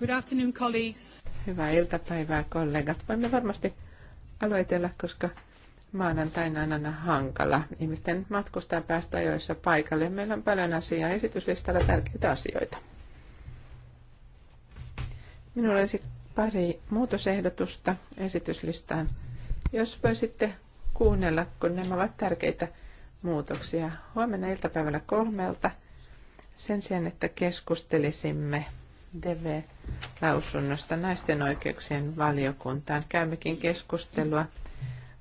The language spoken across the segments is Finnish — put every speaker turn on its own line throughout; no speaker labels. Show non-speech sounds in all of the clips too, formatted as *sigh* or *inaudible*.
Good afternoon, colleagues.
Hyvää iltapäivää, kollegat. Voimme varmasti aloitella, koska maanantaina on aina hankala. Ihmisten matkustaa päästä ajoissa paikalle. Meillä on paljon asiaa esityslistalla tärkeitä asioita. Minulla olisi pari muutosehdotusta esityslistaan. Jos voisitte kuunnella, kun nämä ovat tärkeitä muutoksia. Huomenna iltapäivällä kolmelta sen sijaan, että keskustelisimme – DV-lausunnosta naisten oikeuksien valiokuntaan. Käymmekin keskustelua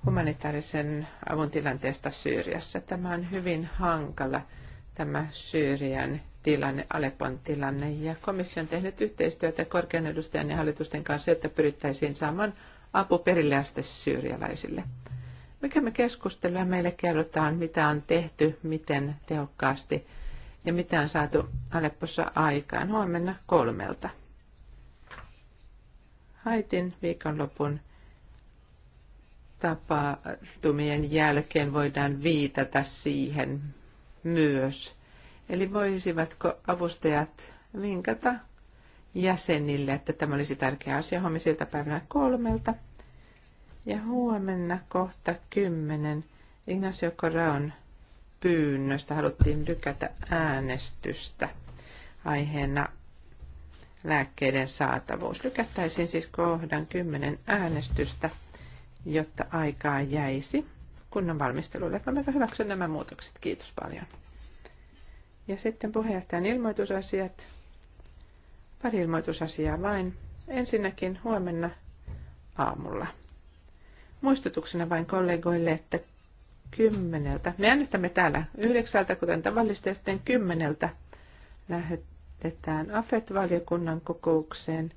humanitaarisen avun tilanteesta Syyriassa. Tämä on hyvin hankala, tämä Syyrian tilanne, Alepon tilanne. Ja komissio on tehnyt yhteistyötä korkean edustajan ja hallitusten kanssa, että pyrittäisiin saamaan apu perille asti syyrialaisille. Mikä me keskustelua meille kerrotaan, mitä on tehty, miten tehokkaasti – ja mitä on saatu Aleppossa aikaan huomenna kolmelta. Haitin viikonlopun tapahtumien jälkeen voidaan viitata siihen myös. Eli voisivatko avustajat vinkata jäsenille, että tämä olisi tärkeä asia huomisilta päivänä kolmelta. Ja huomenna kohta kymmenen Ignacio Coraon pyynnöstä haluttiin lykätä äänestystä aiheena lääkkeiden saatavuus. Lykättäisiin siis kohdan 10 äänestystä, jotta aikaa jäisi kunnon valmistelulle. Voimmeko hyväksyä nämä muutokset? Kiitos paljon. Ja sitten puheenjohtajan ilmoitusasiat. Pari ilmoitusasiaa vain. Ensinnäkin huomenna aamulla. Muistutuksena vain kollegoille, että kymmeneltä. Me äänestämme täällä yhdeksältä, kuten tavallista, ja sitten kymmeneltä lähetetään AFET-valiokunnan kokoukseen.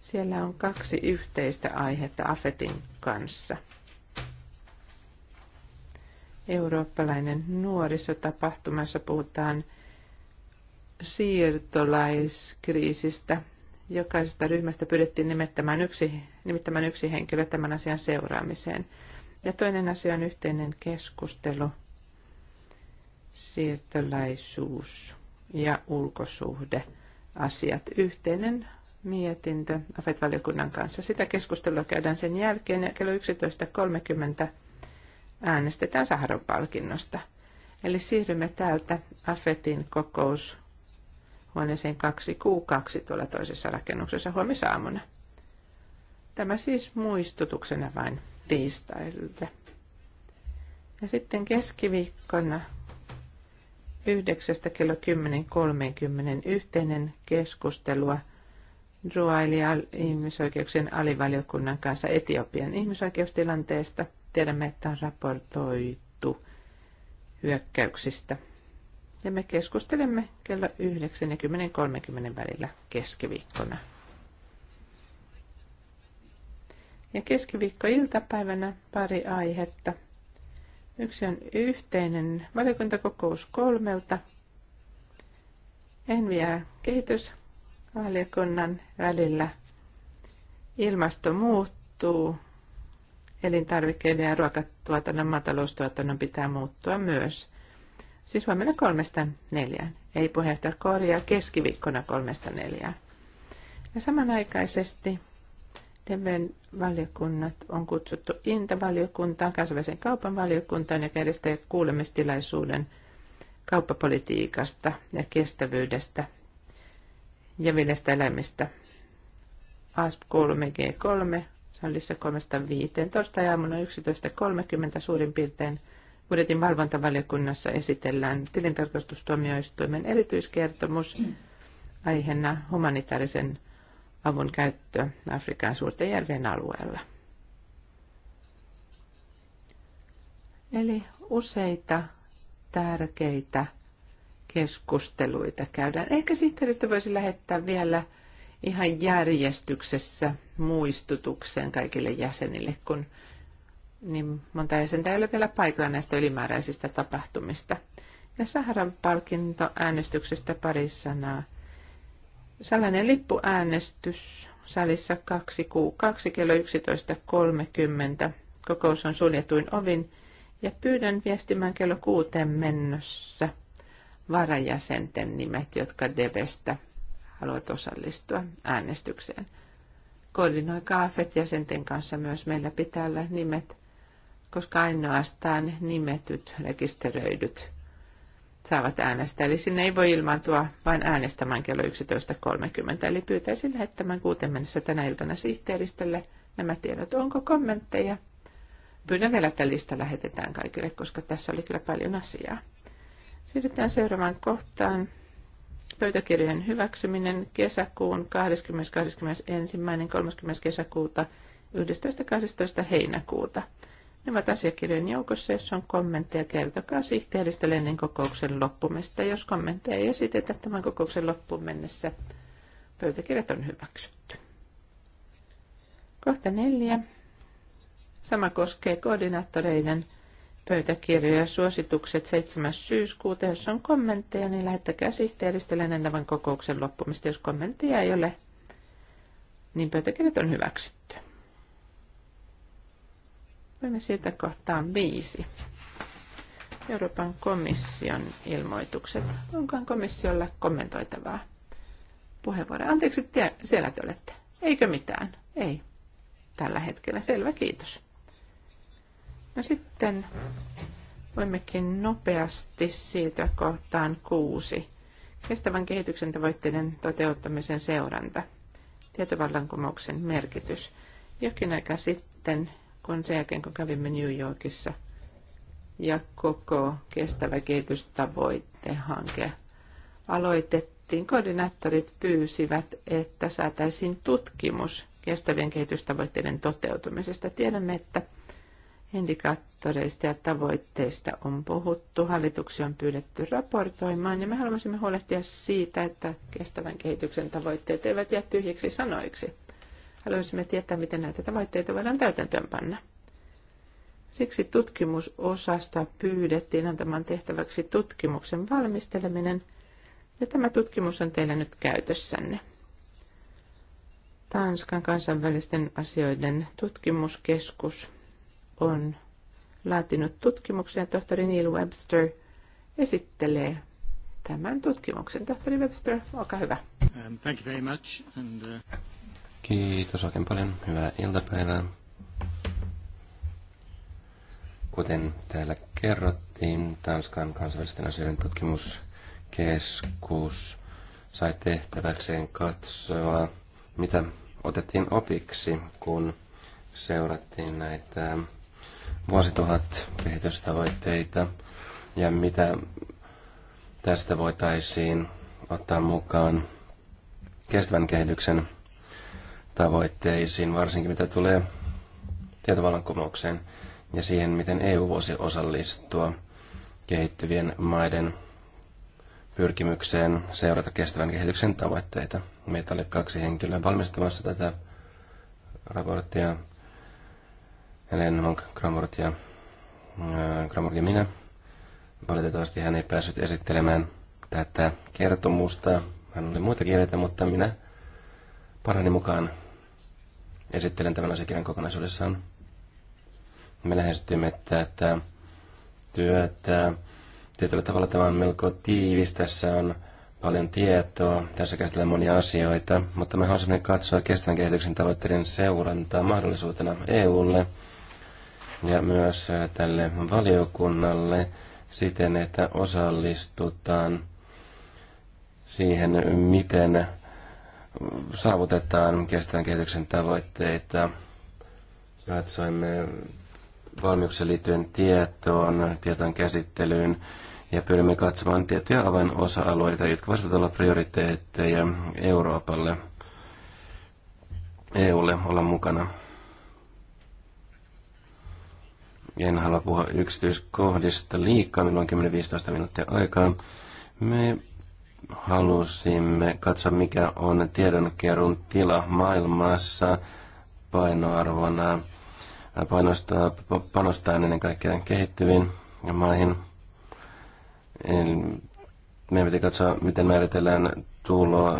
Siellä on kaksi yhteistä aihetta AFETin kanssa. Eurooppalainen nuorisotapahtumassa puhutaan siirtolaiskriisistä. Jokaisesta ryhmästä pyydettiin nimittämään yksi, nimittämään yksi henkilö tämän asian seuraamiseen. Ja toinen asia on yhteinen keskustelu, siirtolaisuus ja ulkosuhde asiat. Yhteinen mietintö AFET-valiokunnan kanssa. Sitä keskustelua käydään sen jälkeen ja kello 11.30 äänestetään Saharon palkinnosta. Eli siirrymme täältä AFETin kokous huoneeseen 2 q tuolla toisessa rakennuksessa huomisaamuna. Tämä siis muistutuksena vain tiistaille. Ja sitten keskiviikkona yhdeksästä kello 10.30 yhteinen keskustelua Ruaili ihmisoikeuksien alivaliokunnan kanssa Etiopian ihmisoikeustilanteesta. Tiedämme, että on raportoitu hyökkäyksistä. Ja me keskustelemme kello 9.30 välillä keskiviikkona. Ja keskiviikkoiltapäivänä pari aihetta. Yksi on yhteinen valiokuntakokous kolmelta. Envi- kehitys valiokunnan välillä. Ilmasto muuttuu. Elintarvikkeiden ja ruokatuotannon, mataloustuotannon pitää muuttua myös. Siis huomenna kolmesta neljään. Ei puheenjohtaja korjaa keskiviikkona kolmesta neljään. Ja samanaikaisesti Temen valiokunnat on kutsuttu Inta-valiokuntaan, kansainvälisen kaupan valiokuntaan, ja järjestää kuulemistilaisuuden kauppapolitiikasta ja kestävyydestä ja viljasta eläimistä. ASP 3G3 salissa 315 Torstai-aamuna 11.30 suurin piirtein budjetin valvontavaliokunnassa esitellään tilintarkastustuomioistuimen erityiskertomus aiheena humanitaarisen avun käyttö Afrikan suurten järven alueella. Eli useita tärkeitä keskusteluita käydään. Ehkä sihteeristö voisi lähettää vielä ihan järjestyksessä muistutuksen kaikille jäsenille, kun niin monta jäsentä ei ole vielä paikalla näistä ylimääräisistä tapahtumista. Ja Saharan palkinto äänestyksestä pari sanaa. Sellainen lippuäänestys salissa 2 kuu 2 kello 11.30. Kokous on suljetuin ovin ja pyydän viestimään kello kuuteen mennessä varajäsenten nimet, jotka Devestä haluat osallistua äänestykseen. Koordinoikaa afet jäsenten kanssa myös meillä pitää olla nimet, koska ainoastaan nimetyt rekisteröidyt saavat äänestää. Eli sinne ei voi ilmaantua vain äänestämään kello 11.30. Eli pyytäisin lähettämään kuuteen mennessä tänä iltana sihteeristölle nämä tiedot. Onko kommentteja? Pyydän vielä, että lista lähetetään kaikille, koska tässä oli kyllä paljon asiaa. Siirrytään seuraavaan kohtaan. Pöytäkirjojen hyväksyminen kesäkuun 20.21.30. kesäkuuta 11.12. heinäkuuta. Ne ovat asiakirjojen joukossa, jos on kommentteja, kertokaa sihteeristölle ennen kokouksen loppumista. Jos kommentteja ei esitetä tämän kokouksen loppuun mennessä, pöytäkirjat on hyväksytty. Kohta neljä. Sama koskee koordinaattoreiden pöytäkirjoja suositukset 7. syyskuuta. Jos on kommentteja, niin lähettäkää sihteeristölle ennen tämän kokouksen loppumista. Jos kommentteja ei ole, niin pöytäkirjat on hyväksytty. Voimme siitä kohtaan viisi. Euroopan komission ilmoitukset. Onkohan komissiolla kommentoitavaa puheenvuoroa? Anteeksi, tie, siellä te olette. Eikö mitään? Ei. Tällä hetkellä. Selvä, kiitos. No sitten voimmekin nopeasti siirtyä kohtaan kuusi. Kestävän kehityksen tavoitteiden toteuttamisen seuranta. Tietovallankumouksen merkitys. Jokin aika sitten kun sen jälkeen, kun kävimme New Yorkissa ja koko kestävä kehitystavoitehanke aloitettiin. Koordinaattorit pyysivät, että saataisiin tutkimus kestävien kehitystavoitteiden toteutumisesta. Tiedämme, että indikaattoreista ja tavoitteista on puhuttu, hallituksia on pyydetty raportoimaan, ja me haluaisimme huolehtia siitä, että kestävän kehityksen tavoitteet eivät jää tyhjiksi sanoiksi. Haluaisimme tietää, miten näitä tavoitteita voidaan täytäntöönpanna. Siksi tutkimusosasta pyydettiin antamaan tehtäväksi tutkimuksen valmisteleminen, ja tämä tutkimus on teillä nyt käytössänne. Tanskan kansainvälisten asioiden tutkimuskeskus on laatinut tutkimuksen ja tohtori Neil Webster esittelee tämän tutkimuksen. Tohtori Webster, olkaa hyvä.
Um, thank you very much and, uh...
Kiitos oikein paljon. Hyvää iltapäivää. Kuten täällä kerrottiin, Tanskan kansainvälisten asioiden tutkimuskeskus sai tehtäväkseen katsoa, mitä otettiin opiksi, kun seurattiin näitä vuosituhat kehitystavoitteita ja mitä tästä voitaisiin ottaa mukaan kestävän kehityksen tavoitteisiin, varsinkin mitä tulee tietovallankumoukseen ja siihen, miten EU voisi osallistua kehittyvien maiden pyrkimykseen seurata kestävän kehityksen tavoitteita. Meitä oli kaksi henkilöä valmistamassa tätä raporttia, Helen Monk Kramort ja Kramort äh, ja minä. Valitettavasti hän ei päässyt esittelemään tätä kertomusta. Hän oli muita kieleitä, mutta minä parani mukaan esittelen tämän asiakirjan kokonaisuudessaan. Me lähestymme tätä työtä. Tietyllä tavalla tämä on melko tiivis. Tässä on paljon tietoa. Tässä käsitellään monia asioita, mutta me haluaisimme katsoa kestävän kehityksen tavoitteiden seurantaa mahdollisuutena EUlle ja myös tälle valiokunnalle siten, että osallistutaan siihen, miten saavutetaan kestävän kehityksen tavoitteita. Katsoimme valmiuksen liittyen tietoon, tietojen käsittelyyn ja pyrimme katsomaan tiettyjä avainosa-alueita, jotka voisivat olla prioriteetteja Euroopalle, EUlle olla mukana. En halua puhua yksityiskohdista liikaa, minulla on 10-15 minuuttia aikaa. Me halusimme katsoa, mikä on tiedonkerun tila maailmassa painoarvona panostaa, panostaa ennen kaikkea kehittyviin maihin. meidän piti katsoa, miten määritellään tulo,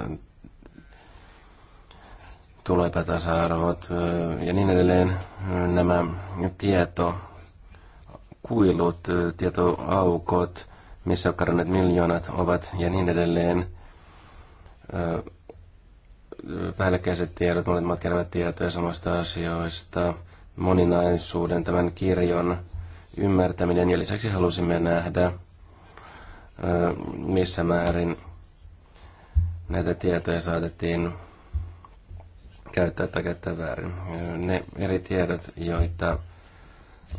tuloepätasa-arvot ja niin edelleen. Nämä tieto, kuilut, tietoaukot missä on kadonneet miljoonat ovat ja niin edelleen. Päällekkäiset tiedot, molemmat kerävät tietoja samasta asioista, moninaisuuden tämän kirjon ymmärtäminen ja lisäksi halusimme nähdä, missä määrin näitä tietoja saatettiin käyttää tai käyttää väärin. Ne eri tiedot, joita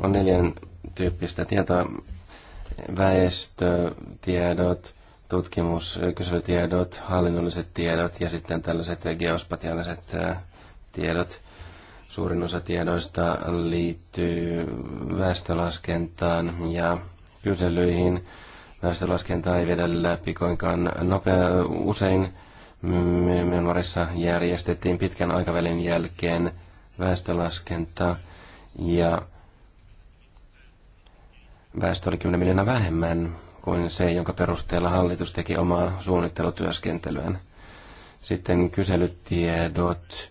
on neljän tyyppistä tietoa, väestötiedot, tutkimus, kyselytiedot, hallinnolliset tiedot ja sitten tällaiset geospatiaaliset tiedot. Suurin osa tiedoista liittyy väestölaskentaan ja kyselyihin. Väestölaskentaa ei vedä läpi koinkaan nopea. Usein Myanmarissa järjestettiin pitkän aikavälin jälkeen väestölaskenta ja väestö oli 10 miljoonaa vähemmän kuin se, jonka perusteella hallitus teki omaa suunnittelutyöskentelyään. Sitten kyselytiedot,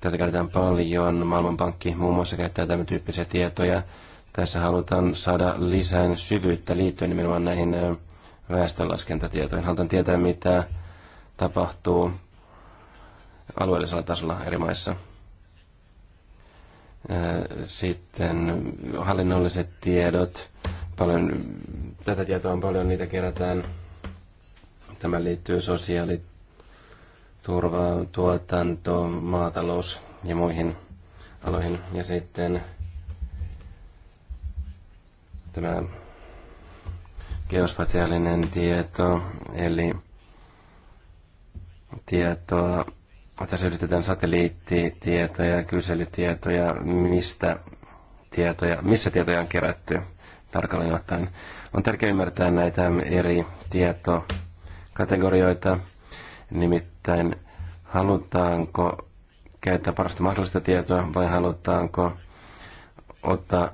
tätä käytetään paljon, Maailmanpankki muun muassa käyttää tämän tyyppisiä tietoja. Tässä halutaan saada lisää syvyyttä liittyen nimenomaan näihin väestönlaskentatietoihin. Halutaan tietää, mitä tapahtuu alueellisella tasolla eri maissa. Sitten hallinnolliset tiedot, paljon, tätä tietoa on paljon, niitä kerätään. Tämä liittyy sosiaali, turva, tuotanto, maatalous ja muihin aloihin. Ja sitten tämä geospatiaalinen tieto, eli tietoa, tässä yritetään satelliittitietoja, kyselytietoja, mistä tietoja, missä tietoja on kerätty tarkalleen ottaen. On tärkeää ymmärtää näitä eri tietokategorioita, nimittäin halutaanko käyttää parasta mahdollista tietoa vai halutaanko ottaa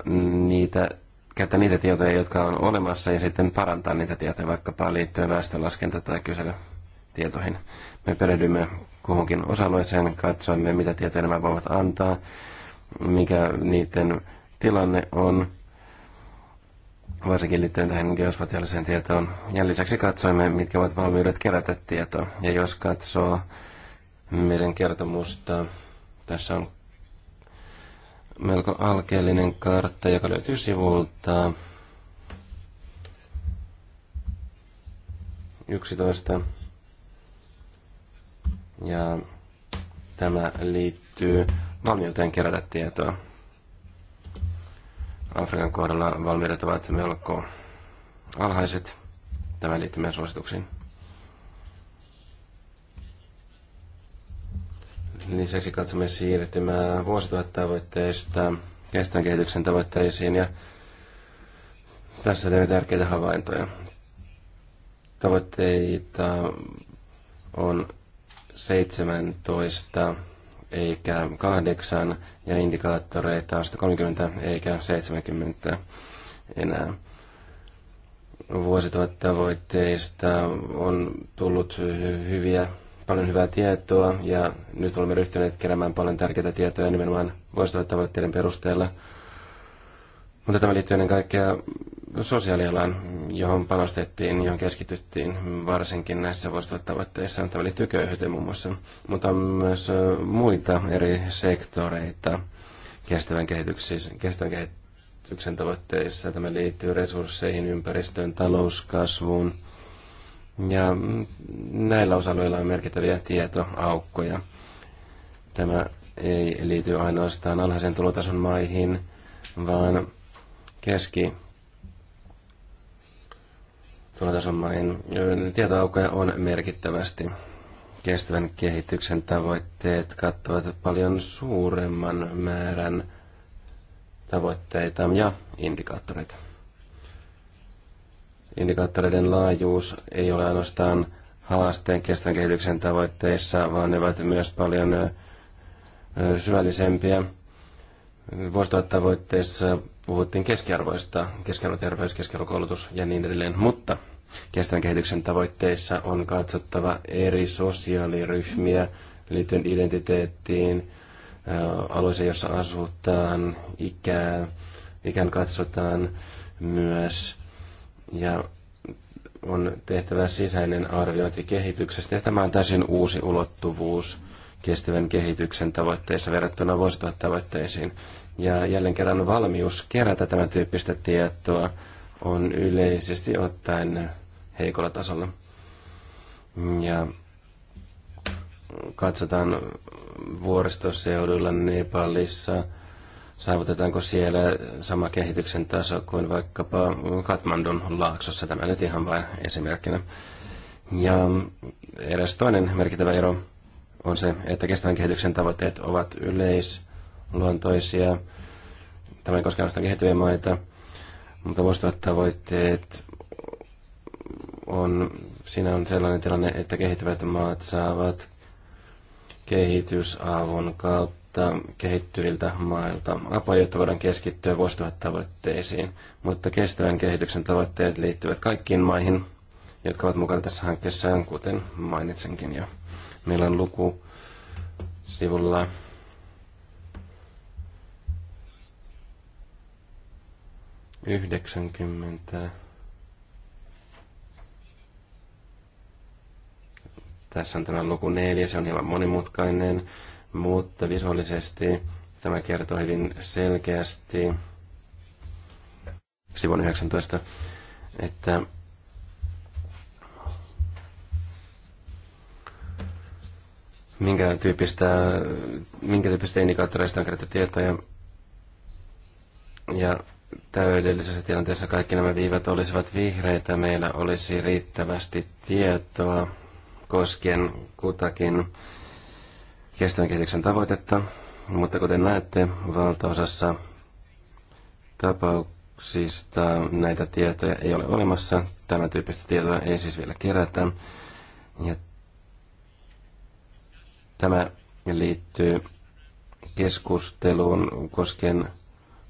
niitä, käyttää niitä tietoja, jotka on olemassa ja sitten parantaa niitä tietoja vaikkapa liittyen väestönlaskenta- tai kyselytietoihin. Me perehdymme kuhunkin osa-alueeseen, katsoimme mitä tietoja nämä voivat antaa, mikä niiden tilanne on – varsinkin liittyen tähän geospatiaaliseen tietoon. Ja lisäksi katsoimme, mitkä ovat valmiudet kerätä tietoa. Ja jos katsoo meidän kertomusta, tässä on melko alkeellinen kartta, joka löytyy sivulta 11. Ja tämä liittyy valmiuteen kerätä tietoa. Afrikan kohdalla valmiudet ovat melko alhaiset. Tämä liittyy meidän suosituksiin. Lisäksi katsomme siirtymää vuosituhattavoitteista kestävän kehityksen tavoitteisiin ja tässä teemme tärkeitä havaintoja. Tavoitteita on 17 eikä 8 ja indikaattoreita 130 eikä 70 enää. Vuosituottavoitteista on tullut hyviä, paljon hyvää tietoa ja nyt olemme ryhtyneet keräämään paljon tärkeitä tietoja nimenomaan vuosituottavoitteiden perusteella. Mutta tämä liittyy ennen kaikkea sosiaalialan, johon panostettiin, johon keskityttiin varsinkin näissä vuosituhattavoitteissa. Tämä liittyy köyhyyteen muun muassa, mutta myös muita eri sektoreita kestävän kehityksen, kestävän kehityksen tavoitteissa. Tämä liittyy resursseihin, ympäristöön, talouskasvuun. Ja näillä osa-alueilla on merkittäviä tietoaukkoja. Tämä ei liity ainoastaan alhaisen tulotason maihin, vaan keski tulotason maihin. Tietoaukoja on merkittävästi. Kestävän kehityksen tavoitteet kattavat paljon suuremman määrän tavoitteita ja indikaattoreita. Indikaattoreiden laajuus ei ole ainoastaan haasteen kestävän kehityksen tavoitteissa, vaan ne ovat myös paljon syvällisempiä. tavoitteissa puhuttiin keskiarvoista, keskiarvoterveys, keskiarvokoulutus ja niin edelleen, mutta kestävän kehityksen tavoitteissa on katsottava eri sosiaaliryhmiä liittyen identiteettiin, äh, alueeseen, jossa asutaan, ikää, ikään katsotaan myös. Ja on tehtävä sisäinen arviointi kehityksestä. Ja tämä on täysin uusi ulottuvuus kestävän kehityksen tavoitteissa verrattuna vuosituhat tavoitteisiin. Ja jälleen kerran valmius kerätä tämän tyyppistä tietoa on yleisesti ottaen heikolla tasolla. Ja katsotaan vuoristoseudulla Nepalissa, saavutetaanko siellä sama kehityksen taso kuin vaikkapa Katmandun laaksossa. Tämä nyt ihan vain esimerkkinä. Ja eräs toinen merkittävä ero on se, että kestävän kehityksen tavoitteet ovat yleis luontoisia. Tämä ei koskaan ainoastaan kehittyviä maita, mutta vuosituhat tavoitteet on, siinä on sellainen tilanne, että kehittyvät maat saavat kehitysavun kautta kehittyviltä mailta apua, jotta voidaan keskittyä vuosituhattavoitteisiin. Mutta kestävän kehityksen tavoitteet liittyvät kaikkiin maihin, jotka ovat mukana tässä hankkeessa, kuten mainitsenkin jo. Meillä on luku sivulla 90. Tässä on tämä luku 4, se on hieman monimutkainen, mutta visuaalisesti tämä kertoo hyvin selkeästi sivun 19, että minkä tyyppistä, minkä tyyppistä indikaattoreista on kerätty tietoja. Ja täydellisessä tilanteessa kaikki nämä viivat olisivat vihreitä, meillä olisi riittävästi tietoa koskien kutakin kestävän kehityksen tavoitetta, mutta kuten näette, valtaosassa tapauksista näitä tietoja ei ole olemassa. Tämän tyyppistä tietoa ei siis vielä kerätä. Ja tämä liittyy keskusteluun koskien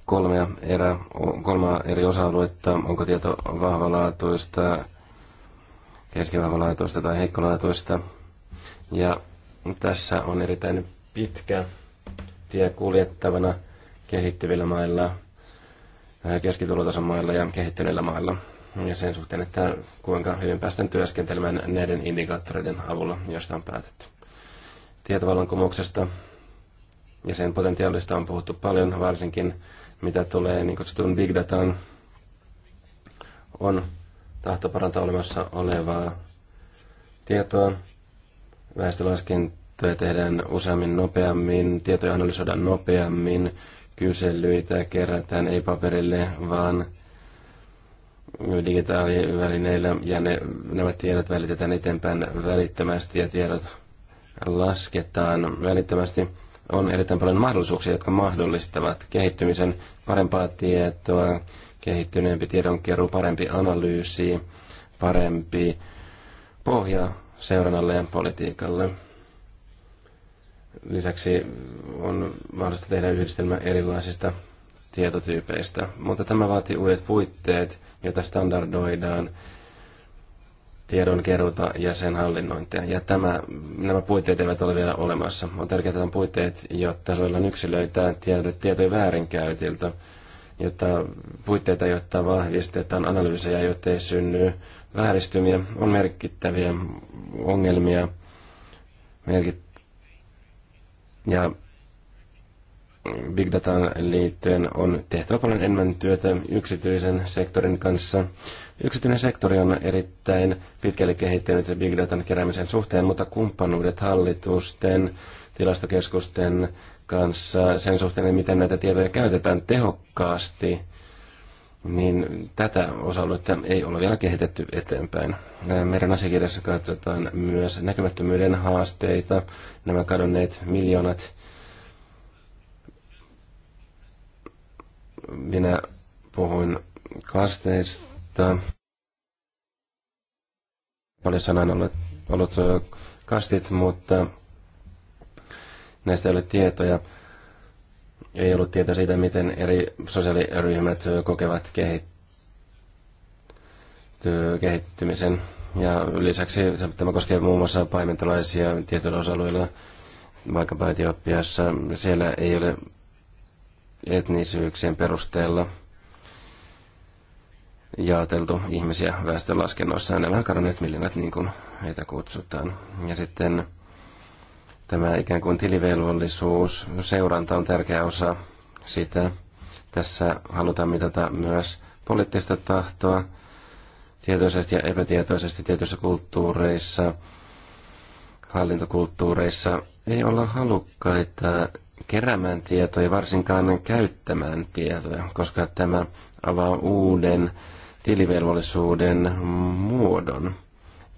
kolmea, erä, kolmea eri osa-aluetta, onko tieto vahvalaatuista, keskivahvalaatuista tai heikkolaatuista. Ja tässä on erittäin pitkä tie kuljettavana kehittyvillä mailla, äh, keskitulotason mailla ja kehittyneillä mailla. Ja sen suhteen, että kuinka hyvin päästään työskentelemään näiden indikaattoreiden avulla, joista on päätetty. Tietovallankumouksesta ja sen potentiaalista on puhuttu paljon, varsinkin mitä tulee niin kutsutun big dataan, on tahto parantaa olemassa olevaa tietoa. Väestölaskentoja tehdään useammin nopeammin, tietoja analysoidaan nopeammin, kyselyitä kerätään ei paperille, vaan digitaalivälineillä ja ne, nämä tiedot välitetään eteenpäin välittömästi ja tiedot lasketaan välittömästi on erittäin paljon mahdollisuuksia, jotka mahdollistavat kehittymisen, parempaa tietoa, kehittyneempi tiedonkeru parempi analyysi, parempi pohja seurannalle ja politiikalle. Lisäksi on mahdollista tehdä yhdistelmä erilaisista tietotyypeistä, mutta tämä vaatii uudet puitteet, joita standardoidaan tiedonkeruuta ja sen hallinnointia. Ja tämä, nämä puitteet eivät ole vielä olemassa. On tärkeää, että on puitteet, jotta suojellaan yksilöitä tietojen väärinkäytiltä, jotta puitteita, jotta vahvistetaan analyysejä, jotta ei synny vääristymiä. On merkittäviä ongelmia merkit- ja Big Dataan liittyen on tehtävä paljon enemmän työtä yksityisen sektorin kanssa Yksityinen sektori on erittäin pitkälle kehittynyt big datan keräämisen suhteen, mutta kumppanuudet hallitusten, tilastokeskusten kanssa sen suhteen, miten näitä tietoja käytetään tehokkaasti, niin tätä osa ei ole vielä kehitetty eteenpäin. Meidän asiakirjassa katsotaan myös näkymättömyyden haasteita, nämä kadonneet miljoonat. Minä puhuin kasteista mutta paljon sanan ollut, ollut kastit, mutta näistä ei ole tietoja. Ei ollut tietoa siitä, miten eri sosiaaliryhmät kokevat kehittymisen. Ja lisäksi tämä koskee muun muassa paimentolaisia tietyillä osa-alueilla, vaikkapa Etiopiassa. Siellä ei ole etnisyyksien perusteella jaoteltu ihmisiä väestönlaskennoissa. Nämä kadonneet miljoonat, niin kuin heitä kutsutaan. Ja sitten tämä ikään kuin tilivelvollisuus, seuranta on tärkeä osa sitä. Tässä halutaan mitata myös poliittista tahtoa tietoisesti ja epätietoisesti tietyissä kulttuureissa, hallintokulttuureissa. Ei olla halukkaita keräämään tietoja, varsinkaan käyttämään tietoja, koska tämä avaa uuden tilivelvollisuuden muodon.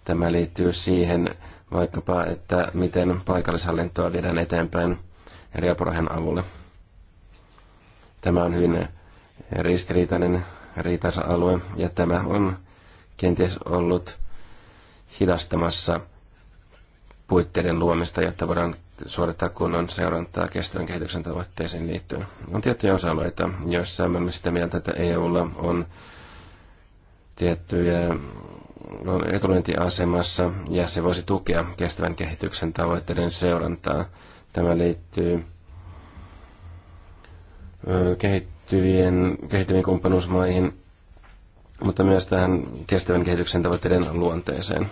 Tämä liittyy siihen vaikkapa, että miten paikallishallintoa viedään eteenpäin eri apurahan avulla. Tämä on hyvin ristiriitainen riitansa alue ja tämä on kenties ollut hidastamassa puitteiden luomista, jotta voidaan suorittaa kunnon seurantaa kestävän kehityksen tavoitteisiin liittyen. On tiettyjä osa-alueita, joissa olemme sitä mieltä, että EUlla on tiettyjä etulyöntiasemassa ja se voisi tukea kestävän kehityksen tavoitteiden seurantaa. Tämä liittyy kehittyvien, kehittyviin kumppanuusmaihin, mutta myös tähän kestävän kehityksen tavoitteiden luonteeseen.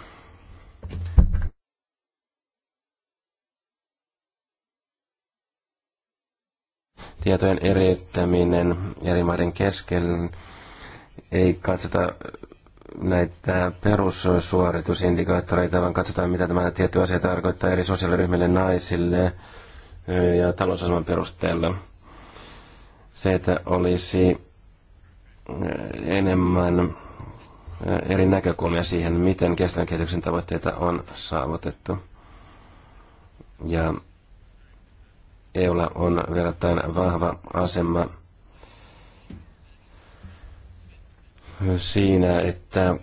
Tietojen eriyttäminen eri maiden kesken ei katsota näitä perussuoritusindikaattoreita, vaan katsotaan, mitä tämä tietty asia tarkoittaa eri sosiaaliryhmille, naisille ja talousaseman perusteella. Se, että olisi enemmän eri näkökulmia siihen, miten kestävän kehityksen tavoitteita on saavutettu. Ja EUlla on verrattain vahva asema siinä, että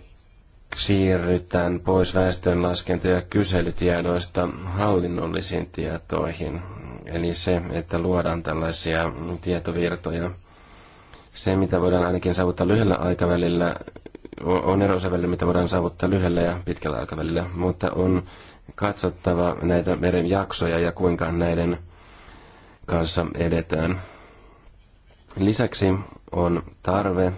siirrytään pois väestönlaskenta- ja kyselytiedoista hallinnollisiin tietoihin. Eli se, että luodaan tällaisia tietovirtoja. Se, mitä voidaan ainakin saavuttaa lyhyellä aikavälillä, on eroisa välillä, mitä voidaan saavuttaa lyhyellä ja pitkällä aikavälillä, mutta on katsottava näitä meren jaksoja ja kuinka näiden kanssa edetään. Lisäksi on tarve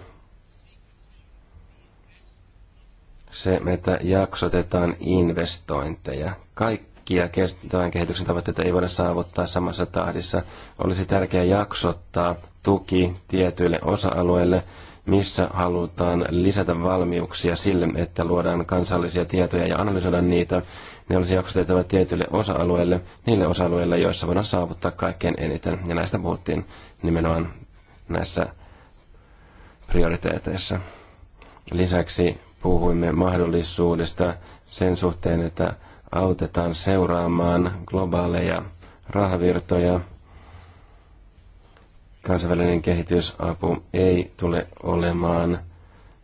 se, että jaksotetaan investointeja. Kaikkia kestävän kehityksen tavoitteita ei voida saavuttaa samassa tahdissa. Olisi tärkeää jaksottaa tuki tietyille osa-alueille, missä halutaan lisätä valmiuksia sille, että luodaan kansallisia tietoja ja analysoidaan niitä. Ne olisi jaksotettava tietyille osa-alueille, niille osa-alueille, joissa voidaan saavuttaa kaikkein eniten. Ja näistä puhuttiin nimenomaan näissä prioriteeteissa. Lisäksi puhuimme mahdollisuudesta sen suhteen, että autetaan seuraamaan globaaleja rahavirtoja. Kansainvälinen kehitysapu ei tule olemaan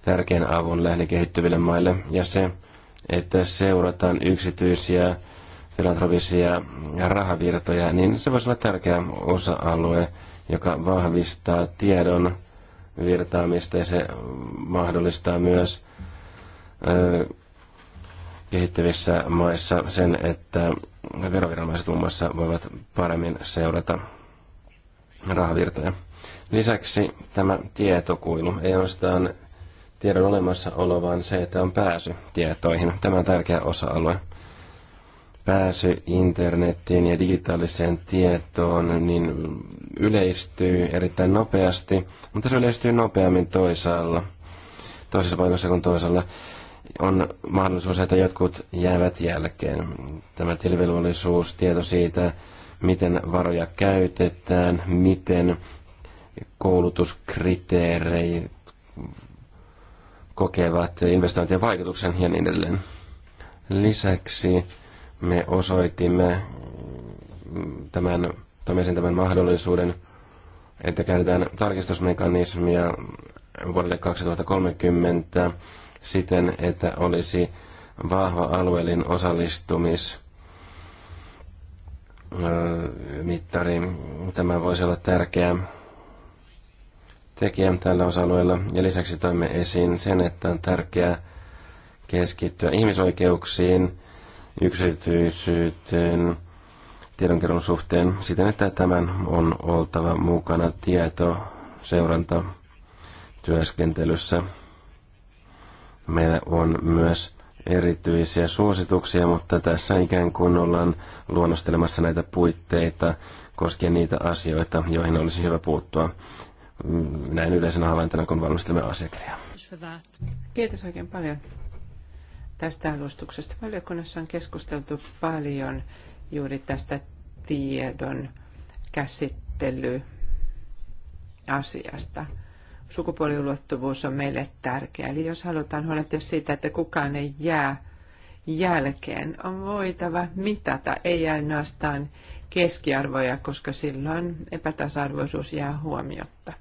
tärkeän avun lähde kehittyville maille, ja se, että seurataan yksityisiä filantropisia rahavirtoja, niin se voisi olla tärkeä osa-alue, joka vahvistaa tiedon virtaamista ja se mahdollistaa myös kehittyvissä maissa sen, että veroviranomaiset muun muassa voivat paremmin seurata rahavirtoja. Lisäksi tämä tietokuilu ei ainoastaan tiedon olemassaolo, vaan se, että on pääsy tietoihin. Tämä on tärkeä osa-alue. Pääsy internettiin ja digitaaliseen tietoon niin yleistyy erittäin nopeasti, mutta se yleistyy nopeammin toisaalla, toisessa paikassa kuin toisella on mahdollisuus, että jotkut jäävät jälkeen. Tämä tilivelvollisuus, tieto siitä, miten varoja käytetään, miten koulutuskriteerejä kokevat investointien vaikutuksen ja niin edelleen. Lisäksi me osoitimme tämän, tämän, tämän mahdollisuuden, että käytetään tarkistusmekanismia vuodelle 2030 siten, että olisi vahva alueellin osallistumis mittari. Tämä voisi olla tärkeä tekijä tällä osa-alueella. Ja lisäksi toimme esiin sen, että on tärkeää keskittyä ihmisoikeuksiin, yksityisyyteen, tiedonkerron suhteen siten, että tämän on oltava mukana tieto seuranta työskentelyssä. Meillä on myös erityisiä suosituksia, mutta tässä ikään kuin ollaan luonnostelemassa näitä puitteita koskien niitä asioita, joihin olisi hyvä puuttua näin yleisenä havaintona, kun valmistelemme asiakirjaa.
Kiitos oikein paljon tästä alustuksesta. Valiokunnassa on keskusteltu paljon juuri tästä tiedon käsittelyasiasta. asiasta sukupuoliulottuvuus on meille tärkeä. Eli jos halutaan huolehtia siitä, että kukaan ei jää jälkeen, on voitava mitata, ei ainoastaan keskiarvoja, koska silloin epätasa-arvoisuus jää huomiotta.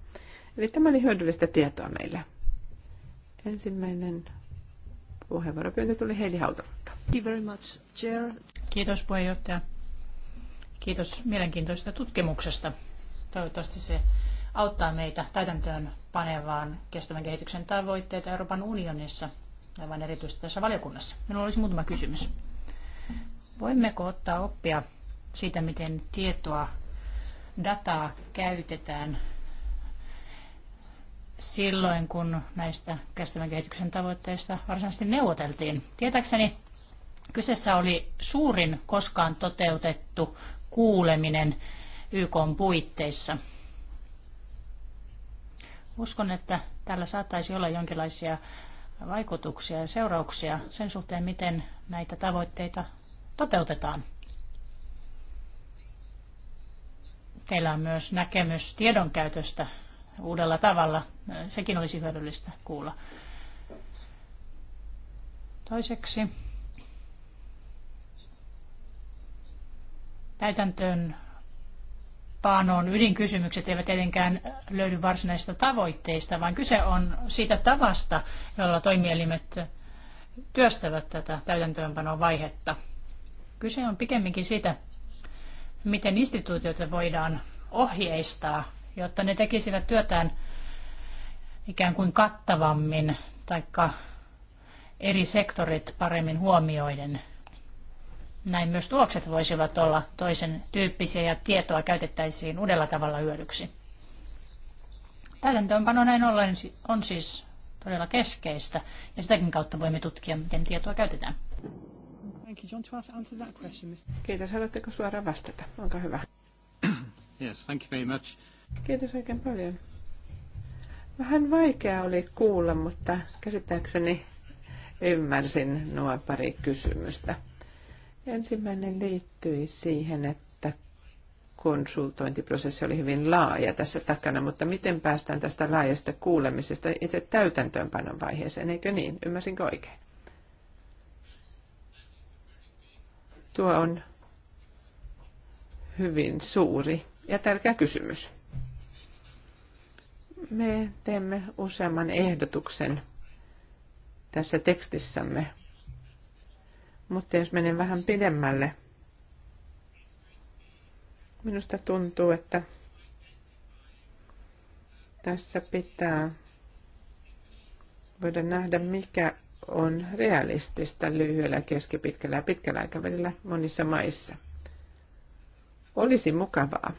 Eli tämä oli hyödyllistä tietoa meillä. Ensimmäinen puheenvuoropyyntö tuli Heili Hautalta.
Kiitos puheenjohtaja. Kiitos mielenkiintoista tutkimuksesta. Toivottavasti se auttaa meitä täytäntöön panevaan kestävän kehityksen tavoitteita Euroopan unionissa, aivan erityisesti tässä valiokunnassa. Minulla olisi muutama kysymys. Voimmeko ottaa oppia siitä, miten tietoa, dataa käytetään silloin, kun näistä kestävän kehityksen tavoitteista varsinaisesti neuvoteltiin? Tietääkseni kyseessä oli suurin koskaan toteutettu kuuleminen YK puitteissa – Uskon, että tällä saattaisi olla jonkinlaisia vaikutuksia ja seurauksia sen suhteen, miten näitä tavoitteita toteutetaan. Teillä on myös näkemys tiedonkäytöstä uudella tavalla. Sekin olisi hyödyllistä kuulla. Toiseksi täytäntöön paanoon ydinkysymykset eivät tietenkään löydy varsinaisista tavoitteista, vaan kyse on siitä tavasta, jolla toimielimet työstävät tätä täytäntöönpanon vaihetta. Kyse on pikemminkin siitä, miten instituutioita voidaan ohjeistaa, jotta ne tekisivät työtään ikään kuin kattavammin, taikka eri sektorit paremmin huomioiden näin myös tulokset voisivat olla toisen tyyppisiä ja tietoa käytettäisiin uudella tavalla hyödyksi. Täytäntöönpano näin ollen on siis todella keskeistä ja sitäkin kautta voimme tutkia, miten tietoa käytetään. Kiitos. Haluatteko
suoraan vastata? Olkaa hyvä. *coughs* Yes, thank you very much. Kiitos oikein paljon. Vähän vaikea oli kuulla, mutta käsittääkseni ymmärsin nuo pari kysymystä. Ensimmäinen liittyi siihen, että konsultointiprosessi oli hyvin laaja tässä takana, mutta miten päästään tästä laajasta kuulemisesta itse täytäntöönpanon vaiheeseen, eikö niin? Ymmärsinkö oikein? Tuo on hyvin suuri ja tärkeä kysymys. Me teemme useamman ehdotuksen tässä tekstissämme mutta jos menen vähän pidemmälle, minusta tuntuu, että tässä pitää voida nähdä, mikä on realistista lyhyellä, keskipitkällä ja pitkällä aikavälillä monissa maissa. Olisi mukavaa,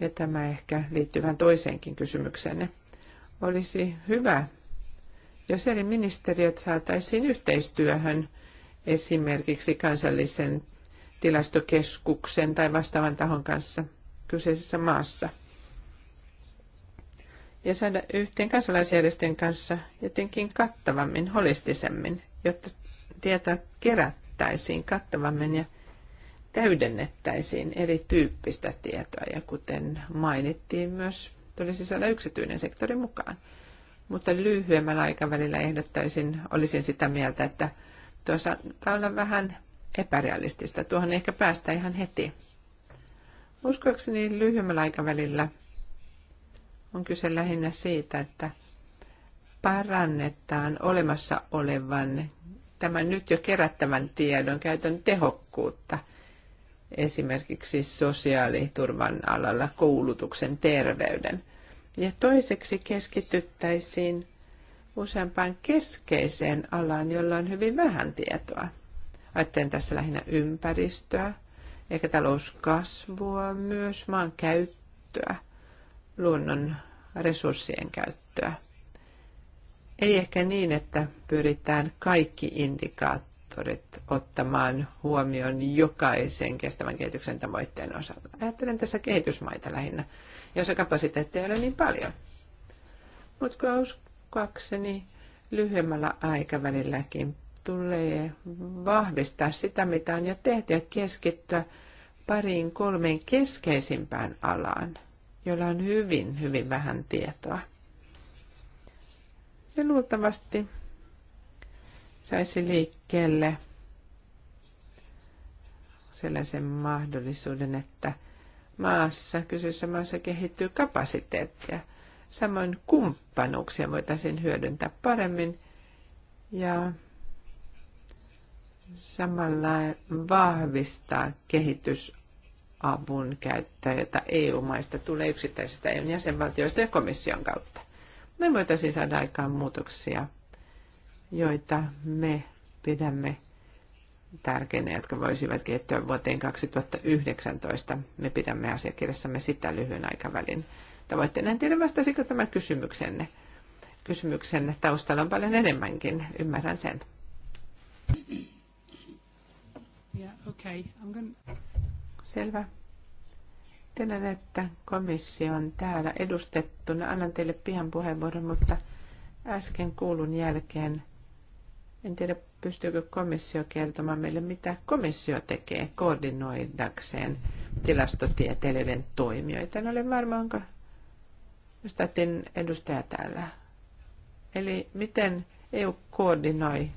ja tämä ehkä liittyy vähän toiseenkin kysymykseenne, olisi hyvä, jos eri ministeriöt saataisiin yhteistyöhön – esimerkiksi kansallisen tilastokeskuksen tai vastaavan tahon kanssa kyseisessä maassa. Ja saada yhteen kansalaisjärjestön kanssa jotenkin kattavammin, holistisemmin, jotta tietoa kerättäisiin kattavammin ja täydennettäisiin erityyppistä tietoa. Ja kuten mainittiin, myös tulisi saada yksityinen sektori mukaan. Mutta lyhyemmällä aikavälillä ehdottaisin, olisin sitä mieltä, että Tuo saattaa olla vähän epärealistista. Tuohon ehkä päästä ihan heti. Uskoakseni lyhyemmällä aikavälillä on kyse lähinnä siitä, että parannetaan olemassa olevan tämän nyt jo kerättävän tiedon käytön tehokkuutta esimerkiksi sosiaaliturvan alalla koulutuksen terveyden. Ja toiseksi keskityttäisiin useampaan keskeiseen alaan, jolla on hyvin vähän tietoa. Ajattelen tässä lähinnä ympäristöä, ehkä talouskasvua, myös maan käyttöä, luonnon resurssien käyttöä. Ei ehkä niin, että pyritään kaikki indikaattorit ottamaan huomioon jokaisen kestävän kehityksen tavoitteen osalta. Ajattelen tässä kehitysmaita lähinnä, jossa kapasiteetteja ei ole niin paljon. Mutta uskoakseni lyhyemmällä aikavälilläkin tulee vahvistaa sitä, mitä on jo tehty ja keskittyä pariin kolmeen keskeisimpään alaan, jolla on hyvin, hyvin vähän tietoa. Se luultavasti saisi liikkeelle sellaisen mahdollisuuden, että maassa, kyseessä maassa kehittyy kapasiteettia – Samoin kumppanuuksia voitaisiin hyödyntää paremmin ja samalla vahvistaa kehitysavun käyttöä, jota EU-maista tulee yksittäisistä EUn jäsenvaltioista ja komission kautta. Me voitaisiin saada aikaan muutoksia, joita me pidämme tärkeinä, jotka voisivat kehittyä vuoteen 2019. Me pidämme asiakirjassamme sitä lyhyen aikavälin tavoitteena. En tiedä, vastasiko tämä kysymyksenne. Kysymyksenne taustalla on paljon enemmänkin, ymmärrän sen.
Yeah, okay. I'm gonna...
Selvä. Tiedän, että komissio on täällä edustettuna. Annan teille pian puheenvuoron, mutta äsken kuulun jälkeen en tiedä, pystyykö komissio kertomaan meille, mitä komissio tekee koordinoidakseen tilastotieteilijöiden toimijoita. En ole varma, onko Statin edustaja täällä. Eli miten EU koordinoi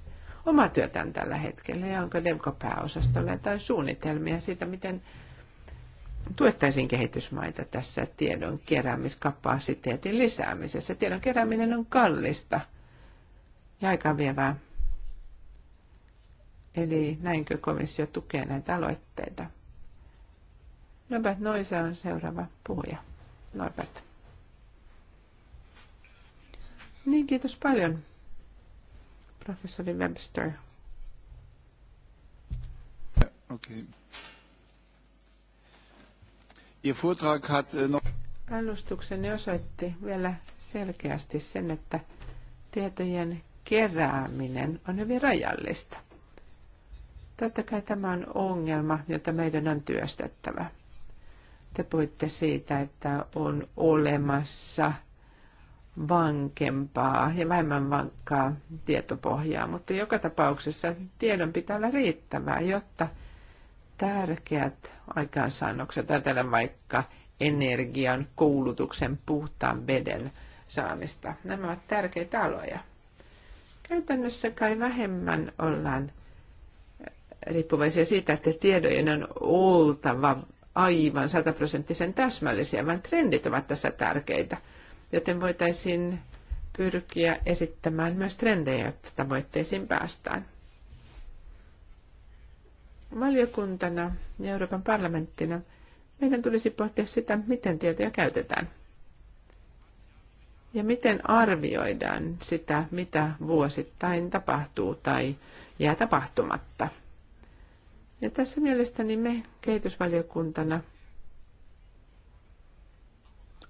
omaa työtään tällä hetkellä ja onko DEMCO-pääosastolla jotain suunnitelmia siitä, miten tuettaisiin kehitysmaita tässä tiedon keräämiskapasiteetin lisäämisessä. Tiedon kerääminen on kallista ja aika vievää. Eli näinkö komissio tukee näitä aloitteita? Norbert Noisa on seuraava puhuja. Norbert. Niin, kiitos paljon, professori Webster.
Okay. Ihr Vortrag hat äh, noch...
Alustukseni osoitti vielä selkeästi sen, että tietojen kerääminen on hyvin rajallista. Totta kai tämä on ongelma, jota meidän on työstettävä. Te puhuitte siitä, että on olemassa – vankempaa ja vähemmän vankkaa tietopohjaa, mutta joka tapauksessa tiedon pitää olla riittävää, jotta tärkeät aikaansaannokset, ajatellaan vaikka energian, koulutuksen, puhtaan veden saamista. Nämä ovat tärkeitä aloja. Käytännössä kai vähemmän ollaan riippuvaisia siitä, että tiedojen on oltava aivan sataprosenttisen täsmällisiä, vaan trendit ovat tässä tärkeitä – joten voitaisiin pyrkiä esittämään myös trendejä, jotta tavoitteisiin päästään. Valiokuntana ja Euroopan parlamenttina meidän tulisi pohtia sitä, miten tietoja käytetään. Ja miten arvioidaan sitä, mitä vuosittain tapahtuu tai jää tapahtumatta. Ja tässä mielestäni me kehitysvaliokuntana –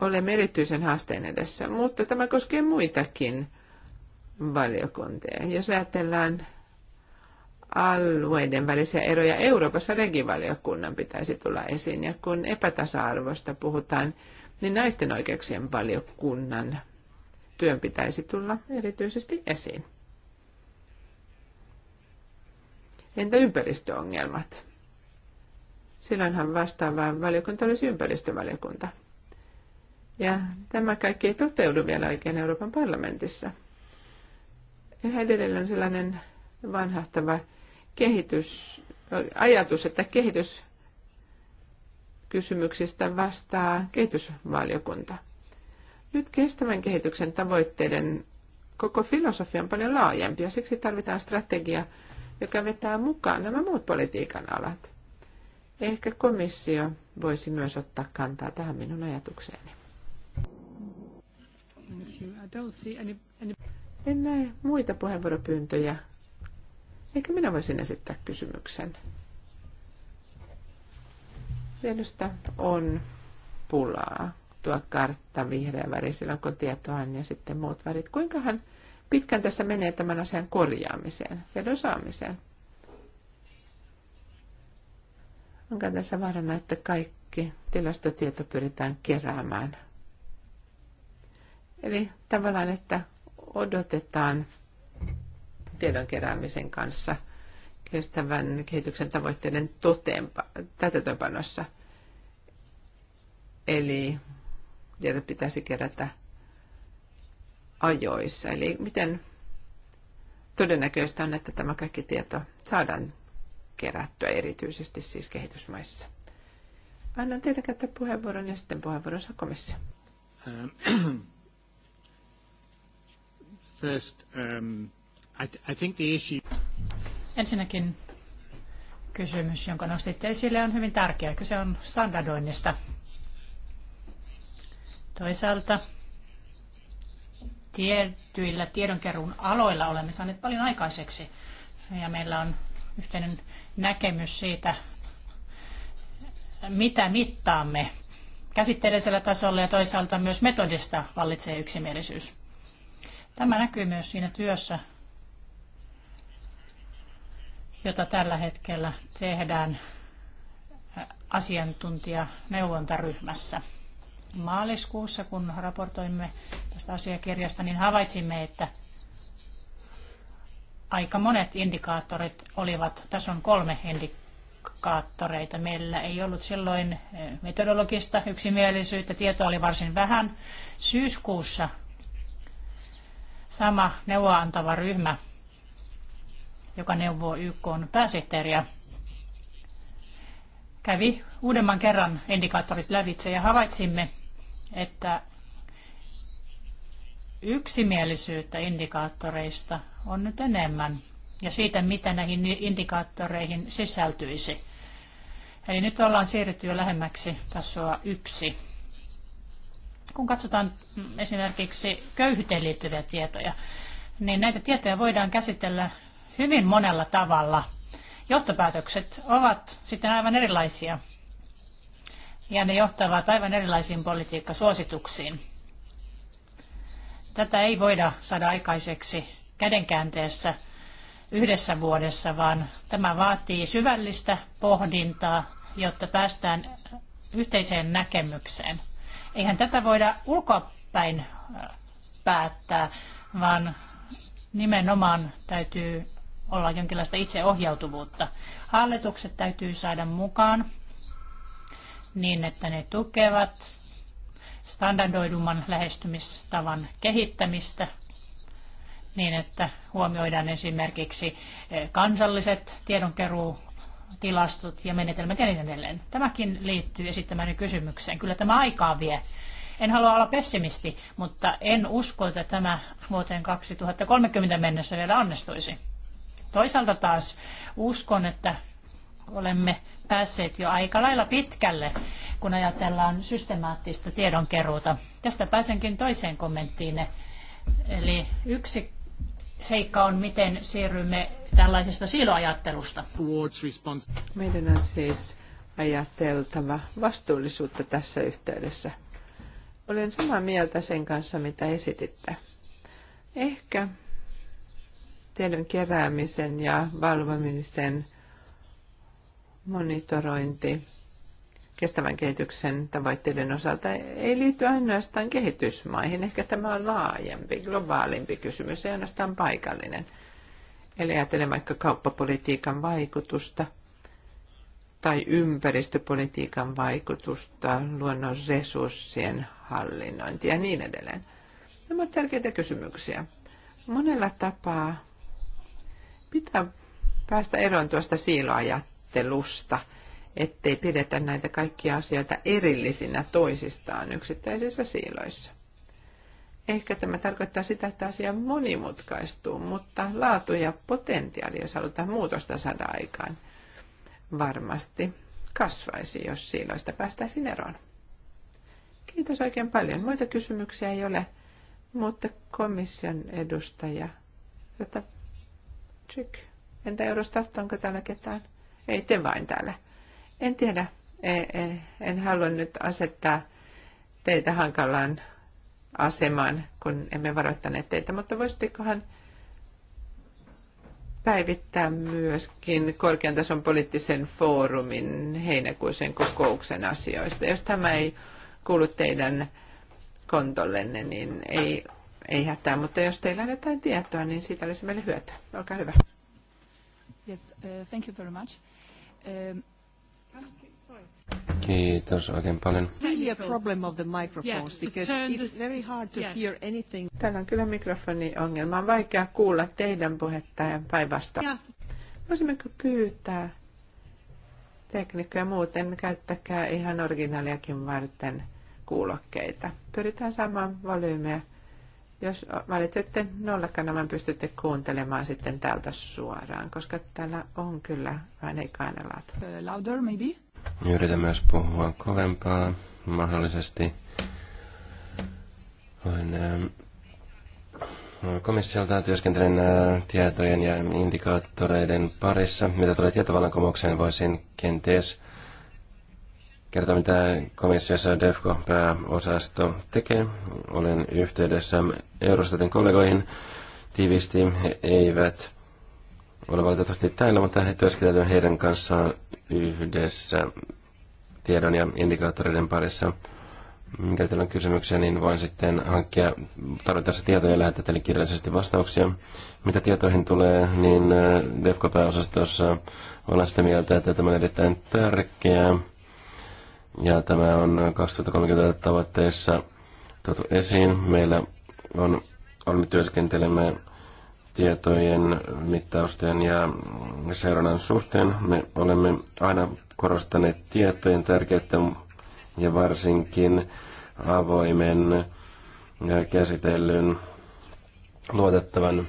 olemme erityisen haasteen edessä, mutta tämä koskee muitakin valiokuntia. Jos ajatellaan alueiden välisiä eroja Euroopassa regivaliokunnan pitäisi tulla esiin. Ja kun epätasa-arvosta puhutaan, niin naisten oikeuksien valiokunnan työn pitäisi tulla erityisesti esiin. Entä ympäristöongelmat? Silloinhan vastaava valiokunta olisi ympäristövaliokunta. Ja tämä kaikki ei toteudu vielä oikein Euroopan parlamentissa. Yhä edelleen on sellainen vanhahtava kehitys, ajatus, että kehityskysymyksistä vastaa kehitysvaliokunta. Nyt kestävän kehityksen tavoitteiden koko filosofia on paljon laajempi ja siksi tarvitaan strategia, joka vetää mukaan nämä muut politiikan alat. Ehkä komissio voisi myös ottaa kantaa tähän minun ajatukseeni. En näe muita puheenvuoropyyntöjä. Eikö minä voisin esittää kysymyksen? Tiedosta on pulaa. Tuo kartta, vihreä väri, sillä onko tietoa ja sitten muut värit. Kuinkahan pitkän tässä menee tämän asian korjaamiseen, vedosaamiseen? Onko tässä vaarana, että kaikki tilastotieto pyritään keräämään Eli tavallaan, että odotetaan tiedon keräämisen kanssa kestävän kehityksen tavoitteiden täytäntöönpanossa. Eli tiedot pitäisi kerätä ajoissa. Eli miten todennäköistä on, että tämä kaikki tieto saadaan kerättyä erityisesti siis kehitysmaissa. Annan teille käyttää puheenvuoron ja sitten puheenvuoron saa komissio. Ähm, *clears throat* First, um, I, th I think the issue...
Ensinnäkin kysymys, jonka nostitte esille, on hyvin tärkeä. Kyse on standardoinnista. Toisaalta tietyillä tiedonkeruun aloilla olemme saaneet paljon aikaiseksi. Ja meillä on yhteinen näkemys siitä, mitä mittaamme käsitteellisellä tasolla ja toisaalta myös metodista vallitsee yksimielisyys. Tämä näkyy myös siinä työssä, jota tällä hetkellä tehdään asiantuntijaneuvontaryhmässä. Maaliskuussa, kun raportoimme tästä asiakirjasta, niin havaitsimme, että aika monet indikaattorit olivat, tässä on kolme indikaattoreita. Meillä ei ollut silloin metodologista yksimielisyyttä, tietoa oli varsin vähän. Syyskuussa sama neuvoa antava ryhmä, joka neuvoo YK pääsihteeriä, kävi uudemman kerran indikaattorit lävitse ja havaitsimme, että yksimielisyyttä indikaattoreista on nyt enemmän ja siitä, mitä näihin indikaattoreihin sisältyisi. Eli nyt ollaan siirrytty jo lähemmäksi tasoa yksi. Kun katsotaan esimerkiksi köyhyyteen liittyviä tietoja, niin näitä tietoja voidaan käsitellä hyvin monella tavalla. Johtopäätökset ovat sitten aivan erilaisia ja ne johtavat aivan erilaisiin politiikkasuosituksiin. Tätä ei voida saada aikaiseksi kädenkäänteessä yhdessä vuodessa, vaan tämä vaatii syvällistä pohdintaa, jotta päästään yhteiseen näkemykseen. Eihän tätä voida ulkopäin äh, päättää, vaan nimenomaan täytyy olla jonkinlaista itseohjautuvuutta. Hallitukset täytyy saada mukaan niin, että ne tukevat standardoidumman lähestymistavan kehittämistä niin, että huomioidaan esimerkiksi eh, kansalliset tiedonkeruu tilastot ja menetelmät ja niin edelleen. Tämäkin liittyy esittämäni kysymykseen. Kyllä tämä aikaa vie. En halua olla pessimisti, mutta en usko, että tämä vuoteen 2030 mennessä vielä onnistuisi. Toisaalta taas uskon, että olemme päässeet jo aika lailla pitkälle, kun ajatellaan systemaattista tiedonkeruuta. Tästä pääsenkin toiseen kommenttiin. Eli yksi seikka on, miten siirrymme tällaisesta siiloajattelusta.
Meidän on siis ajateltava vastuullisuutta tässä yhteydessä. Olen samaa mieltä sen kanssa, mitä esititte. Ehkä tiedon keräämisen ja valvomisen monitorointi kestävän kehityksen tavoitteiden osalta ei liity ainoastaan kehitysmaihin. Ehkä tämä on laajempi, globaalimpi kysymys, ei ainoastaan paikallinen. Eli ajatellen vaikka kauppapolitiikan vaikutusta tai ympäristöpolitiikan vaikutusta, luonnon resurssien hallinnointia ja niin edelleen. Nämä ovat tärkeitä kysymyksiä. Monella tapaa pitää päästä eroon tuosta siiloajattelusta, ettei pidetä näitä kaikkia asioita erillisinä toisistaan yksittäisissä siiloissa. Ehkä tämä tarkoittaa sitä, että asia monimutkaistuu, mutta laatu ja potentiaali, jos halutaan muutosta saada aikaan, varmasti kasvaisi, jos siiloista päästäisiin eroon. Kiitos oikein paljon. Muita kysymyksiä ei ole, mutta komission edustaja. Jota... Tsyk. Entä Eurostat, onko täällä ketään? Ei te vain täällä. En tiedä. e, e, En halua nyt asettaa teitä hankalaan asemaan, kun emme varoittaneet teitä, mutta voisittekohan päivittää myöskin korkean tason poliittisen foorumin heinäkuisen kokouksen asioista. Jos tämä ei kuulu teidän kontollenne, niin ei, ei hätää, mutta jos teillä on jotain tietoa, niin siitä olisi meille hyötyä. Olkaa hyvä.
Yes, uh, thank you very much. Um,
Kiitos oikein paljon.
Täällä on kyllä mikrofoniongelma. On vaikea kuulla teidän puhetta ja päinvastoin. Voisimmeko pyytää teknikkoja muuten käyttäkää ihan originaaliakin varten kuulokkeita. Pyritään saamaan volyymiä. Jos valitsette nollakanavan, pystytte kuuntelemaan sitten täältä suoraan, koska täällä on kyllä vain ei kainalaatu. Uh, louder maybe?
Yritä myös puhua kovempaa mahdollisesti. Olen ähm, komissiolta työskentelen äh, tietojen ja indikaattoreiden parissa. Mitä tulee tietovallankumoukseen, voisin kenties kertoa, mitä komissiossa DEFCO-pääosasto tekee. Olen yhteydessä Eurostatin kollegoihin tiivisti. He eivät ole valitettavasti täällä, mutta he työskentelevät heidän kanssaan yhdessä tiedon ja indikaattoreiden parissa. Mikäli teillä on kysymyksiä, niin voin sitten hankkia tarvittaessa tietoja ja lähettää teille kirjallisesti vastauksia. Mitä tietoihin tulee, niin äh, DEFCO-pääosastossa ollaan sitä mieltä, että tämä on erittäin tärkeää. Ja tämä on 2030 tavoitteissa tuotu esiin. Meillä on, on työskentelemme tietojen mittausten ja seurannan suhteen. Me olemme aina korostaneet tietojen tärkeyttä ja varsinkin avoimen käsitellyn luotettavan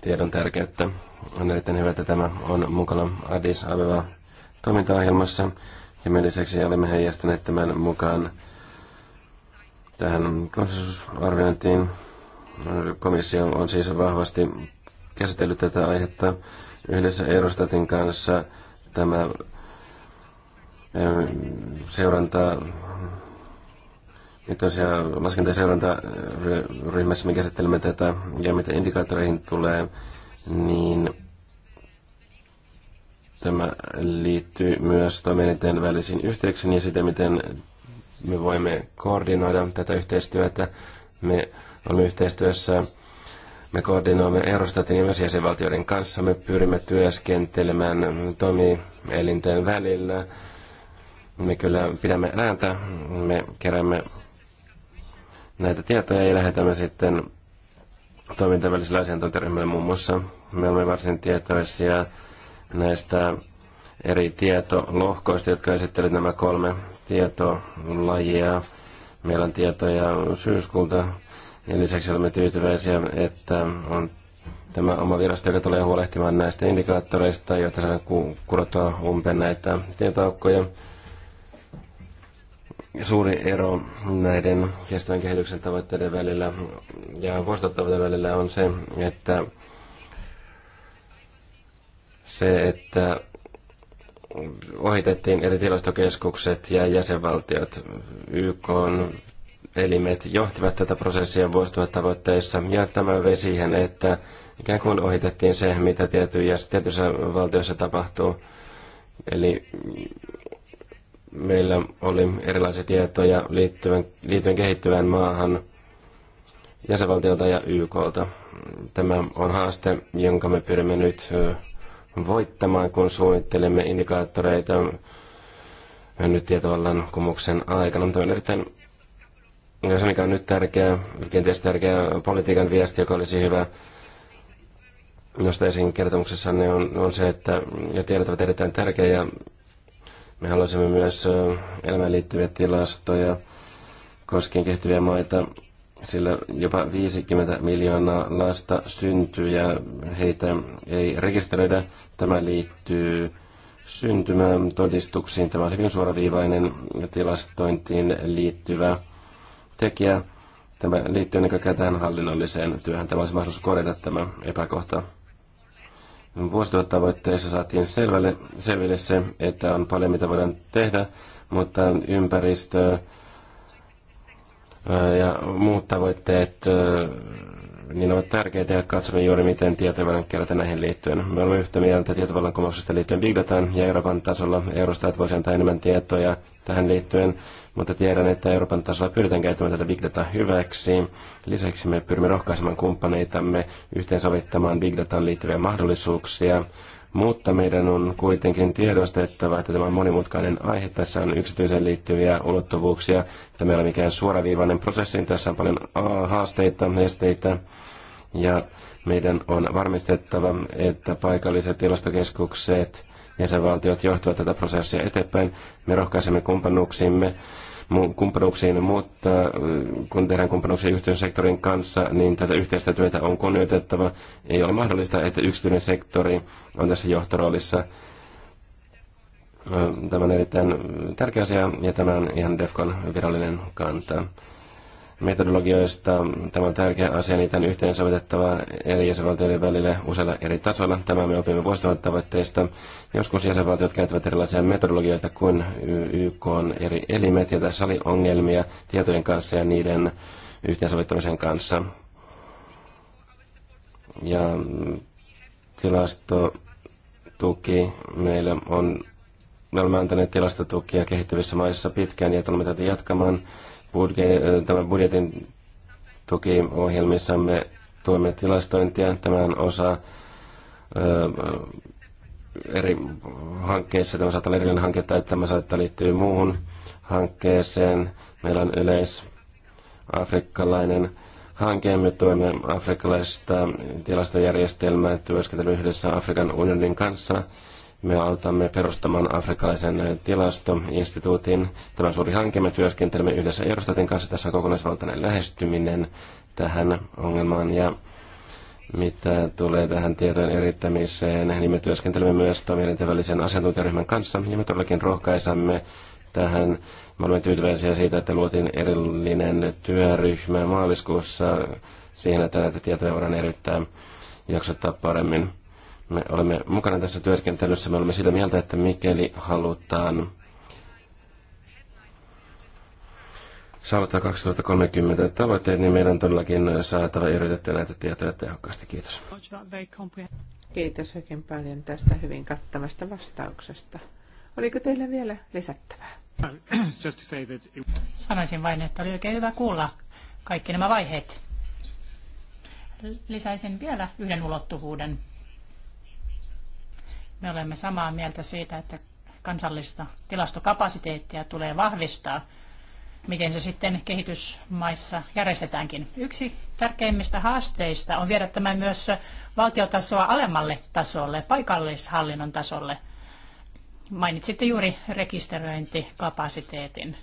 tiedon tärkeyttä. On erittäin hyvä, että tämä on mukana Addis Abeba toimintaohjelmassa. Ja me lisäksi olemme heijastaneet tämän mukaan tähän konsensusarviointiin Komissio on siis vahvasti käsitellyt tätä aihetta yhdessä Eurostatin kanssa. Tämä seuranta mitoisia laskenta- ja seurantaryhmässä me käsittelemme tätä, ja mitä indikaattoreihin tulee, niin tämä liittyy myös toimielinten välisiin yhteyksiin ja sitä, miten me voimme koordinoida tätä yhteistyötä. Me on yhteistyössä. Me koordinoimme Eurostatin ja myös jäsenvaltioiden kanssa. Me pyrimme työskentelemään toimielinten välillä. Me kyllä pidämme ääntä. Me keräämme näitä tietoja ja lähetämme sitten toimintavälisellä asiantuntijaryhmällä muun muassa. Me olemme varsin tietoisia näistä eri tietolohkoista, jotka esittelivät nämä kolme tietolajia. Meillä on tietoja syyskuulta ja lisäksi olemme tyytyväisiä, että on tämä oma virasto, joka tulee huolehtimaan näistä indikaattoreista, jotta saadaan kurottua umpeen näitä tietoaukkoja. Suuri ero näiden kestävän kehityksen tavoitteiden välillä ja vuositavoitteiden välillä on se, että se, että ohitettiin eri tilastokeskukset ja jäsenvaltiot. YK on elimet johtivat tätä prosessia vuosituhattavoitteissa, ja tämä vei siihen, että ikään kuin ohitettiin se, mitä tietyissä valtioissa tapahtuu. Eli meillä oli erilaisia tietoja liittyen, liittyen kehittyvään maahan jäsenvaltiolta ja YKlta. Tämä on haaste, jonka me pyrimme nyt voittamaan, kun suunnittelemme indikaattoreita nyt tietovallan kumuksen aikana. Tämä on erittäin ja se, mikä on nyt tärkeä, kenties tärkeä politiikan viesti, joka olisi hyvä nostaa esiin kertomuksessanne, on, on se, että ja tiedot ovat erittäin tärkeä ja me haluaisimme myös elämään liittyviä tilastoja koskien kehittyviä maita, sillä jopa 50 miljoonaa lasta syntyy ja heitä ei rekisteröidä. Tämä liittyy syntymätodistuksiin. Tämä on hyvin suoraviivainen tilastointiin liittyvä tekijä. Tämä liittyy ennen kaikkea tähän hallinnolliseen työhön. Tämä olisi mahdollisuus korjata tämä epäkohta. Vuosituhattavoitteissa saatiin selville, selville se, että on paljon mitä voidaan tehdä, mutta ympäristö ja muut tavoitteet niin ovat tärkeitä ja katsomme juuri, miten tietoja voidaan kerätä näihin liittyen. Me olemme yhtä mieltä tietovallankumouksesta liittyen Big Dataan ja Euroopan tasolla. Eurostat voisi antaa enemmän tietoja tähän liittyen mutta tiedän, että Euroopan tasolla pyritään käyttämään tätä big Data hyväksi. Lisäksi me pyrimme rohkaisemaan kumppaneitamme yhteensovittamaan big dataan liittyviä mahdollisuuksia, mutta meidän on kuitenkin tiedostettava, että tämä on monimutkainen aihe. Tässä on yksityiseen liittyviä ulottuvuuksia. Tämä ei ole mikään suoraviivainen prosessi. Tässä on paljon haasteita, esteitä. Ja meidän on varmistettava, että paikalliset tilastokeskukset jäsenvaltiot johtavat tätä prosessia eteenpäin. Me rohkaisemme kumppanuuksiimme kumppanuuksiin, mutta äh, kun tehdään kumppanuuksia yhtiön kanssa, niin tätä yhteistä työtä on kunnioitettava. Ei ole mahdollista, että yksityinen sektori on tässä johtoroolissa. Äh, tämä on erittäin tärkeä asia ja tämä on ihan DEFCON virallinen kanta metodologioista. Tämä on tärkeä asia, niitä on yhteensovitettava eri jäsenvaltioiden välille useilla eri tasoilla. Tämä me opimme tavoitteista, Joskus jäsenvaltiot käyttävät erilaisia metodologioita kuin YK on eri elimet, ja tässä oli ongelmia tietojen kanssa ja niiden yhteensovittamisen kanssa. Ja tilastotuki meillä on me olemme antaneet tilastotukia kehittyvissä maissa pitkään ja tulemme tätä jatkamaan budje, eh, tämän budjetin tukiohjelmissamme tuomme tilastointia. tämän osa eh, eri hankkeissa. Tämä saattaa olla erillinen hanke tai tämä saattaa liittyä muuhun hankkeeseen. Meillä on afrikkalainen hanke. Me tuemme afrikkalaista tilastojärjestelmää työskentely yhdessä Afrikan unionin kanssa. Me autamme perustamaan afrikkalaisen tilastoinstituutin. Tämä on suuri hanke. Me työskentelemme yhdessä Eurostatin kanssa. Tässä kokonaisvaltainen lähestyminen tähän ongelmaan. Ja mitä tulee tähän tietojen erittämiseen, niin me työskentelemme myös toimijoiden välisen asiantuntijaryhmän kanssa. Ja me todellakin rohkaisamme tähän. Me olemme tyytyväisiä siitä, että luotiin erillinen työryhmä maaliskuussa siihen, että näitä tietoja voidaan erittää jaksottaa paremmin. Me olemme mukana tässä työskentelyssä. Me olemme sillä mieltä, että mikäli halutaan saavuttaa 2030 tavoitteet, niin meidän on todellakin saatava yritettyä näitä tietoja tehokkaasti. Kiitos.
Kiitos oikein paljon tästä hyvin kattavasta vastauksesta.
Oliko teillä vielä lisättävää? Sanoisin vain, että oli oikein hyvä kuulla kaikki nämä vaiheet. Lisäisin vielä yhden ulottuvuuden me olemme samaa mieltä siitä, että kansallista tilastokapasiteettia tulee vahvistaa, miten se sitten kehitysmaissa järjestetäänkin. Yksi tärkeimmistä haasteista on viedä tämä myös valtiotasoa alemmalle tasolle, paikallishallinnon tasolle. Mainitsitte juuri rekisteröintikapasiteetin.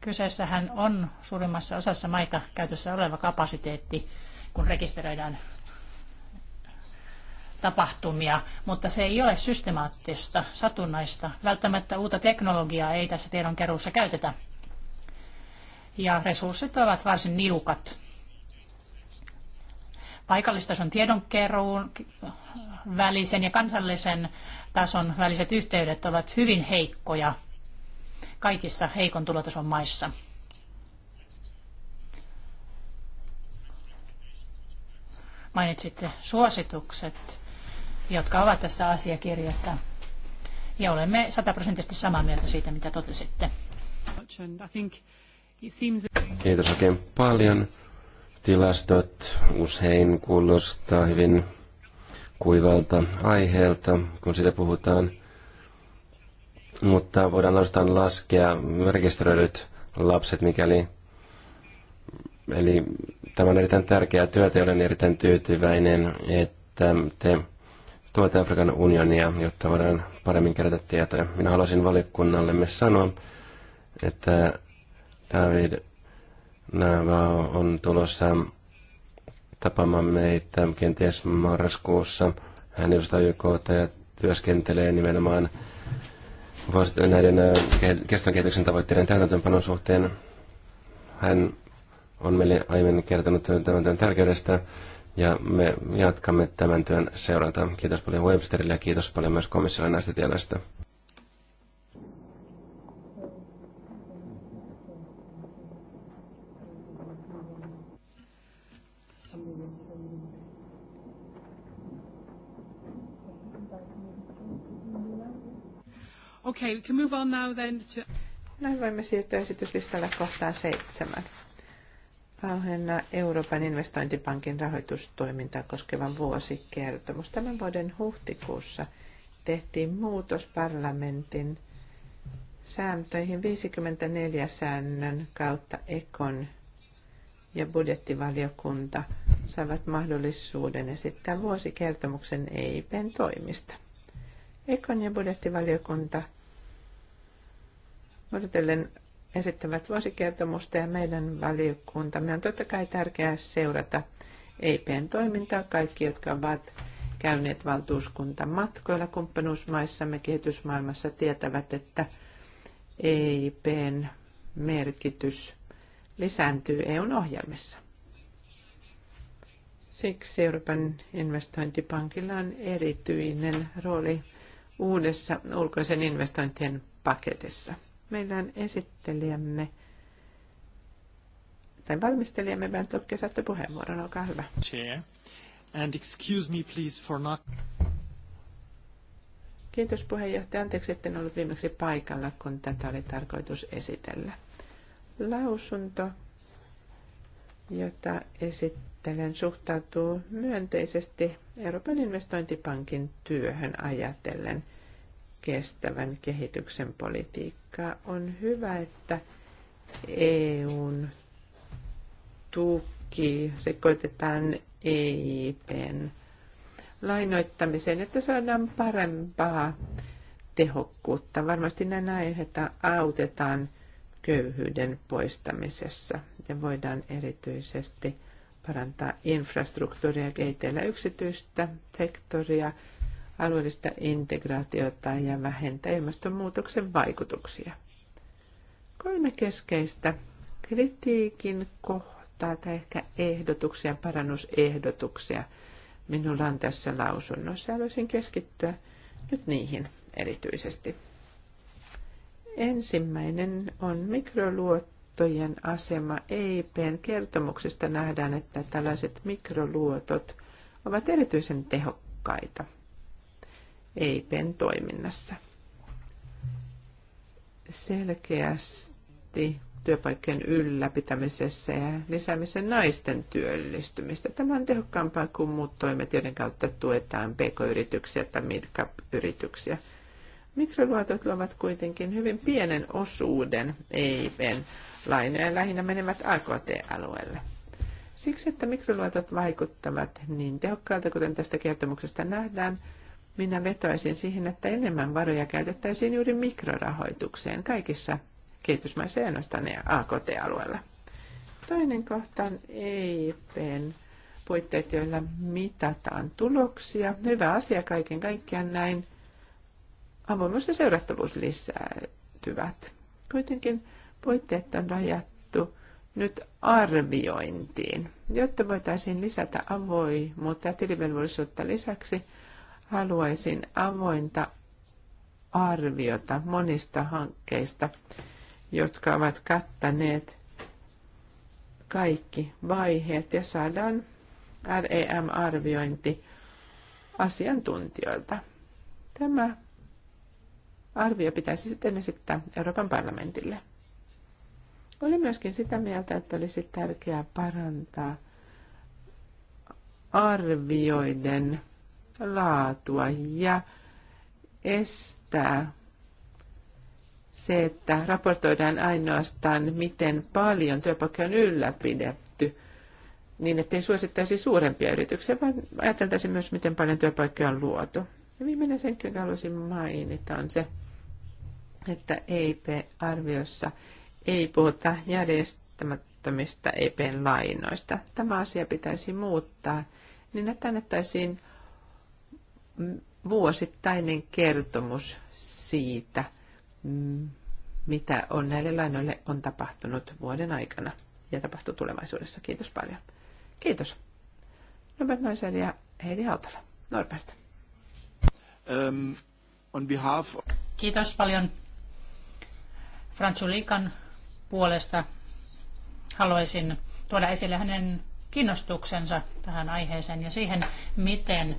Kyseessähän on suurimmassa osassa maita käytössä oleva kapasiteetti, kun rekisteröidään tapahtumia, mutta se ei ole systemaattista, satunnaista. Välttämättä uutta teknologiaa ei tässä tiedonkeruussa käytetä. Ja resurssit ovat varsin niukat. Paikallistason tiedonkeruun välisen ja kansallisen tason väliset yhteydet ovat hyvin heikkoja kaikissa heikon tulotason maissa. Mainitsitte suositukset jotka ovat tässä asiakirjassa. Ja olemme sataprosenttisesti samaa mieltä siitä, mitä totesitte.
Kiitos oikein paljon. Tilastot usein kuulostaa hyvin kuivalta aiheelta, kun siitä puhutaan. Mutta voidaan ainoastaan laskea rekisteröidyt lapset, mikäli... Eli tämä on erittäin tärkeää työtä, olen erittäin tyytyväinen, että te tuota Afrikan unionia, jotta voidaan paremmin kerätä tietoja. Minä haluaisin valiokunnallemme sanoa, että David Navao on tulossa tapaamaan meitä kenties marraskuussa. Hän edustaa YK ja työskentelee nimenomaan näiden äh, keston kehityksen tavoitteiden täytäntöönpanon suhteen. Hän on meille aiemmin kertonut tämän tärkeydestä. Ja me jatkamme tämän työn seurata. Kiitos paljon Websterille ja kiitos paljon myös komissiolle näistä tiedoista.
Okay, we can move on now then to... Näin voimme siirtyä esityslistalle kohtaan seitsemän. Auhenna Euroopan investointipankin rahoitustoimintaa koskevan vuosikertomus. Tämän vuoden huhtikuussa tehtiin muutos parlamentin sääntöihin 54 säännön kautta Ekon ja budjettivaliokunta saivat mahdollisuuden esittää vuosikertomuksen EIPn toimista. Ekon ja budjettivaliokunta odotellen esittävät vuosikertomusta ja meidän valiokuntamme on totta kai tärkeää seurata EIPn toimintaa. Kaikki, jotka ovat käyneet valtuuskuntamatkoilla kumppanuusmaissamme kehitysmaailmassa, tietävät, että EIPn merkitys lisääntyy EUn ohjelmissa. Siksi Euroopan investointipankilla on erityinen rooli uudessa ulkoisen investointien paketissa – Meillä on esittelijämme tai valmistelijamme vähän Lopke, saatte puheenvuoron, olkaa hyvä. Chair. And excuse me please for not... Kiitos puheenjohtaja. Anteeksi, en ollut viimeksi paikalla, kun tätä oli tarkoitus esitellä. Lausunto, jota esittelen, suhtautuu myönteisesti Euroopan investointipankin työhön ajatellen kestävän kehityksen politiikkaa koska on hyvä, että EUn tuki sekoitetaan EIPn lainoittamiseen, että saadaan parempaa tehokkuutta. Varmasti näin aiheita autetaan köyhyyden poistamisessa ja voidaan erityisesti parantaa infrastruktuuria, kehitellä yksityistä sektoria – alueellista integraatiota ja vähentää ilmastonmuutoksen vaikutuksia. Kolme keskeistä kritiikin kohtaa tai ehkä ehdotuksia, parannusehdotuksia minulla on tässä lausunnossa. Haluaisin keskittyä nyt niihin erityisesti. Ensimmäinen on mikroluottojen asema EIPn kertomuksesta nähdään, että tällaiset mikroluotot ovat erityisen tehokkaita – EIPen toiminnassa. Selkeästi työpaikkojen ylläpitämisessä ja lisäämisen naisten työllistymistä. Tämä on tehokkaampaa kuin muut toimet, joiden kautta tuetaan pk-yrityksiä tai midcap yrityksiä Mikroluotot luovat kuitenkin hyvin pienen osuuden EIPn lainoja lähinnä menevät AKT-alueelle. Siksi, että mikroluotot vaikuttavat niin tehokkaalta, kuten tästä kertomuksesta nähdään, minä vetoisin siihen, että enemmän varoja käytettäisiin juuri mikrorahoitukseen kaikissa kehitysmaissa ja ainoastaan AKT-alueella. Toinen kohta on EIPn puitteet, joilla mitataan tuloksia. Hyvä asia kaiken kaikkiaan näin. Avoimuus ja seurattavuus lisääntyvät. Kuitenkin puitteet on rajattu nyt arviointiin, jotta voitaisiin lisätä avoimuutta ja tilivelvollisuutta lisäksi – haluaisin avointa arviota monista hankkeista, jotka ovat kattaneet kaikki vaiheet ja saadaan REM-arviointi asiantuntijoilta. Tämä arvio pitäisi sitten esittää Euroopan parlamentille. Oli myöskin sitä mieltä, että olisi tärkeää parantaa arvioiden laatua ja estää se, että raportoidaan ainoastaan, miten paljon työpaikkoja on ylläpidetty, niin ettei suosittaisi suurempia yrityksiä, vaan ajateltaisiin myös, miten paljon työpaikkoja on luotu. Ja viimeinen sen, jonka haluaisin mainita, on se, että EIP-arviossa ei puhuta järjestämättömistä eip lainoista. Tämä asia pitäisi muuttaa niin, että annettaisiin vuosittainen kertomus siitä, mm, mitä on näille lainoille on tapahtunut vuoden aikana ja tapahtuu tulevaisuudessa. Kiitos paljon. Kiitos. Norbert Neusel ja Heidi Hautala. Norbert. Um, on behalf...
Kiitos paljon Fransulikan puolesta. Haluaisin tuoda esille hänen kiinnostuksensa tähän aiheeseen ja siihen, miten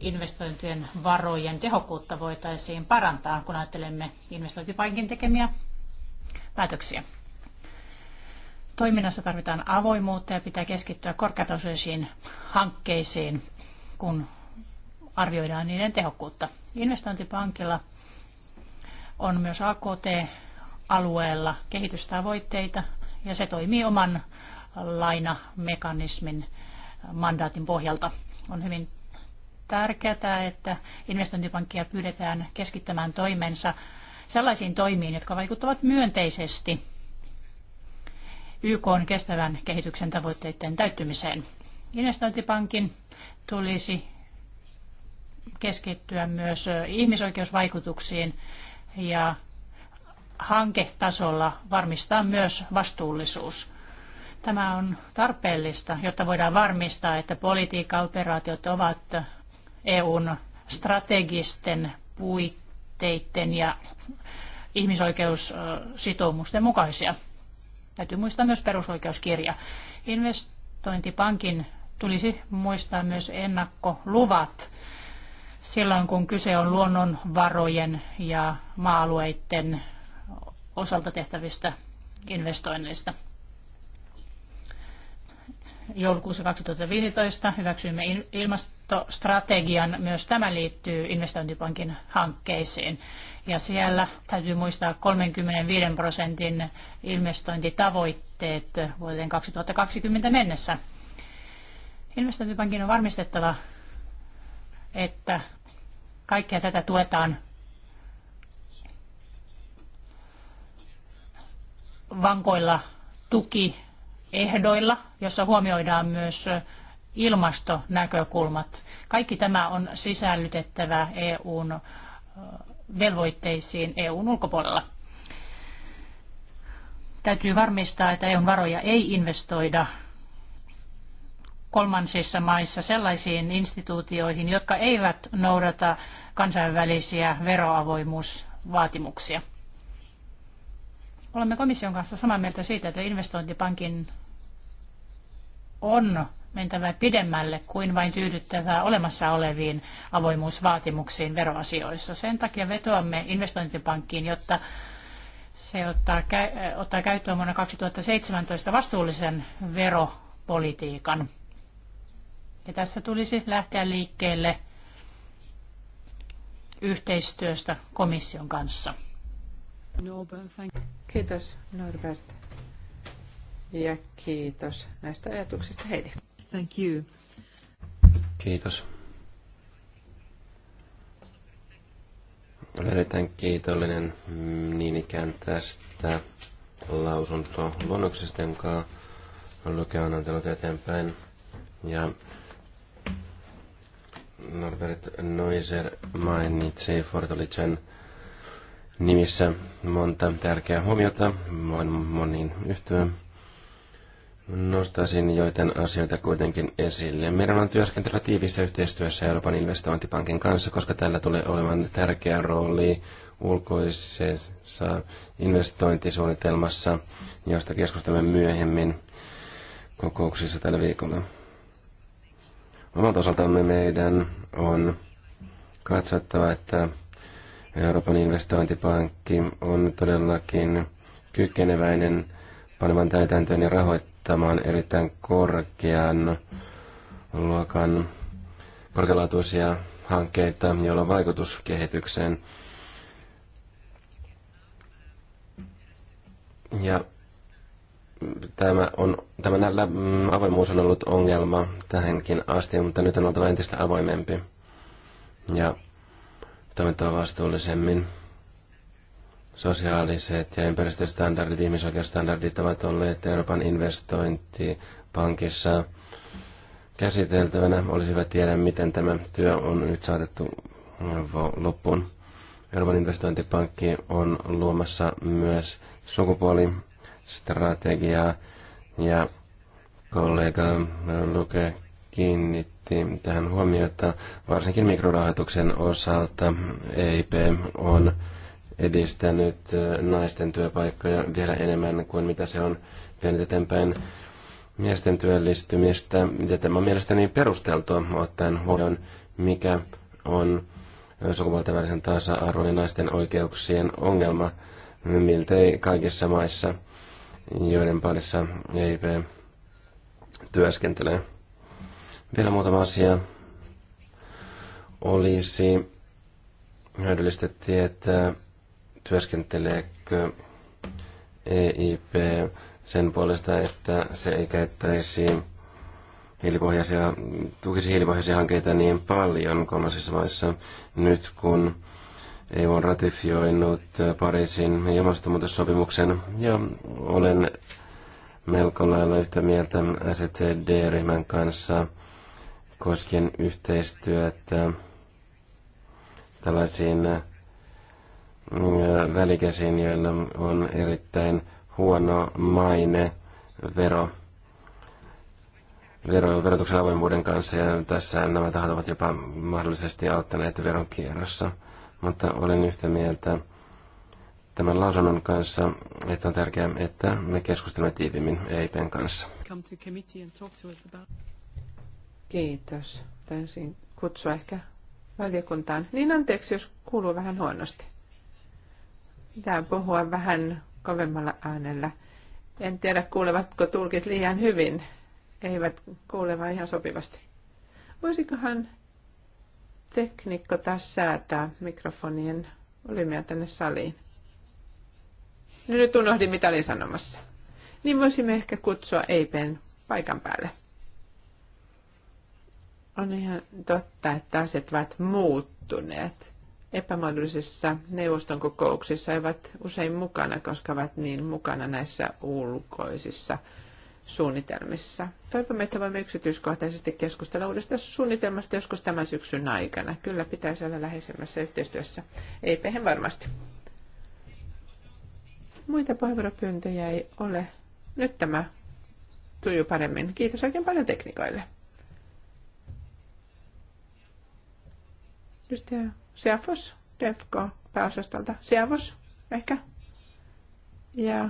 investointien varojen tehokkuutta voitaisiin parantaa, kun ajattelemme investointipankin tekemiä päätöksiä. Toiminnassa tarvitaan avoimuutta ja pitää keskittyä korkeatasoisiin hankkeisiin, kun arvioidaan niiden tehokkuutta. Investointipankilla on myös AKT-alueella kehitystavoitteita ja se toimii oman lainamekanismin mandaatin pohjalta. On hyvin tärkeää, että investointipankkia pyydetään keskittämään toimensa sellaisiin toimiin, jotka vaikuttavat myönteisesti YK on kestävän kehityksen tavoitteiden täyttymiseen. Investointipankin tulisi keskittyä myös ihmisoikeusvaikutuksiin ja hanketasolla varmistaa myös vastuullisuus. Tämä on tarpeellista, jotta voidaan varmistaa, että politiikkaoperaatiot ovat EUn strategisten puitteiden ja ihmisoikeussitoumusten mukaisia. Täytyy muistaa myös perusoikeuskirja. Investointipankin tulisi muistaa myös ennakkoluvat silloin, kun kyse on luonnonvarojen ja maa-alueiden osalta tehtävistä investoinneista. Joulukuussa 2015 hyväksyimme ilmast- ilmastostrategian. Myös tämä liittyy investointipankin hankkeisiin. Ja siellä täytyy muistaa 35 prosentin investointitavoitteet vuoteen 2020 mennessä. Investointipankin on varmistettava, että kaikkea tätä tuetaan vankoilla tukiehdoilla, jossa huomioidaan myös ilmastonäkökulmat. Kaikki tämä on sisällytettävä EUn velvoitteisiin EUn ulkopuolella. Täytyy varmistaa, että EUn varoja ei investoida kolmansissa maissa sellaisiin instituutioihin, jotka eivät noudata kansainvälisiä veroavoimuusvaatimuksia. Olemme komission kanssa samaa mieltä siitä, että investointipankin on mentävä pidemmälle kuin vain tyydyttävä olemassa oleviin avoimuusvaatimuksiin veroasioissa. Sen takia vetoamme investointipankkiin, jotta se ottaa, äh, ottaa käyttöön vuonna 2017 vastuullisen veropolitiikan. Ja tässä tulisi lähteä liikkeelle yhteistyöstä komission kanssa. Kiitos
Norbert ja kiitos näistä ajatuksista Heidi. Thank you.
Kiitos. Olen erittäin kiitollinen niin ikään tästä lausuntoluonnoksesta, jonka Luke on antanut eteenpäin. Ja Norbert Noiser mainitsi Fortolichen nimissä monta tärkeää huomiota. Voin moniin yhtyä. Nostaisin joitain asioita kuitenkin esille. Meidän on työskentelyä tiivissä yhteistyössä Euroopan investointipankin kanssa, koska tällä tulee olemaan tärkeä rooli ulkoisessa investointisuunnitelmassa, josta keskustelemme myöhemmin kokouksissa tällä viikolla. Omalta osaltamme meidän on katsottava, että Euroopan investointipankki on todellakin kykeneväinen – panemaan täytäntöön ja rahoittamaan erittäin korkean luokan korkealaatuisia hankkeita, joilla on vaikutus kehitykseen. Ja tämä, on, tämä näillä, mm, avoimuus on ollut ongelma tähänkin asti, mutta nyt on oltava entistä avoimempi ja toimittava vastuullisemmin sosiaaliset ja ympäristöstandardit, ihmisoikeusstandardit ovat olleet Euroopan investointipankissa käsiteltävänä. Olisi hyvä tiedä, miten tämä työ on nyt saatettu loppuun. Euroopan investointipankki on luomassa myös sukupuolistrategiaa ja kollega Luke kiinnitti tähän huomiota. Varsinkin mikrorahoituksen osalta EIP on edistänyt naisten työpaikkoja vielä enemmän kuin mitä se on vienyt eteenpäin miesten työllistymistä. Ja tämä on mielestäni perusteltua ottaen huomioon, mikä on sukupuolten välisen tasa-arvon ja naisten oikeuksien ongelma miltei kaikissa maissa, joiden parissa EIP työskentelee. Vielä muutama asia olisi hyödyllistä tietää työskenteleekö EIP sen puolesta, että se ei käyttäisi hiilipohjaisia, tukisi hiilipohjaisia hankkeita niin paljon kolmansissa maissa nyt, kun EU on ratifioinut Pariisin ilmastonmuutossopimuksen ja olen melko lailla yhtä mieltä std ryhmän kanssa koskien yhteistyötä tällaisiin välikäsiin, joilla on erittäin huono maine vero, vero, verotuksen avoimuuden kanssa, ja tässä nämä tahot ovat jopa mahdollisesti auttaneet veronkierrossa. Mutta olen yhtä mieltä tämän lausunnon kanssa, että on tärkeää, että me keskustelemme tiivimmin EIPn kanssa.
Kiitos. Taisin kutsua ehkä valiokuntaan. Niin anteeksi, jos kuuluu vähän huonosti. Pitää puhua vähän kovemmalla äänellä. En tiedä, kuulevatko tulkit liian hyvin. Eivät vaan ihan sopivasti. Voisikohan tekniikko taas säätää mikrofonien olimia tänne saliin? Nyt unohdin, mitä olin sanomassa. Niin voisimme ehkä kutsua Eipen paikan päälle. On ihan totta, että asiat ovat muuttuneet epämahdollisissa neuvoston kokouksissa ovat usein mukana, koska ovat niin mukana näissä ulkoisissa suunnitelmissa. Toivomme, että voimme yksityiskohtaisesti keskustella uudesta suunnitelmasta joskus tämän syksyn aikana. Kyllä pitäisi olla läheisemmässä yhteistyössä. Ei pehen varmasti. Muita puheenvuoropyyntöjä ei ole. Nyt tämä tuju paremmin. Kiitos oikein paljon teknikoille. Edustaja Seafos, Defko, pääosastolta. Seafos, ehkä. Ja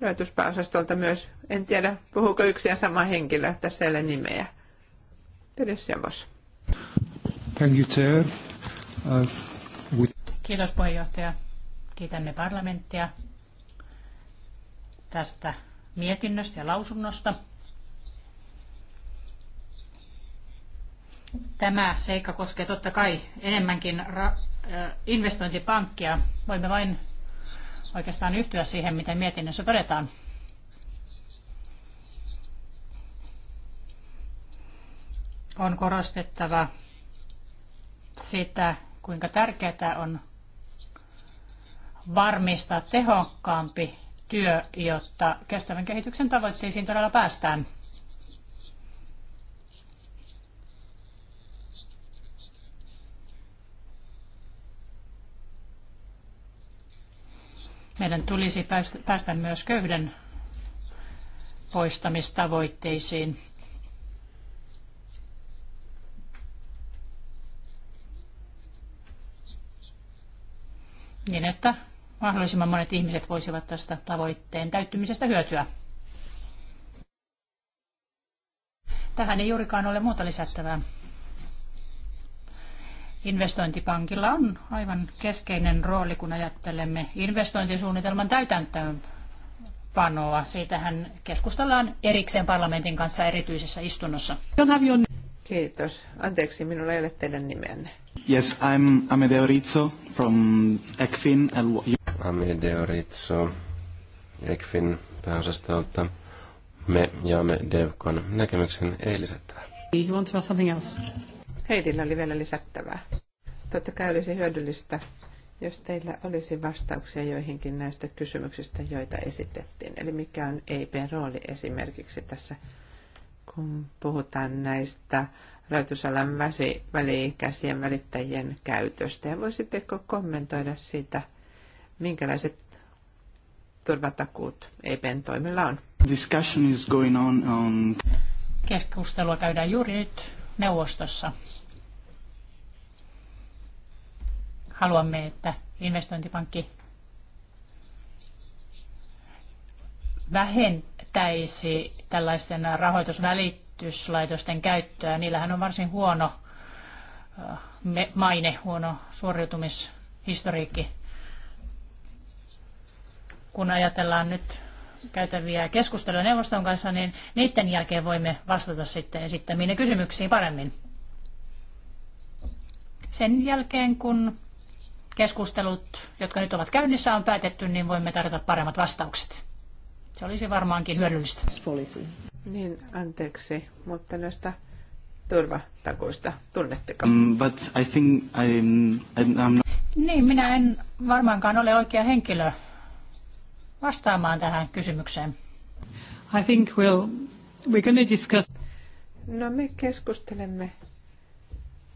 rajoituspääosastolta myös. En tiedä, puhuuko yksi ja sama henkilö. Tässä ei ole nimeä.
Teille Seafos.
Thank you, Chair. Uh, with...
Kiitos puheenjohtaja. Kiitämme parlamenttia tästä mietinnöstä ja lausunnosta. Tämä seikka koskee totta kai enemmänkin investointipankkia. Voimme vain oikeastaan yhtyä siihen, mitä mietinnössä todetaan. On korostettava sitä, kuinka tärkeää on varmistaa tehokkaampi työ, jotta kestävän kehityksen tavoitteisiin todella päästään. Meidän tulisi päästä myös köyhden poistamistavoitteisiin. Niin, että mahdollisimman monet ihmiset voisivat tästä tavoitteen täyttymisestä hyötyä. Tähän ei juurikaan ole muuta lisättävää. Investointipankilla on aivan keskeinen rooli, kun ajattelemme investointisuunnitelman täytäntöönpanoa. Siitähän keskustellaan erikseen parlamentin kanssa erityisessä istunnossa. Kiitos. Anteeksi, minulla ei ole teidän nimenne.
Yes, I'm Amedeo Rizzo from ECFIN. Amedeo Rizzo, ECFIN pääosastolta. Me jaamme Devcon näkemyksen eilisettävää.
You want to something else? Heidillä oli vielä lisättävää. Totta kai olisi hyödyllistä, jos teillä olisi vastauksia joihinkin näistä kysymyksistä, joita esitettiin. Eli mikä on EIPn rooli esimerkiksi tässä, kun puhutaan näistä rajoitusalan väliikäisien välittäjien käytöstä. Ja voisitteko kommentoida siitä, minkälaiset turvatakuut EPn
toimilla on?
Discussion is going on, on...
Keskustelua käydään juuri nyt neuvostossa. Haluamme, että investointipankki vähentäisi tällaisten rahoitusvälityslaitosten käyttöä. Niillähän on varsin huono äh, maine, huono suoriutumishistoriikki. Kun ajatellaan nyt käytäviä keskusteluja neuvoston kanssa, niin niiden jälkeen voimme vastata sitten esittämiin kysymyksiin paremmin. Sen jälkeen, kun keskustelut, jotka nyt ovat käynnissä, on päätetty, niin voimme tarjota paremmat vastaukset. Se olisi varmaankin hyödyllistä.
Niin, anteeksi, mutta näistä turvatakuista
tunnetteko?
Mm, but I think I'm, I'm, I'm not...
Niin, minä en varmaankaan ole oikea henkilö vastaamaan tähän kysymykseen? I think we'll, we're going to discuss...
No me keskustelemme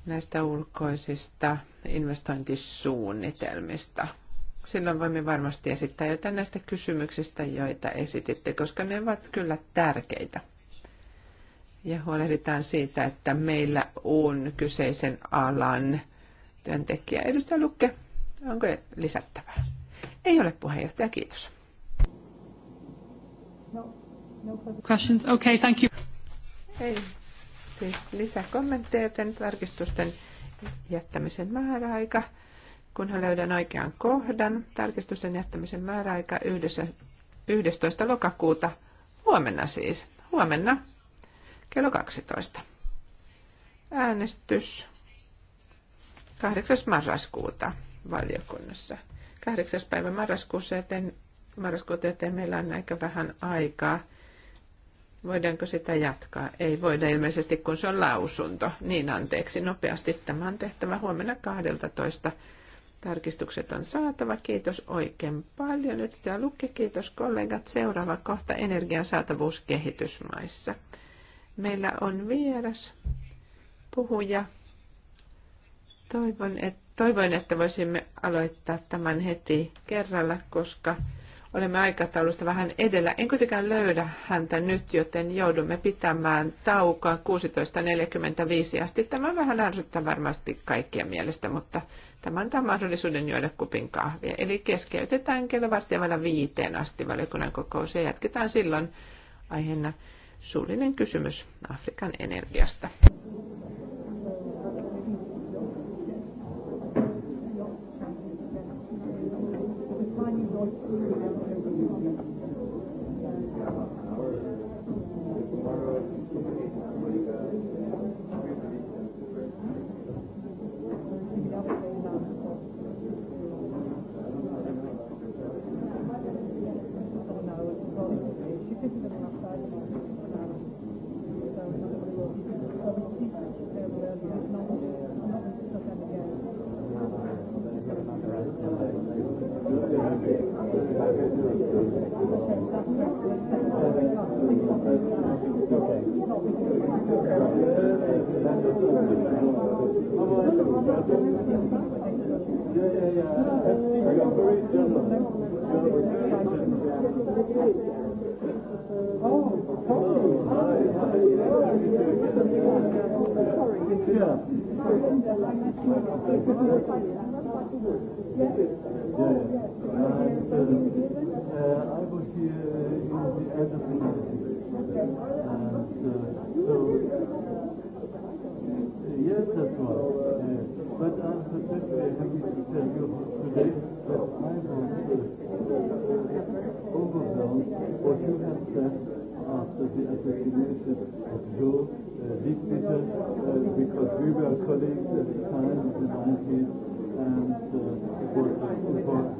näistä ulkoisista investointisuunnitelmista. Silloin voimme varmasti esittää jotain näistä kysymyksistä, joita esititte, koska ne ovat kyllä tärkeitä. Ja huolehditaan siitä, että meillä on kyseisen alan työntekijä. Edustaja Lukke, onko lisättävää? Ei ole puheenjohtaja, kiitos. No, no questions. Okay, thank you. Ei siis lisäkommentteja, joten tarkistusten jättämisen määräaika. Kunhan löydän oikean kohdan, tarkistusten jättämisen määräaika 11. lokakuuta. Huomenna siis. Huomenna kello 12. Äänestys 8. marraskuuta valiokunnassa. 8. päivä marraskuuta, joten marraskuuta, joten meillä on aika vähän aikaa. Voidaanko sitä jatkaa? Ei voida ilmeisesti, kun se on lausunto. Niin anteeksi, nopeasti tämä on tehtävä huomenna 12. Tarkistukset on saatava. Kiitos oikein paljon. Nyt tämä Lukki, kiitos kollegat. Seuraava kohta energian saatavuus kehitysmaissa. Meillä on vieras puhuja. Toivon, että, toivoin, että voisimme aloittaa tämän heti kerralla, koska olemme aikataulusta vähän edellä. En kuitenkaan löydä häntä nyt, joten joudumme pitämään taukoa 16.45 asti. Tämä on vähän ärsyttää varmasti kaikkien mielestä, mutta tämä antaa mahdollisuuden juoda kupin kahvia. Eli keskeytetään kello vartijavalla viiteen asti valiokunnan kokous ja jatketaan silloin aiheena suullinen kysymys Afrikan energiasta.
Thank you. the edge of reality. And uh, so, yes, that's right. Yes. But I'm particularly happy to tell you today that I was uh, overwhelmed what you have said after the assassination of Joe uh, Dietrich, uh, because we were colleagues at the time in the 90s, and uh, it was, it was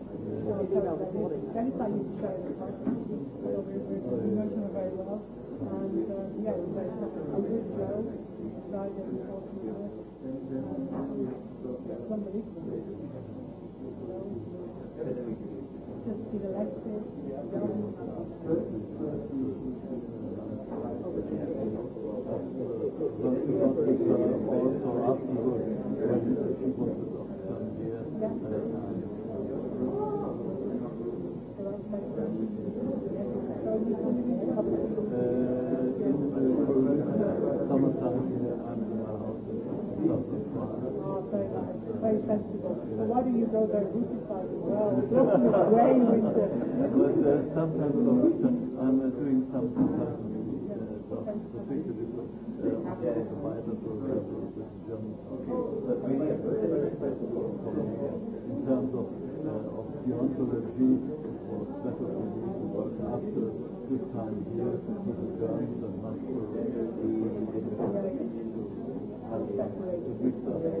That is how you show emotional very well. And um, yeah, it was very a good show. Died in 14 years. It's unbelievable. Just been elected, young. very nice, very sensible. But why do you go very russified as well? Looking away with the... But uh, sometimes I'm uh, doing some consulting uh, jobs, particularly for uh, yeah, the wider program with German. But we have a very flexible economy in terms of, uh, of deontology, for better for me to work after this time here with the Germans and not for the Americans. But we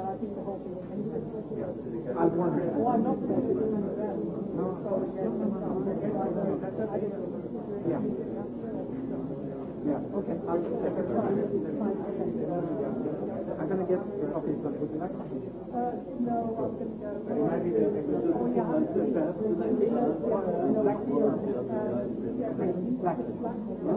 I think Oh, I'm not yeah, Yeah. okay. I'm going get okay, so would you like no,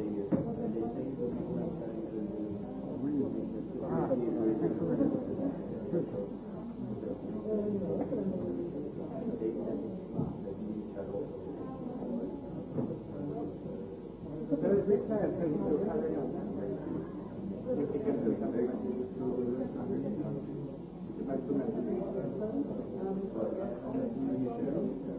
Thank you.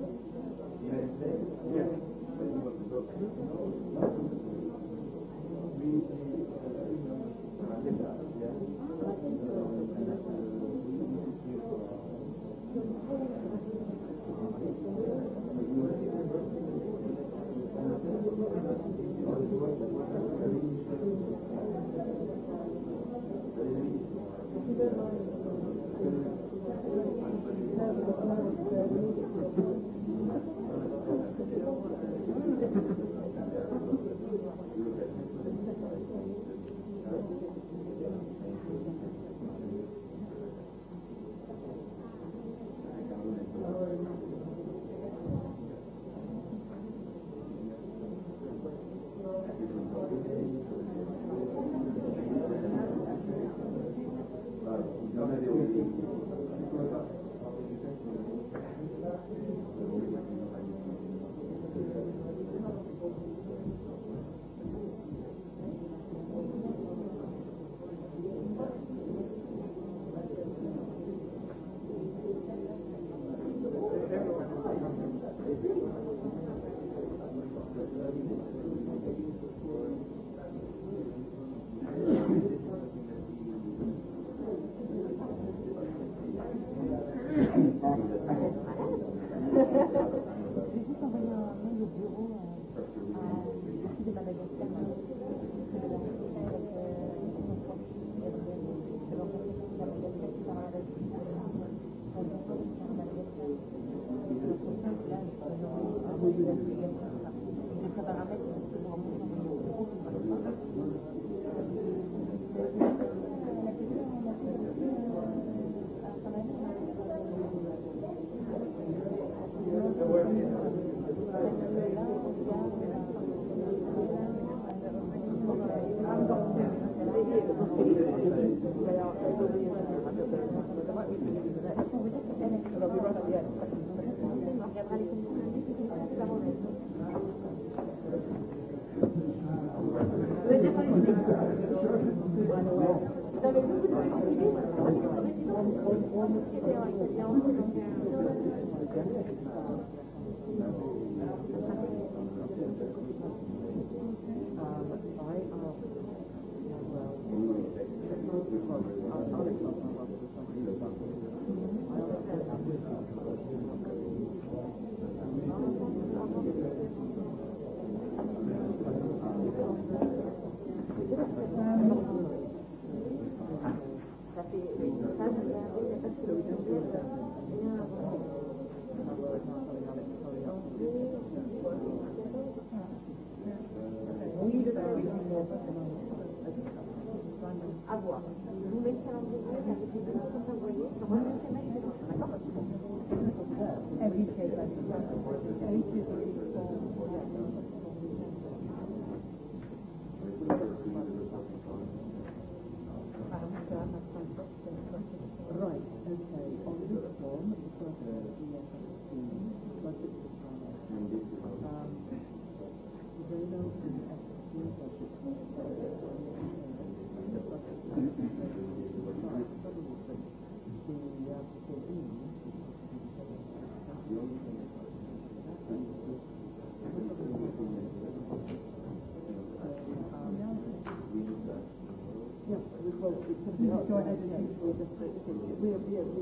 Det är det vi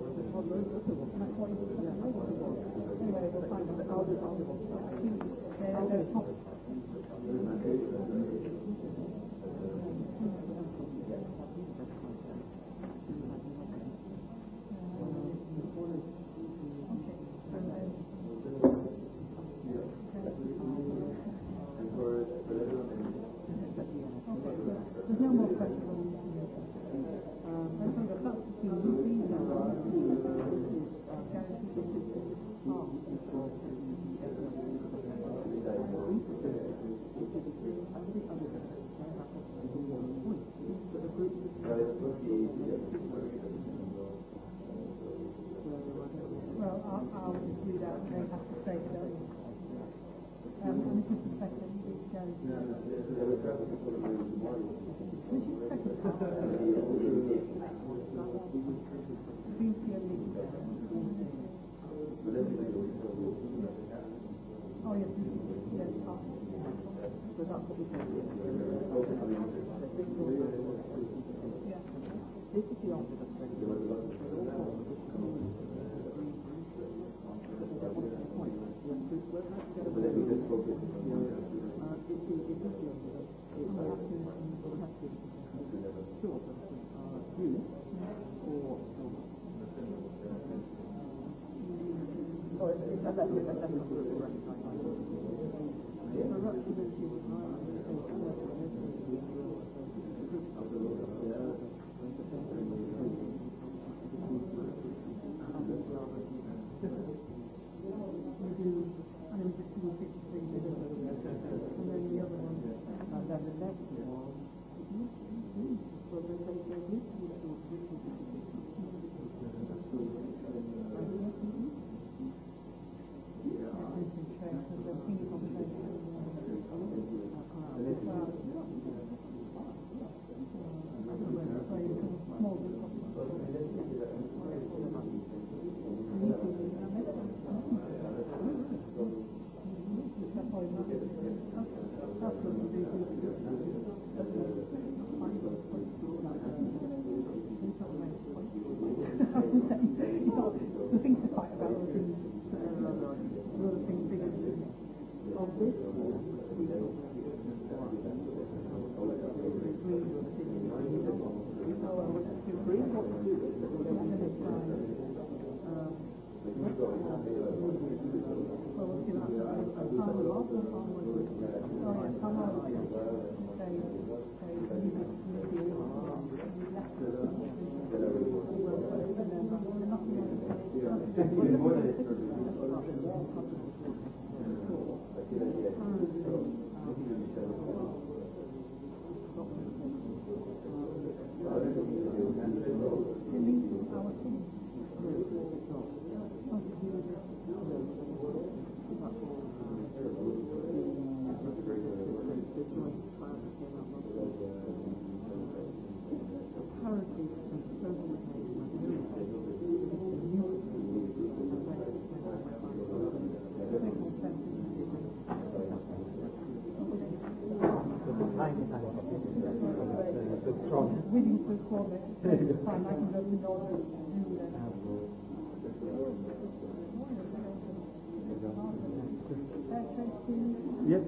Yes.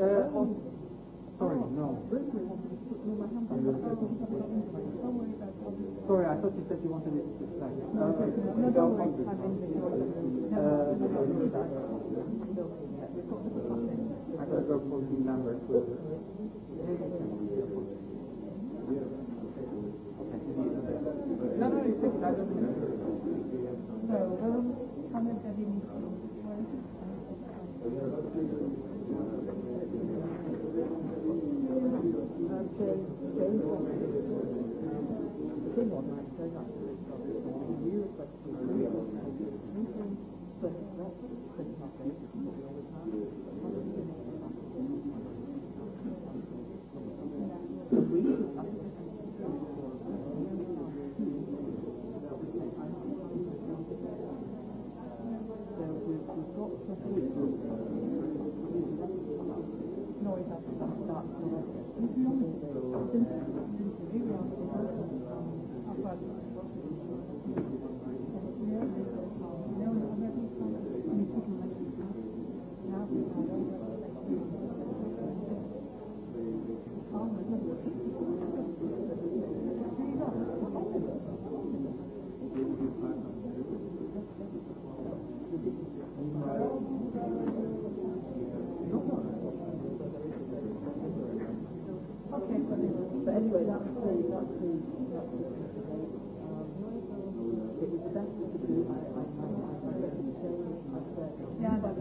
Uh, on, sorry, no. Sorry, I thought you said you wanted it to stay. No, okay. no, don't no, no, no, no, no, I no, no, no, no, no, No, no, no, no, no, I don't no, no, no, no, no, no, no, no, no, no,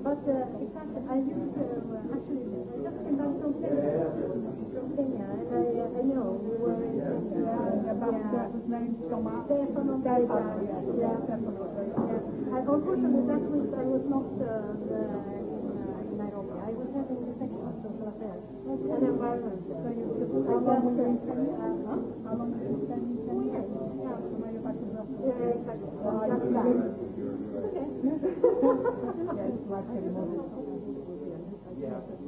But uh, in fact, uh, I used to. Uh, Manchoma, Stefano Gaeta. Yeah, Stefano yeah. I, unfortunately, that week I was not uh, uh, in Nairobi. I was having the section of social affairs okay. and environment. So you could How long were you in Kenya? How long were you in Kenya? Two years. Yeah, so now you're back in Brussels. Yeah, exactly. Well, Just that. Okay. yes, like I remember. Yeah.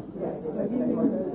Thank you.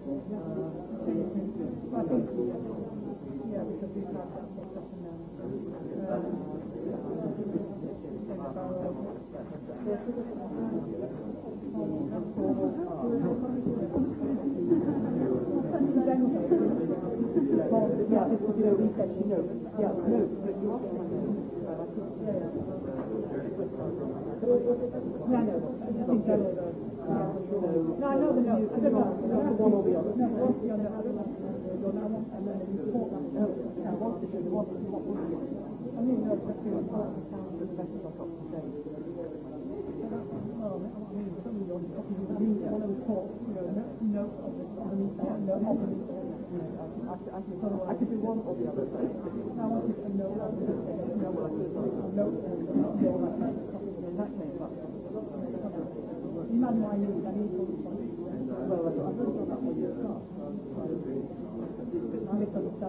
Yeah, no, I think that was a No, I know the note. The note. One or the other. No, one or the other. Your note and then you talk. No, I want to show you what you want. I mean, no, that's one That's the best I've got to say. I could do one or the other. I wanted to know. No, I could. No.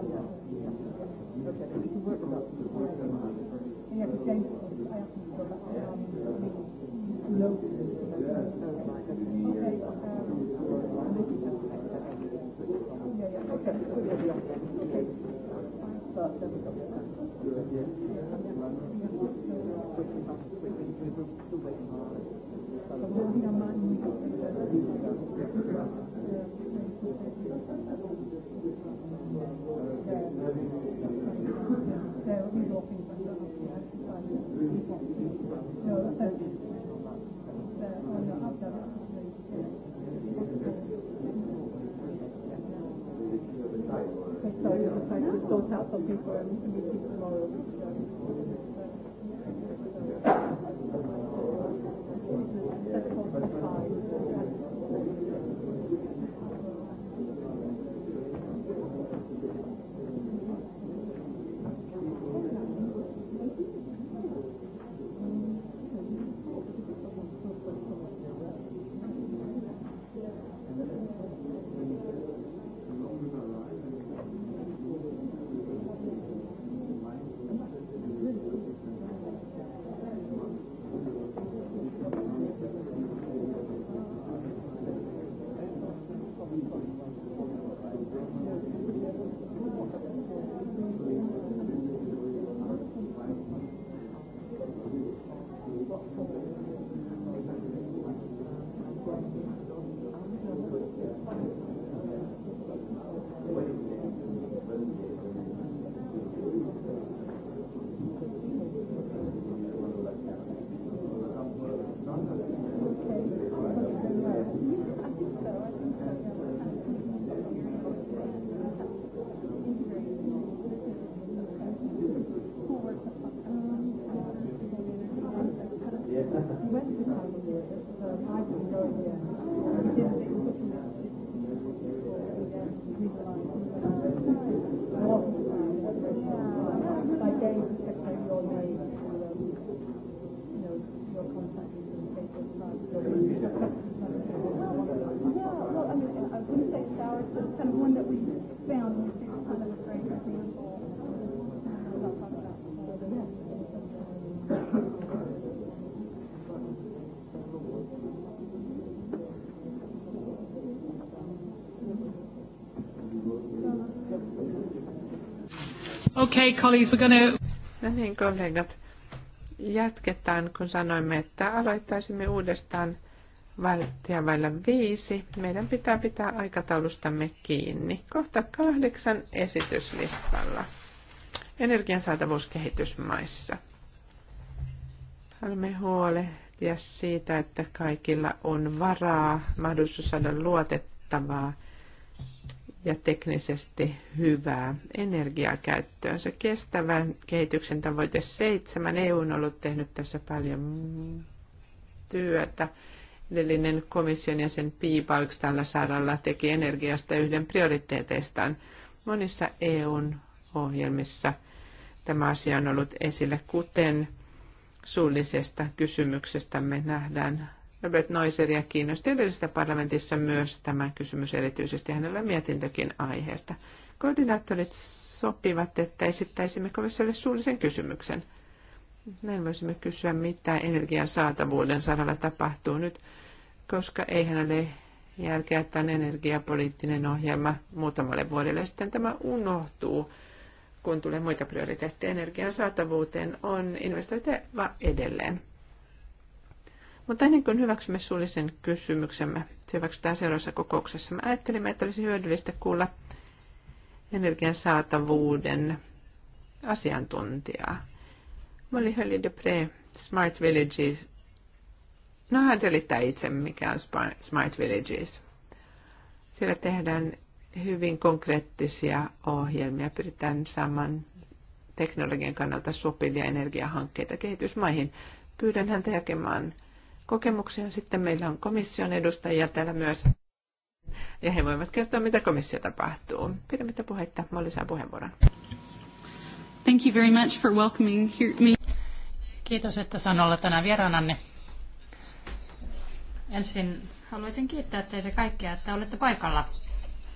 Yeah, the goes out for people and meetings tomorrow. Okay, colleagues, we're gonna...
No niin, kollegat. Jatketaan, kun sanoimme, että aloittaisimme uudestaan valtia vailla viisi. Meidän pitää pitää aikataulustamme kiinni. Kohta kahdeksan esityslistalla. Energian saatavuus kehitysmaissa. Haluamme huolehtia siitä, että kaikilla on varaa, mahdollisuus saada luotettavaa ja teknisesti hyvää energiaa käyttöön. Se kestävän kehityksen tavoite 7. EU on ollut tehnyt tässä paljon työtä. Edellinen komission jäsen Piipalks tällä saralla teki energiasta yhden prioriteeteistaan. Monissa EUn ohjelmissa tämä asia on ollut esille kuten suullisesta kysymyksestämme nähdään Robert Noiseria kiinnosti edellisessä parlamentissa myös tämä kysymys erityisesti hänellä mietintökin aiheesta. Koordinaattorit sopivat, että esittäisimme komissiolle suullisen kysymyksen. Näin voisimme kysyä, mitä energian saatavuuden saralla tapahtuu nyt, koska ei ole järkeä, että on energiapoliittinen ohjelma muutamalle vuodelle. Sitten tämä unohtuu, kun tulee muita prioriteetteja. Energian saatavuuteen on investoitava edelleen. Mutta ennen kuin hyväksymme suullisen kysymyksemme, se hyväksytään seuraavassa kokouksessa. Me ajattelimme, että olisi hyödyllistä kuulla energian saatavuuden asiantuntijaa. Molly Hölli Dupré, Smart Villages. No hän selittää itse, mikä on Smart Villages. Siellä tehdään hyvin konkreettisia ohjelmia, pyritään saamaan teknologian kannalta sopivia energiahankkeita kehitysmaihin. Pyydän häntä jakemaan kokemuksia. Sitten meillä on komission edustajia täällä myös. Ja he voivat kertoa, mitä komissio
tapahtuu. Pidemmittä puhetta, Molli lisää puheenvuoron. Thank you very much for welcoming me. Kiitos, että saan olla tänään vieraananne. Ensin haluaisin kiittää teitä kaikkia, että olette paikalla,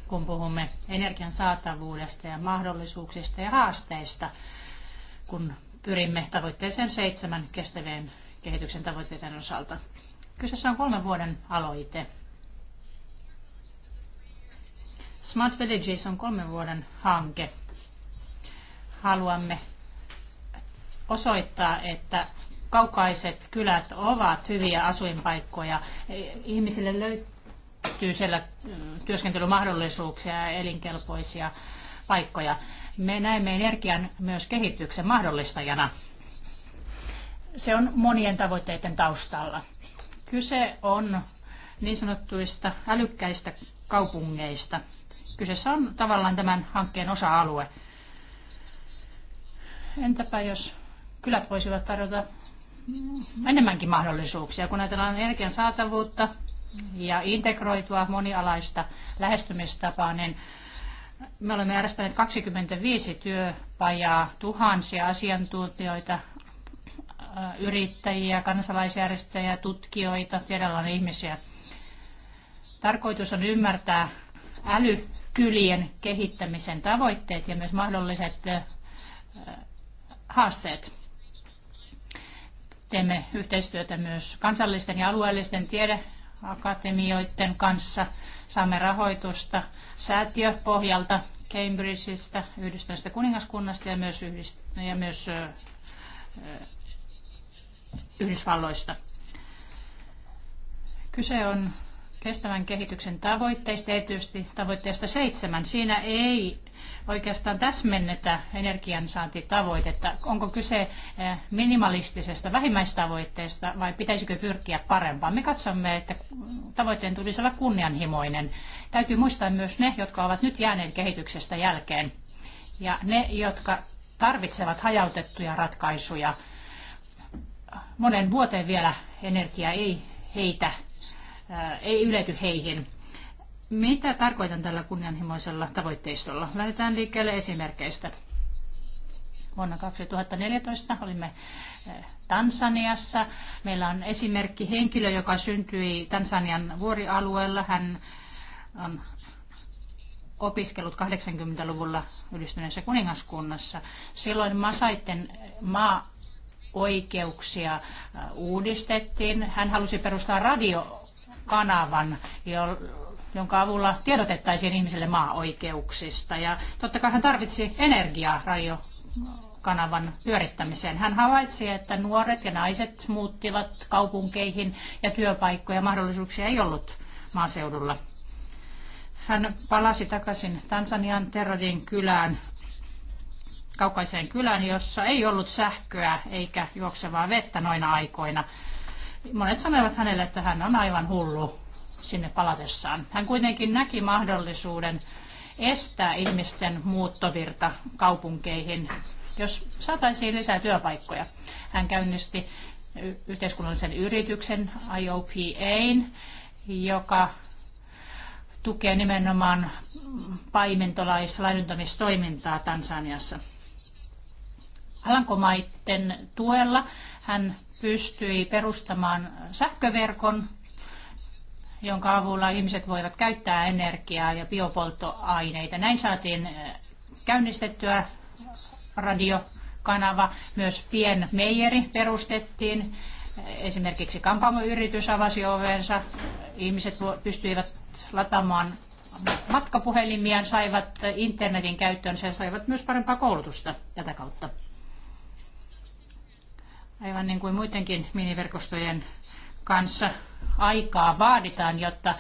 kun puhumme energian saatavuudesta ja mahdollisuuksista ja haasteista, kun pyrimme tavoitteeseen seitsemän kestävien kehityksen tavoitteiden osalta. Kyseessä on kolmen vuoden aloite. Smart Villages on kolmen vuoden hanke. Haluamme osoittaa, että kaukaiset kylät ovat hyviä asuinpaikkoja. Ihmisille löytyy siellä mm, työskentelymahdollisuuksia ja elinkelpoisia paikkoja. Me näemme energian myös kehityksen mahdollistajana. Se on monien tavoitteiden taustalla. Kyse on niin sanottuista älykkäistä kaupungeista. Kyseessä on tavallaan tämän hankkeen osa-alue. Entäpä jos kylät voisivat tarjota enemmänkin mahdollisuuksia, kun ajatellaan energian saatavuutta ja integroitua monialaista lähestymistapaa, niin me olemme järjestäneet 25 työpajaa, tuhansia asiantuntijoita yrittäjiä, kansalaisjärjestöjä, tutkijoita, on ihmisiä. Tarkoitus on ymmärtää älykylien kehittämisen tavoitteet ja myös mahdolliset haasteet. Teemme yhteistyötä myös kansallisten ja alueellisten tiedeakatemioiden kanssa. Saamme rahoitusta säätiöpohjalta Cambridgeista, Yhdistyneestä kuningaskunnasta ja myös, yhdist- ja myös Yhdysvalloista. Kyse on kestävän kehityksen tavoitteista, erityisesti tavoitteesta seitsemän. Siinä ei oikeastaan täsmennetä energiansaantitavoitetta. Onko kyse eh, minimalistisesta vähimmäistavoitteesta vai pitäisikö pyrkiä parempaan? Me katsomme, että tavoitteen tulisi olla kunnianhimoinen. Täytyy muistaa myös ne, jotka ovat nyt jääneet kehityksestä jälkeen ja ne, jotka tarvitsevat hajautettuja ratkaisuja – monen vuoteen vielä energia ei heitä, ei ylety heihin. Mitä tarkoitan tällä kunnianhimoisella tavoitteistolla? Lähdetään liikkeelle esimerkkeistä. Vuonna 2014 olimme Tansaniassa. Meillä on esimerkki henkilö, joka syntyi Tansanian vuorialueella. Hän on opiskellut 80-luvulla yhdistyneessä kuningaskunnassa. Silloin Masaiten maa oikeuksia äh, uudistettiin. Hän halusi perustaa radiokanavan, jonka avulla tiedotettaisiin ihmisille maa-oikeuksista. Ja totta kai hän tarvitsi energiaa radio kanavan pyörittämiseen. Hän havaitsi, että nuoret ja naiset muuttivat kaupunkeihin ja työpaikkoja mahdollisuuksia ei ollut maaseudulla. Hän palasi takaisin Tansanian Terrodin kylään kaukaiseen kylään, jossa ei ollut sähköä eikä juoksevaa vettä noina aikoina. Monet sanoivat hänelle, että hän on aivan hullu sinne palatessaan. Hän kuitenkin näki mahdollisuuden estää ihmisten muuttovirta kaupunkeihin, jos saataisiin lisää työpaikkoja. Hän käynnisti yhteiskunnallisen yrityksen IOPA, joka tukee nimenomaan paimentolaislaiduntamistoimintaa Tansaniassa. Alankomaiden tuella. Hän pystyi perustamaan sähköverkon, jonka avulla ihmiset voivat käyttää energiaa ja biopolttoaineita. Näin saatiin eh, käynnistettyä radiokanava. Myös pienmeijeri perustettiin. Esimerkiksi kampaamoyritys avasi ovensa. Ihmiset pystyivät lataamaan matkapuhelimia, saivat internetin käyttöön ja saivat myös parempaa koulutusta tätä kautta aivan niin kuin muidenkin miniverkostojen kanssa aikaa vaaditaan, jotta,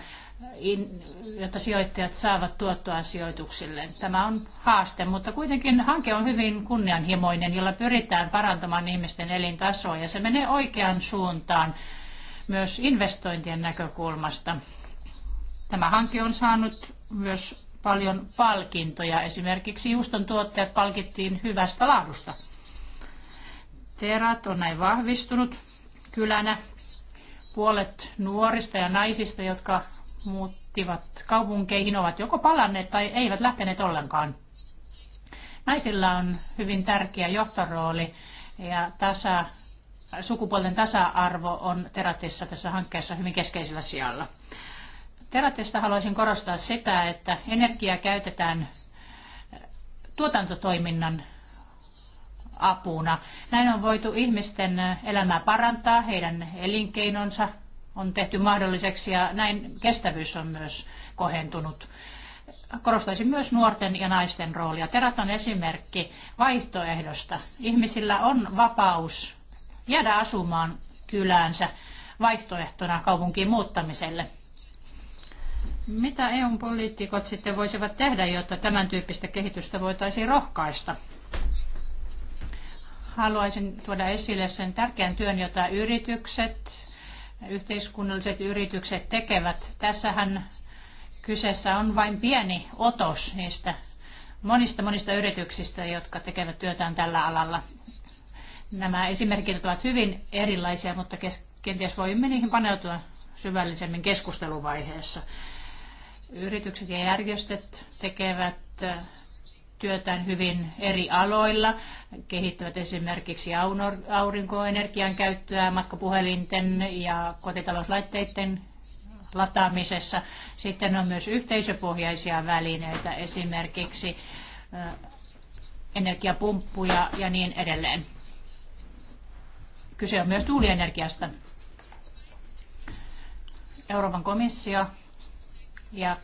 in, jotta sijoittajat saavat tuottoa sijoituksille. Tämä on haaste, mutta kuitenkin hanke on hyvin kunnianhimoinen, jolla pyritään parantamaan ihmisten elintasoa ja se menee oikeaan suuntaan myös investointien näkökulmasta. Tämä hanke on saanut myös paljon palkintoja. Esimerkiksi juuston tuotteet palkittiin hyvästä laadusta. Terat on näin vahvistunut kylänä. Puolet nuorista ja naisista, jotka muuttivat kaupunkeihin, ovat joko palanneet tai eivät lähteneet ollenkaan. Naisilla on hyvin tärkeä johtorooli ja tasa, sukupuolten tasa-arvo on Teratissa tässä hankkeessa hyvin keskeisellä sijalla. Teratista haluaisin korostaa sitä, että energiaa käytetään tuotantotoiminnan apuna. Näin on voitu ihmisten elämää parantaa, heidän elinkeinonsa on tehty mahdolliseksi ja näin kestävyys on myös kohentunut. Korostaisin myös nuorten ja naisten roolia. Terat on esimerkki vaihtoehdosta. Ihmisillä on vapaus jäädä asumaan kyläänsä vaihtoehtona kaupunkiin muuttamiselle. Mitä eu poliitikot sitten voisivat tehdä, jotta tämän tyyppistä kehitystä voitaisiin rohkaista? haluaisin tuoda esille sen tärkeän työn, jota yritykset, yhteiskunnalliset yritykset tekevät. Tässähän kyseessä on vain pieni otos niistä monista monista yrityksistä, jotka tekevät työtään tällä alalla. Nämä esimerkit ovat hyvin erilaisia, mutta kenties voimme niihin paneutua syvällisemmin keskusteluvaiheessa. Yritykset ja järjestöt tekevät työtään hyvin eri aloilla, kehittävät esimerkiksi aurinkoenergian käyttöä matkapuhelinten ja kotitalouslaitteiden lataamisessa. Sitten on myös yhteisöpohjaisia välineitä, esimerkiksi energiapumppuja ja niin edelleen. Kyse on myös tuulienergiasta. Euroopan komissio ja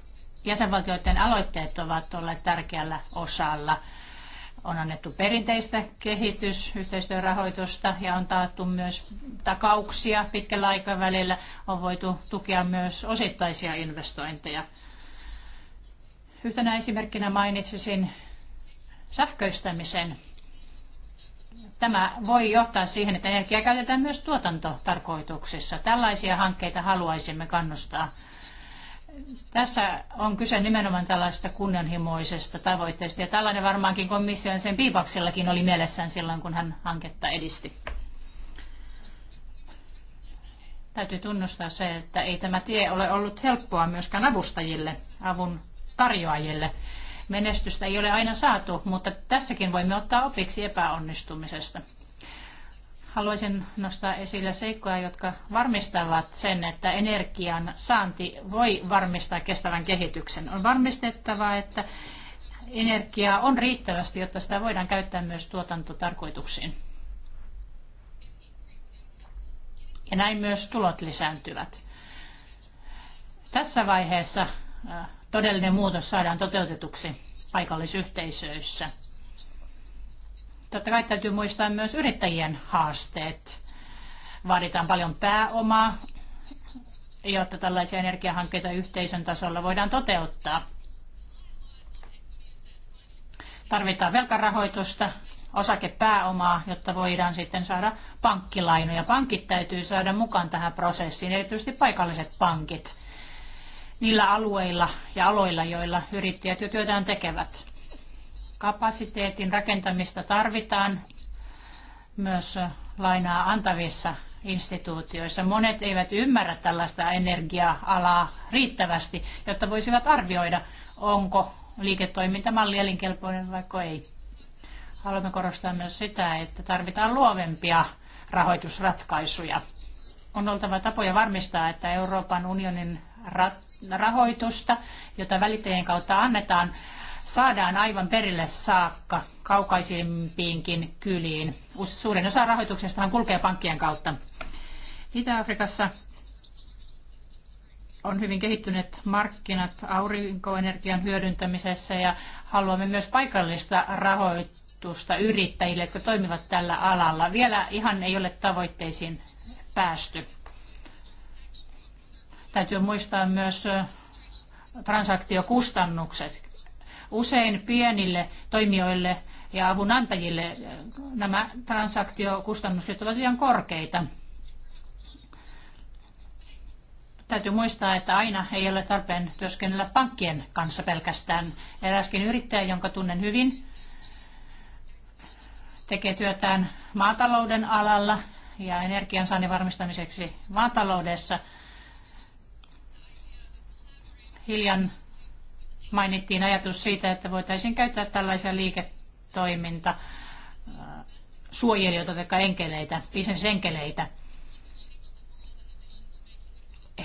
jäsenvaltioiden aloitteet ovat olleet tärkeällä osalla. On annettu perinteistä kehitysyhteistyörahoitusta ja on taattu myös takauksia pitkällä aikavälillä. On voitu tukea myös osittaisia investointeja. Yhtenä esimerkkinä mainitsisin sähköistämisen. Tämä voi johtaa siihen, että energiaa käytetään myös tuotantotarkoituksissa. Tällaisia hankkeita haluaisimme kannustaa tässä on kyse nimenomaan tällaista kunnianhimoisesta tavoitteesta, ja tällainen varmaankin komission sen piipaksillakin oli mielessään silloin, kun hän hanketta edisti. Täytyy tunnustaa se, että ei tämä tie ole ollut helppoa myöskään avustajille, avun tarjoajille. Menestystä ei ole aina saatu, mutta tässäkin voimme ottaa opiksi epäonnistumisesta haluaisin nostaa esille seikkoja, jotka varmistavat sen, että energian saanti voi varmistaa kestävän kehityksen. On varmistettava, että energiaa on riittävästi, jotta sitä voidaan käyttää myös tuotantotarkoituksiin. Ja näin myös tulot lisääntyvät. Tässä vaiheessa todellinen muutos saadaan toteutetuksi paikallisyhteisöissä – Totta kai täytyy muistaa myös yrittäjien haasteet. Vaaditaan paljon pääomaa, jotta tällaisia energiahankkeita yhteisön tasolla voidaan toteuttaa. Tarvitaan velkarahoitusta, osakepääomaa, jotta voidaan sitten saada pankkilainoja. Pankit täytyy saada mukaan tähän prosessiin, erityisesti paikalliset pankit niillä alueilla ja aloilla, joilla yrittäjät jo työtään tekevät. Kapasiteetin rakentamista tarvitaan myös lainaa antavissa instituutioissa. Monet eivät ymmärrä tällaista energia-alaa riittävästi, jotta voisivat arvioida, onko liiketoimintamalli elinkelpoinen vai ei. Haluamme korostaa myös sitä, että tarvitaan luovempia rahoitusratkaisuja. On oltava tapoja varmistaa, että Euroopan unionin rahoitusta, jota välittäjien kautta annetaan, saadaan aivan perille saakka kaukaisimpiinkin kyliin. Suurin osa rahoituksestahan kulkee pankkien kautta. Itä-Afrikassa on hyvin kehittyneet markkinat aurinkoenergian hyödyntämisessä ja haluamme myös paikallista rahoitusta yrittäjille, jotka toimivat tällä alalla. Vielä ihan ei ole tavoitteisiin päästy. Täytyy muistaa myös transaktiokustannukset. Usein pienille toimijoille ja avunantajille äh, nämä transaktiokustannukset ovat liian korkeita. Täytyy muistaa, että aina ei ole tarpeen työskennellä pankkien kanssa pelkästään. Eräskin yrittäjä, jonka tunnen hyvin, tekee työtään maatalouden alalla ja energiansaannin varmistamiseksi maataloudessa. Hiljan mainittiin ajatus siitä, että voitaisiin käyttää tällaisia liiketoiminta äh, suojelijoita tai enkeleitä, bisnesenkeleitä.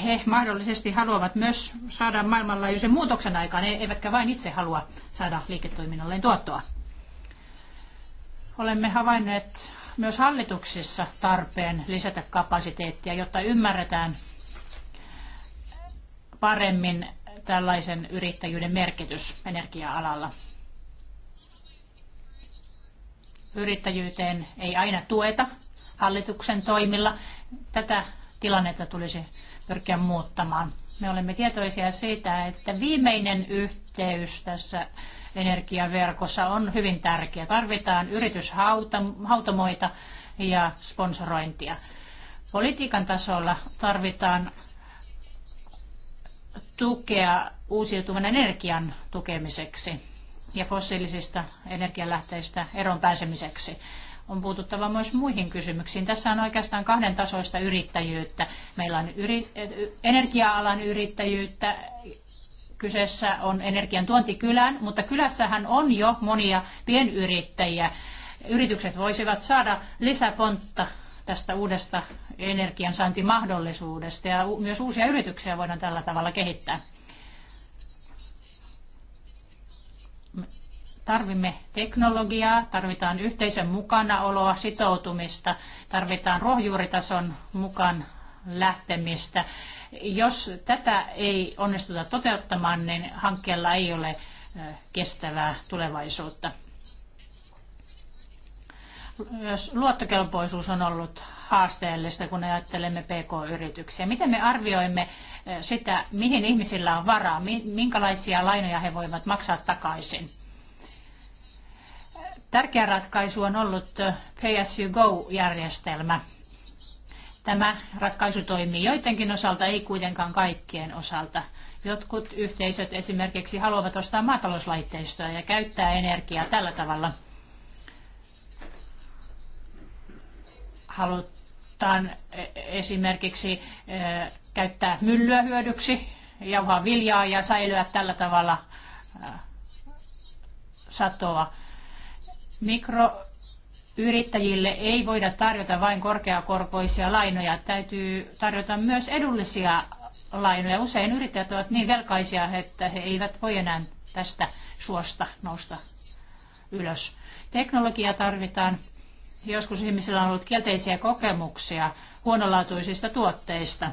He mahdollisesti haluavat myös saada maailmanlaajuisen muutoksen aikaan, eivätkä vain itse halua saada liiketoiminnalleen tuottoa. Olemme havainneet myös hallituksissa tarpeen lisätä kapasiteettia, jotta ymmärretään paremmin tällaisen yrittäjyyden merkitys energia-alalla. Yrittäjyyteen ei aina tueta hallituksen toimilla. Tätä tilannetta tulisi pyrkiä muuttamaan. Me olemme tietoisia siitä, että viimeinen yhteys tässä energiaverkossa on hyvin tärkeä. Tarvitaan yrityshautomoita ja sponsorointia. Politiikan tasolla tarvitaan tukea uusiutuvan energian tukemiseksi ja fossiilisista energialähteistä eron pääsemiseksi. On puututtava myös muihin kysymyksiin. Tässä on oikeastaan kahden tasoista yrittäjyyttä. Meillä on yri- energia-alan yrittäjyyttä, kyseessä on energian tuonti kylään, mutta kylässähän on jo monia pienyrittäjiä. Yritykset voisivat saada lisäpontta tästä uudesta energiansaantimahdollisuudesta ja myös uusia yrityksiä voidaan tällä tavalla kehittää. tarvimme teknologiaa, tarvitaan yhteisön mukanaoloa, sitoutumista, tarvitaan rohjuuritason mukaan lähtemistä. Jos tätä ei onnistuta toteuttamaan, niin hankkeella ei ole kestävää tulevaisuutta. Myös luottokelpoisuus on ollut haasteellista, kun ajattelemme PK-yrityksiä. Miten me arvioimme eh, sitä, mihin ihmisillä on varaa, minkälaisia lainoja he voivat maksaa takaisin? Tärkeä ratkaisu on ollut eh, Pay as you go-järjestelmä. Tämä ratkaisu toimii joidenkin osalta, ei kuitenkaan kaikkien osalta. Jotkut yhteisöt esimerkiksi haluavat ostaa maatalouslaitteistoa ja käyttää energiaa tällä tavalla – halutaan e- esimerkiksi e- käyttää myllyä hyödyksi, jauhaa viljaa ja säilyä tällä tavalla e- satoa. Mikroyrittäjille ei voida tarjota vain korkeakorkoisia lainoja, täytyy tarjota myös edullisia lainoja. Usein yrittäjät ovat niin velkaisia, että he eivät voi enää tästä suosta nousta ylös. Teknologia tarvitaan Joskus ihmisillä on ollut kielteisiä kokemuksia huonolaatuisista tuotteista,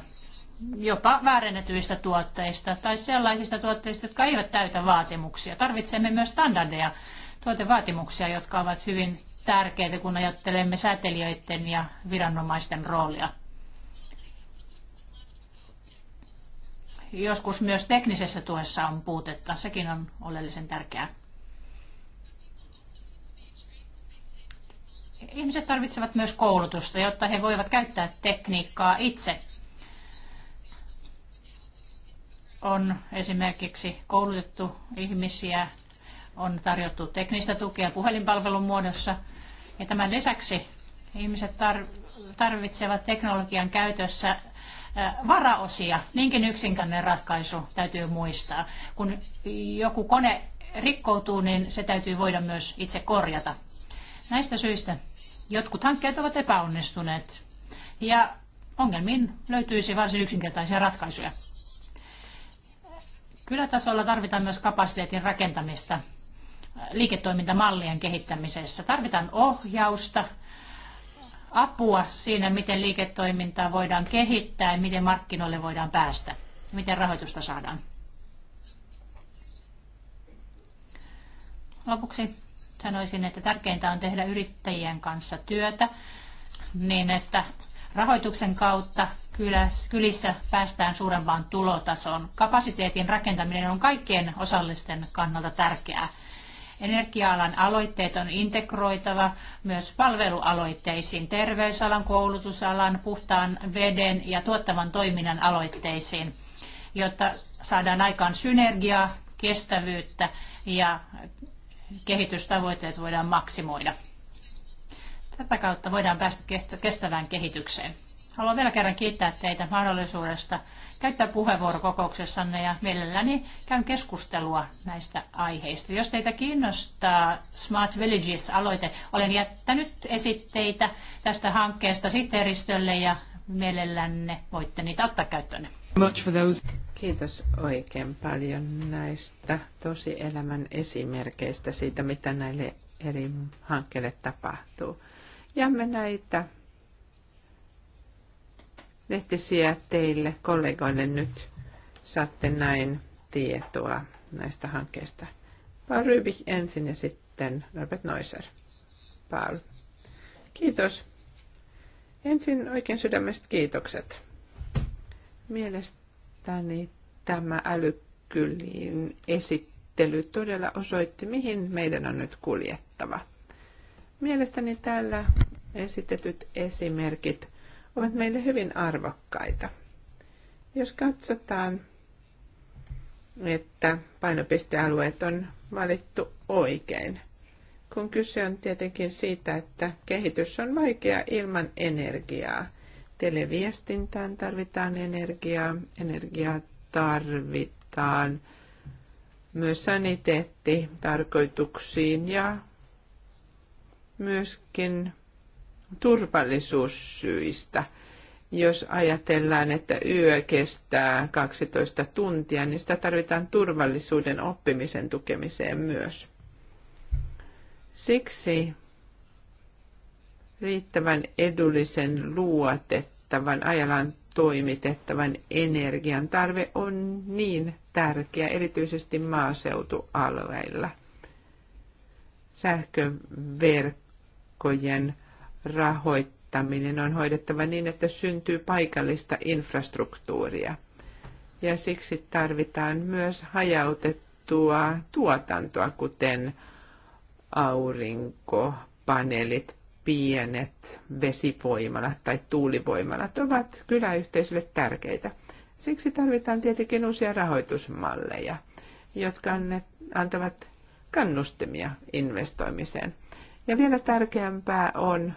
jopa väärennetyistä tuotteista tai sellaisista tuotteista, jotka eivät täytä vaatimuksia. Tarvitsemme myös standardeja, tuotevaatimuksia, jotka ovat hyvin tärkeitä, kun ajattelemme säätelijöiden ja viranomaisten roolia. Joskus myös teknisessä tuessa on puutetta, sekin on oleellisen tärkeää. ihmiset tarvitsevat myös koulutusta, jotta he voivat käyttää tekniikkaa itse. On esimerkiksi koulutettu ihmisiä, on tarjottu teknistä tukea puhelinpalvelun muodossa. Ja tämän lisäksi ihmiset tarvitsevat teknologian käytössä varaosia. Niinkin yksinkertainen ratkaisu täytyy muistaa. Kun joku kone rikkoutuu, niin se täytyy voida myös itse korjata. Näistä syistä jotkut hankkeet ovat epäonnistuneet ja ongelmiin löytyisi varsin yksinkertaisia ratkaisuja. Kylätasolla tarvitaan myös kapasiteetin rakentamista liiketoimintamallien kehittämisessä. Tarvitaan ohjausta, apua siinä, miten liiketoimintaa voidaan kehittää ja miten markkinoille voidaan päästä miten rahoitusta saadaan. Lopuksi Sanoisin, että tärkeintä on tehdä yrittäjien kanssa työtä niin, että rahoituksen kautta kylissä päästään suurempaan tulotasoon. Kapasiteetin rakentaminen on kaikkien osallisten kannalta tärkeää. Energia-alan aloitteet on integroitava myös palvelualoitteisiin, terveysalan, koulutusalan, puhtaan veden ja tuottavan toiminnan aloitteisiin, jotta saadaan aikaan synergiaa, kestävyyttä ja kehitystavoitteet voidaan maksimoida. Tätä kautta voidaan päästä kestävään kehitykseen. Haluan vielä kerran kiittää teitä mahdollisuudesta käyttää puheenvuoro kokouksessanne ja mielelläni käyn keskustelua näistä aiheista. Jos teitä kiinnostaa Smart Villages-aloite, olen jättänyt esitteitä tästä hankkeesta sihteeristölle ja mielellänne voitte niitä ottaa käyttöönne.
Much for those. Kiitos oikein paljon näistä tosi elämän esimerkkeistä siitä, mitä näille eri hankkeille tapahtuu. Ja me näitä lehtisiä teille, kollegoille nyt saatte näin tietoa näistä hankkeista. Paul Rybik ensin ja sitten Norbert Neuser. Paul. Kiitos. Ensin oikein sydämestä kiitokset. Mielestäni tämä älykkyliin esittely todella osoitti, mihin meidän on nyt kuljettava. Mielestäni täällä esitetyt esimerkit ovat meille hyvin arvokkaita. Jos katsotaan, että painopistealueet on valittu oikein, kun kyse on tietenkin siitä, että kehitys on vaikea ilman energiaa televiestintään tarvitaan energiaa, energiaa tarvitaan myös saniteettitarkoituksiin ja myöskin turvallisuussyistä. Jos ajatellaan, että yö kestää 12 tuntia, niin sitä tarvitaan turvallisuuden oppimisen tukemiseen myös. Siksi riittävän edullisen, luotettavan, ajallaan toimitettavan energian tarve on niin tärkeä, erityisesti maaseutualueilla. Sähköverkkojen rahoittaminen on hoidettava niin, että syntyy paikallista infrastruktuuria. Ja siksi tarvitaan myös hajautettua tuotantoa, kuten aurinkopaneelit pienet vesivoimalat tai tuulivoimalat ovat kyläyhteisölle tärkeitä. Siksi tarvitaan tietenkin uusia rahoitusmalleja, jotka antavat kannustimia investoimiseen. Ja vielä tärkeämpää on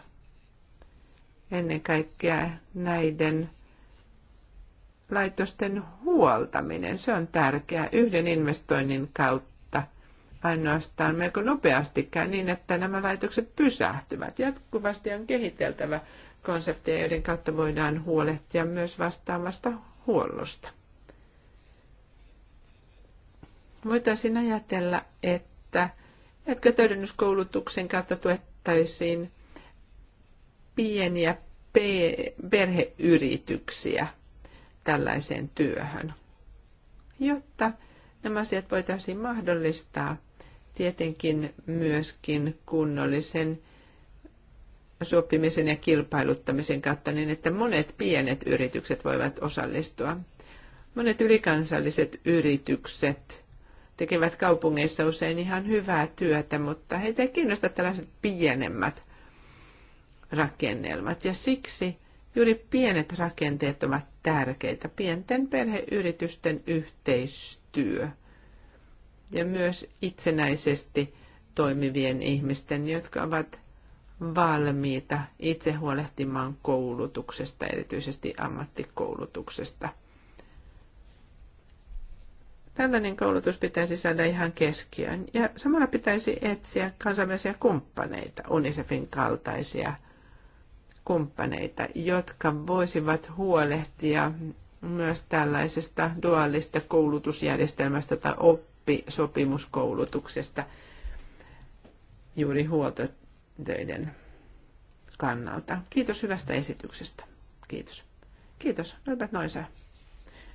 ennen kaikkea näiden laitosten huoltaminen. Se on tärkeää. Yhden investoinnin kautta ainoastaan melko nopeastikään niin, että nämä laitokset pysähtyvät. Jatkuvasti on kehiteltävä konsepteja, joiden kautta voidaan huolehtia myös vastaamasta huollosta. Voitaisiin ajatella, että jatkotäydennyskoulutuksen kautta tuettaisiin pieniä perheyrityksiä tällaiseen työhön, jotta nämä asiat voitaisiin mahdollistaa – tietenkin myöskin kunnollisen sopimisen ja kilpailuttamisen kautta niin, että monet pienet yritykset voivat osallistua. Monet ylikansalliset yritykset tekevät kaupungeissa usein ihan hyvää työtä, mutta heitä ei kiinnosta tällaiset pienemmät rakennelmat. Ja siksi juuri pienet rakenteet ovat tärkeitä. Pienten perheyritysten yhteistyö – ja myös itsenäisesti toimivien ihmisten, jotka ovat valmiita itse huolehtimaan koulutuksesta, erityisesti ammattikoulutuksesta. Tällainen koulutus pitäisi saada ihan keskiöön ja samalla pitäisi etsiä kansainvälisiä kumppaneita, UNICEFin kaltaisia kumppaneita, jotka voisivat huolehtia myös tällaisesta duaalista koulutusjärjestelmästä tai oppimisesta oppisopimuskoulutuksesta juuri huoltotöiden kannalta. Kiitos hyvästä esityksestä. Kiitos. Kiitos, Norbert Noisa.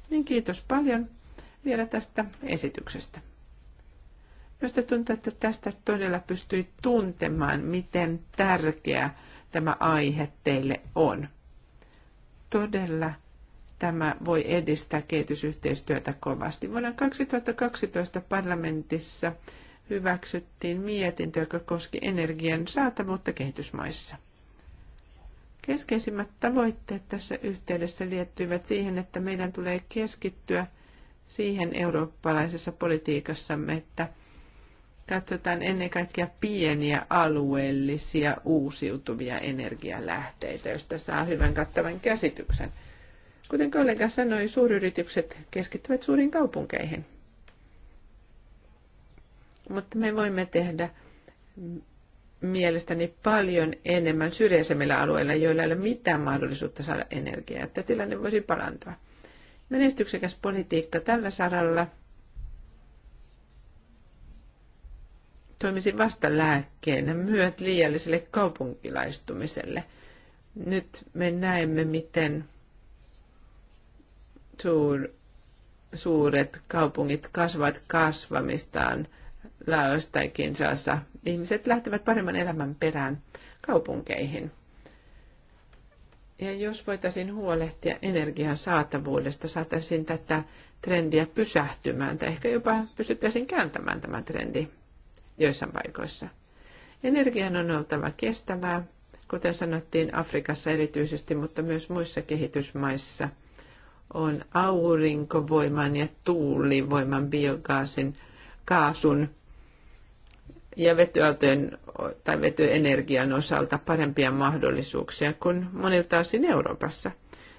Niin kiitos paljon vielä tästä esityksestä. Minusta tuntuu, että tästä todella pystyi tuntemaan, miten tärkeä tämä aihe teille on. Todella tämä voi edistää kehitysyhteistyötä kovasti. Vuonna 2012 parlamentissa hyväksyttiin mietintö, joka koski energian saatavuutta kehitysmaissa. Keskeisimmät tavoitteet tässä yhteydessä liittyvät siihen, että meidän tulee keskittyä siihen eurooppalaisessa politiikassamme, että katsotaan ennen kaikkea pieniä alueellisia uusiutuvia energialähteitä, joista saa hyvän kattavan käsityksen – Kuten kollega sanoi, suuryritykset keskittyvät suuriin kaupunkeihin. Mutta me voimme tehdä mielestäni paljon enemmän syrjäisemmillä alueilla, joilla ei ole mitään mahdollisuutta saada energiaa, että tilanne voisi parantua. Menestyksekäs politiikka tällä saralla toimisi vasta lääkkeenä myöt liialliselle kaupunkilaistumiselle. Nyt me näemme, miten suur, suuret kaupungit kasvavat kasvamistaan Laos tai Kinshasa. Ihmiset lähtevät paremman elämän perään kaupunkeihin. Ja jos voitaisiin huolehtia energian saatavuudesta, saataisiin tätä trendiä pysähtymään, tai ehkä jopa pystyttäisiin kääntämään tämä trendi joissain paikoissa. Energian on oltava kestävää, kuten sanottiin Afrikassa erityisesti, mutta myös muissa kehitysmaissa – on aurinkovoiman ja tuulivoiman biokaasin kaasun ja vetyautojen tai vetyenergian osalta parempia mahdollisuuksia kuin monilta osin Euroopassa.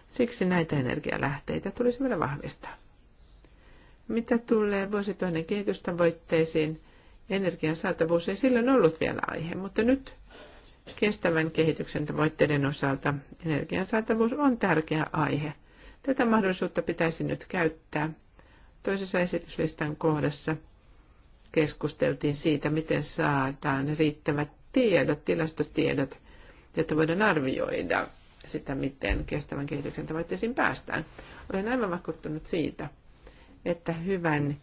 Siksi näitä energialähteitä tulisi vielä vahvistaa. Mitä tulee vuosituhannen kehitystavoitteisiin, energian saatavuus ei silloin ollut vielä aihe, mutta nyt kestävän kehityksen tavoitteiden osalta energian saatavuus on tärkeä aihe – Tätä mahdollisuutta pitäisi nyt käyttää. Toisessa esityslistan kohdassa keskusteltiin siitä, miten saadaan riittävät tiedot, tilastotiedot, jotta voidaan arvioida sitä, miten kestävän kehityksen tavoitteisiin päästään. Olen aivan vakuuttunut siitä, että hyvän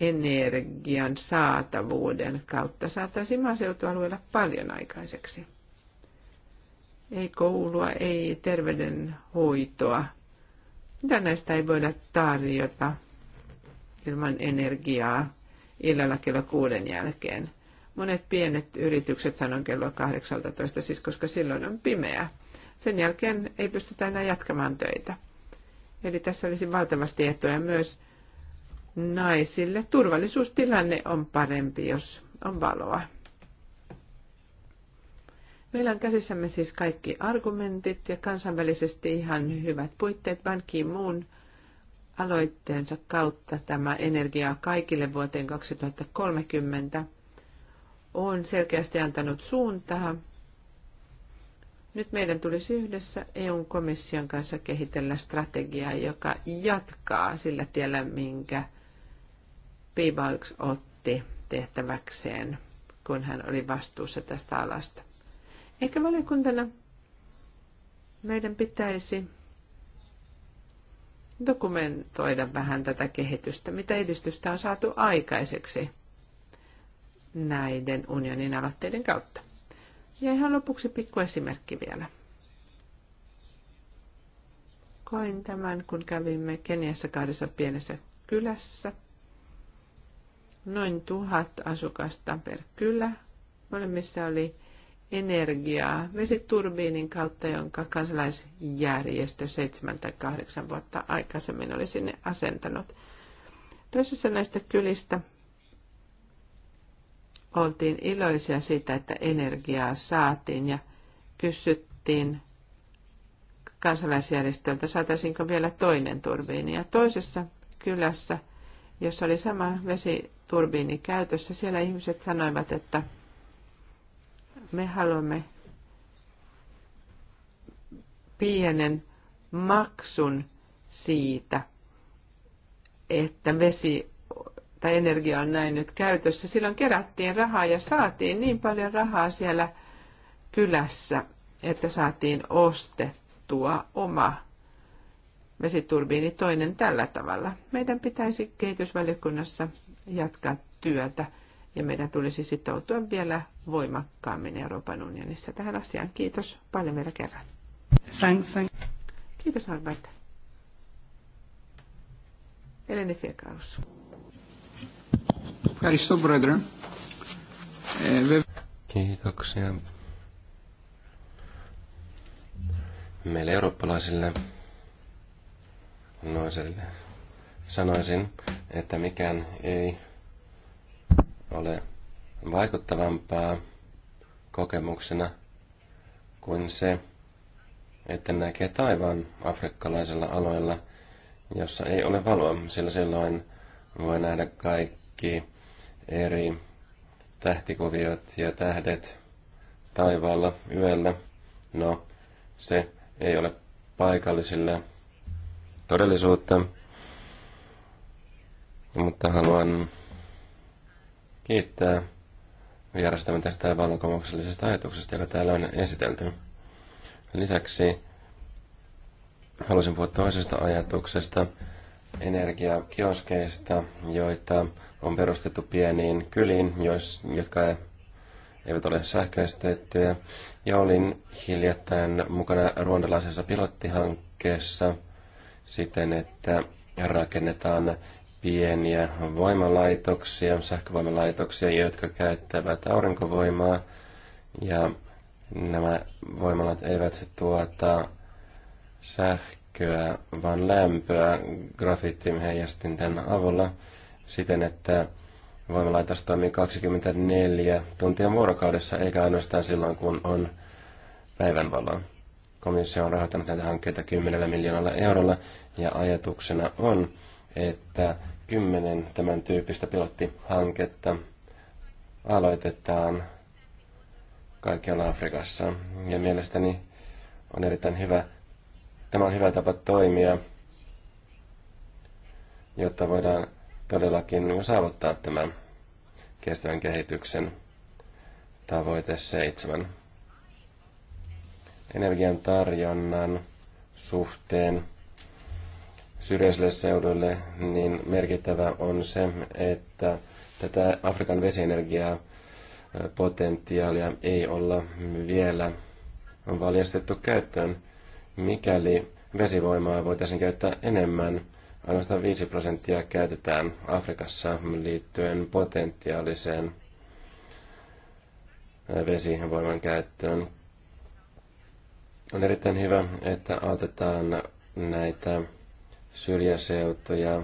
energian saatavuuden kautta saataisiin maaseutualueella paljon aikaiseksi. Ei koulua, ei terveydenhoitoa mitä näistä ei voida tarjota ilman energiaa illalla kello kuuden jälkeen? Monet pienet yritykset sanon kello 18, siis koska silloin on pimeää. Sen jälkeen ei pystytä enää jatkamaan töitä. Eli tässä olisi valtavasti etuja myös naisille. Turvallisuustilanne on parempi, jos on valoa. Meillä on käsissämme siis kaikki argumentit ja kansainvälisesti ihan hyvät puitteet. Ban Ki-moon aloitteensa kautta tämä energiaa kaikille vuoteen 2030 on selkeästi antanut suuntaa. Nyt meidän tulisi yhdessä eu komission kanssa kehitellä strategiaa, joka jatkaa sillä tiellä, minkä Piibalks otti tehtäväkseen, kun hän oli vastuussa tästä alasta. Ehkä valiokuntana meidän pitäisi dokumentoida vähän tätä kehitystä, mitä edistystä on saatu aikaiseksi näiden unionin aloitteiden kautta. Ja ihan lopuksi pikku esimerkki vielä. Koin tämän, kun kävimme Keniassa kahdessa pienessä kylässä. Noin tuhat asukasta per kylä. Molemmissa oli energiaa vesiturbiinin kautta, jonka kansalaisjärjestö 7-8 vuotta aikaisemmin oli sinne asentanut. Toisessa näistä kylistä oltiin iloisia siitä, että energiaa saatiin ja kysyttiin kansalaisjärjestöltä, saataisiinko vielä toinen turbiini. Ja toisessa kylässä, jossa oli sama vesiturbiini käytössä, siellä ihmiset sanoivat, että me haluamme pienen maksun siitä, että vesi tai energia on näin nyt käytössä. Silloin kerättiin rahaa ja saatiin niin paljon rahaa siellä kylässä, että saatiin ostettua oma vesiturbiini toinen tällä tavalla. Meidän pitäisi kehitysvaliokunnassa jatkaa työtä ja meidän tulisi sitoutua vielä voimakkaammin Euroopan unionissa tähän asiaan. Kiitos paljon vielä kerran. Thank, thank. Kiitos Norbert. Eleni Fiekaus.
Eh, Kiitoksia. Meille eurooppalaisille noiselle sanoisin, että mikään ei ole vaikuttavampaa kokemuksena kuin se, että näkee taivaan afrikkalaisella aloilla, jossa ei ole valoa, sillä silloin voi nähdä kaikki eri tähtikuviot ja tähdet taivaalla yöllä. No, se ei ole paikallisille todellisuutta, mutta haluan kiittää vierastamme tästä vallankumouksellisesta ajatuksesta, joka täällä on esitelty. Lisäksi halusin puhua toisesta ajatuksesta, energiakioskeista, joita on perustettu pieniin kyliin, jos, jotka eivät ole sähköistettyjä. Ja olin hiljattain mukana ruondalaisessa pilottihankkeessa siten, että rakennetaan pieniä voimalaitoksia, sähkövoimalaitoksia, jotka käyttävät aurinkovoimaa. Ja nämä voimalat eivät tuota sähköä, vaan lämpöä grafiittiheijastinten avulla siten, että voimalaitos toimii 24 tuntia vuorokaudessa, eikä ainoastaan silloin, kun on päivänvaloa. Komissio on rahoittanut näitä hankkeita 10 miljoonalla eurolla, ja ajatuksena on, että kymmenen tämän tyyppistä pilottihanketta aloitetaan kaikkialla Afrikassa. Ja mielestäni on erittäin hyvä, tämä on hyvä tapa toimia, jotta voidaan todellakin saavuttaa tämä kestävän kehityksen tavoite seitsemän. Energian tarjonnan suhteen syrjäisille seuduille, niin merkittävä on se, että tätä Afrikan vesienergiaa potentiaalia ei olla vielä valjastettu käyttöön. Mikäli vesivoimaa voitaisiin käyttää enemmän, ainoastaan 5 prosenttia käytetään Afrikassa liittyen potentiaaliseen vesivoiman käyttöön. On erittäin hyvä, että autetaan näitä syrjäseutuja,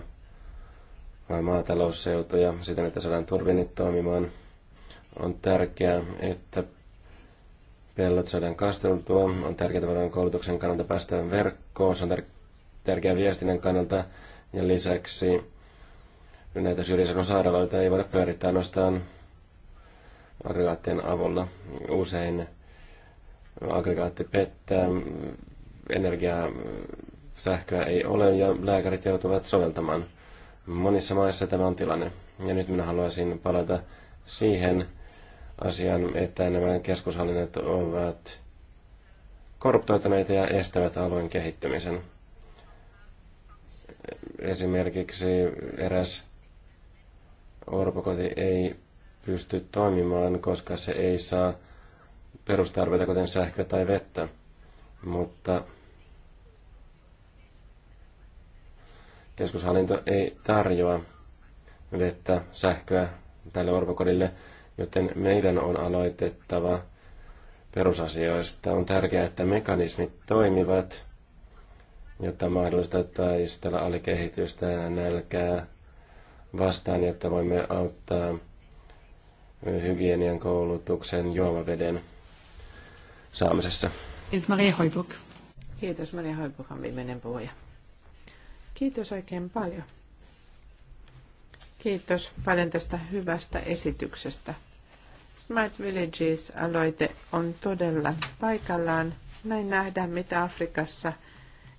maatalousseutuja siten, että saadaan turbiinit toimimaan. On tärkeää, että pellot saadaan kasteltua. On tärkeää voidaan koulutuksen kannalta päästään verkkoon. Se on tär- tärkeää viestinnän kannalta. Ja lisäksi näitä syrjäseudun sairaaloita ei voida pyörittää ainoastaan aggregaattien avulla. Usein aggregaatti pettää, energiaa sähköä ei ole ja lääkärit joutuvat soveltamaan. Monissa maissa tämä on tilanne. Ja nyt minä haluaisin palata siihen asiaan, että nämä keskushallinnot ovat korruptoituneita ja estävät alueen kehittymisen. Esimerkiksi eräs orpokoti ei pysty toimimaan, koska se ei saa perustarpeita, kuten sähköä tai vettä. Mutta Keskushallinto ei tarjoa vettä, sähköä tälle orvokodille, joten meidän on aloitettava perusasioista. On tärkeää, että mekanismit toimivat, jotta mahdollista taistella alikehitystä ja nälkää vastaan, jotta voimme auttaa hygienian koulutuksen juomaveden saamisessa.
Kiitos Maria Hoibuk. Kiitos Maria Hoibuk, on viimeinen puhuja. Kiitos oikein paljon. Kiitos paljon tästä hyvästä esityksestä. Smart Villages-aloite on todella paikallaan. Näin nähdään, mitä Afrikassa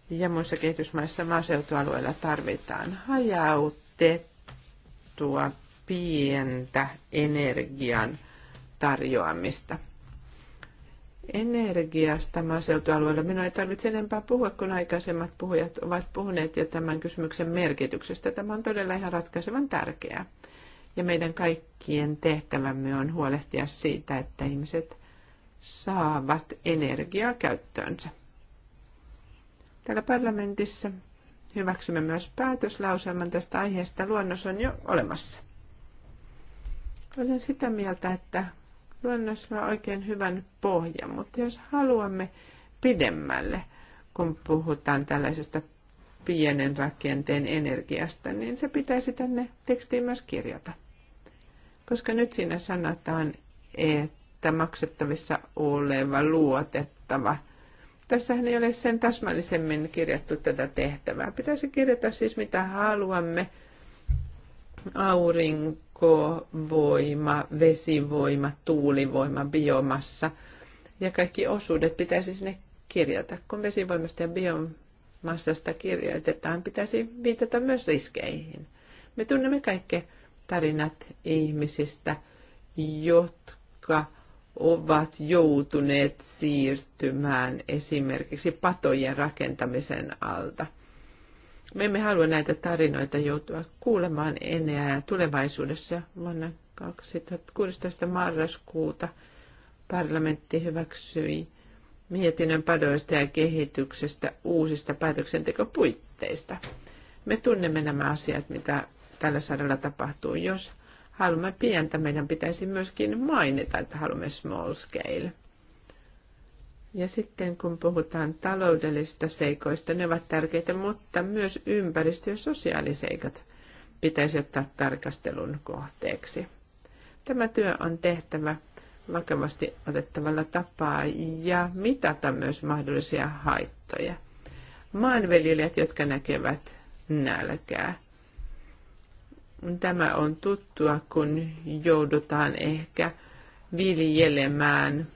ja muissa kehitysmaissa maaseutualueilla tarvitaan. Hajautettua pientä energian tarjoamista energiasta maaseutualueella. Minua ei tarvitse enempää puhua, kun aikaisemmat puhujat ovat puhuneet jo tämän kysymyksen merkityksestä. Tämä on todella ihan ratkaisevan tärkeää. Ja meidän kaikkien tehtävämme on huolehtia siitä, että ihmiset saavat energiaa käyttöönsä. Täällä parlamentissa hyväksymme myös päätöslauselman tästä aiheesta. Luonnos on jo olemassa. Olen sitä mieltä, että luonnos luo oikein hyvän pohjan, mutta jos haluamme pidemmälle, kun puhutaan tällaisesta pienen rakenteen energiasta, niin se pitäisi tänne tekstiin myös kirjata. Koska nyt siinä sanotaan, että maksettavissa oleva luotettava. Tässähän ei ole sen täsmällisemmin kirjattu tätä tehtävää. Pitäisi kirjata siis mitä haluamme. Aurinko ekovoima, vesivoima, tuulivoima, biomassa ja kaikki osuudet pitäisi sinne kirjata. Kun vesivoimasta ja biomassasta kirjoitetaan, pitäisi viitata myös riskeihin. Me tunnemme kaikki tarinat ihmisistä, jotka ovat joutuneet siirtymään esimerkiksi patojen rakentamisen alta – me emme halua näitä tarinoita joutua kuulemaan enää tulevaisuudessa vuonna 2016 marraskuuta parlamentti hyväksyi mietinnön padoista ja kehityksestä uusista päätöksentekopuitteista. Me tunnemme nämä asiat, mitä tällä saralla tapahtuu. Jos haluamme pientä, meidän pitäisi myöskin mainita, että haluamme small scale – ja sitten kun puhutaan taloudellisista seikoista, ne ovat tärkeitä, mutta myös ympäristö- ja sosiaaliseikat pitäisi ottaa tarkastelun kohteeksi. Tämä työ on tehtävä vakavasti otettavalla tapaa ja mitata myös mahdollisia haittoja. Maanviljelijät, jotka näkevät nälkää. Tämä on tuttua, kun joudutaan ehkä viljelemään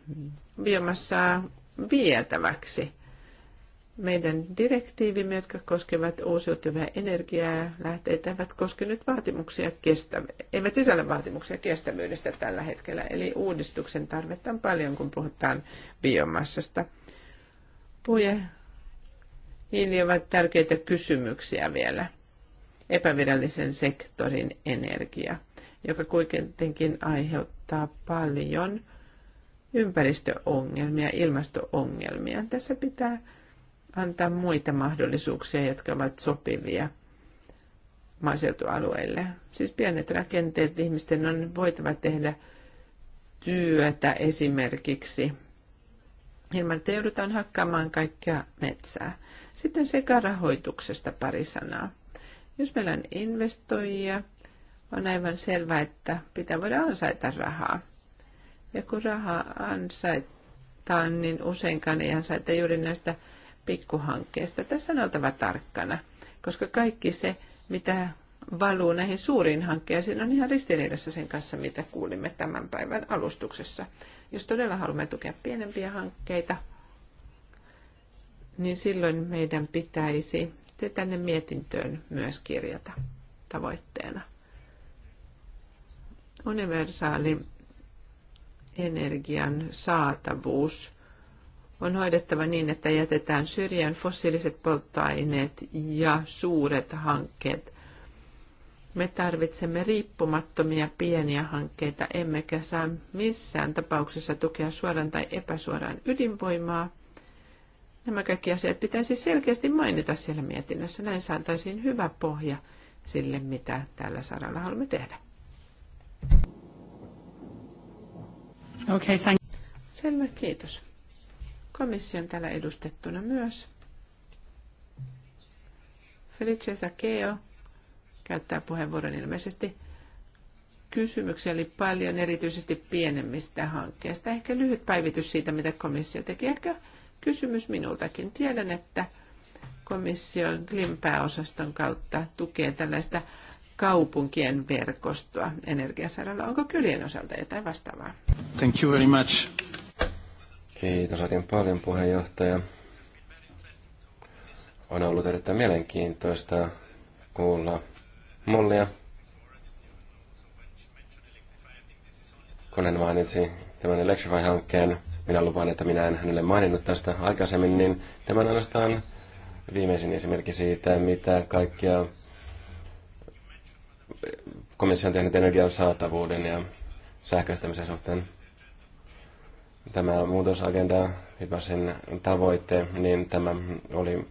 biomassaa vietäväksi. Meidän direktiivimme, jotka koskevat uusiutuvia energiaa, lähteitä eivät koske nyt vaatimuksia kestä, eivät sisällä vaatimuksia kestävyydestä tällä hetkellä. Eli uudistuksen tarvetta on paljon, kun puhutaan biomassasta. Puhe hiili ovat tärkeitä kysymyksiä vielä. Epävirallisen sektorin energia, joka kuitenkin aiheuttaa paljon – ympäristöongelmia, ilmastoongelmia. Tässä pitää antaa muita mahdollisuuksia, jotka ovat sopivia maaseutualueille. Siis pienet rakenteet ihmisten on voitava tehdä työtä esimerkiksi ilman, että joudutaan hakkaamaan kaikkea metsää. Sitten sekä rahoituksesta pari sanaa. Jos meillä on investoijia, on aivan selvää, että pitää voida ansaita rahaa. Ja kun rahaa ansaitaan, niin useinkaan ei ansaita juuri näistä pikkuhankkeista. Tässä on oltava tarkkana, koska kaikki se, mitä valuu näihin suuriin hankkeisiin, on ihan ristiriidassa sen kanssa, mitä kuulimme tämän päivän alustuksessa. Jos todella haluamme tukea pienempiä hankkeita, niin silloin meidän pitäisi se tänne mietintöön myös kirjata tavoitteena. Universaali energian saatavuus on hoidettava niin, että jätetään syrjään fossiiliset polttoaineet ja suuret hankkeet. Me tarvitsemme riippumattomia pieniä hankkeita, emmekä saa missään tapauksessa tukea suoraan tai epäsuoraan ydinvoimaa. Nämä kaikki asiat pitäisi selkeästi mainita siellä mietinnössä. Näin saataisiin hyvä pohja sille, mitä tällä saralla haluamme tehdä. Okay, thank Selvä, kiitos. Komission täällä edustettuna myös. Felice Sakeo käyttää puheenvuoron ilmeisesti. Kysymyksiä oli paljon, erityisesti pienemmistä hankkeista. Ehkä lyhyt päivitys siitä, mitä komissio teki. Ehkä kysymys minultakin. Tiedän, että komission Klimpääosaston kautta tukee tällaista kaupunkien verkostoa energiasaralla. Onko kylien osalta jotain vastaavaa?
Thank you very much. Kiitos oikein paljon puheenjohtaja. On ollut erittäin mielenkiintoista kuulla Mollia. Kun hän mainitsi tämän Electrify-hankkeen, minä lupaan, että minä en hänelle maininnut tästä aikaisemmin, niin tämän ainoastaan viimeisin esimerkki siitä, mitä kaikkia komissio on tehnyt energian saatavuuden ja sähköistämisen suhteen. Tämä muutosagenda, sen tavoite, niin tämä oli,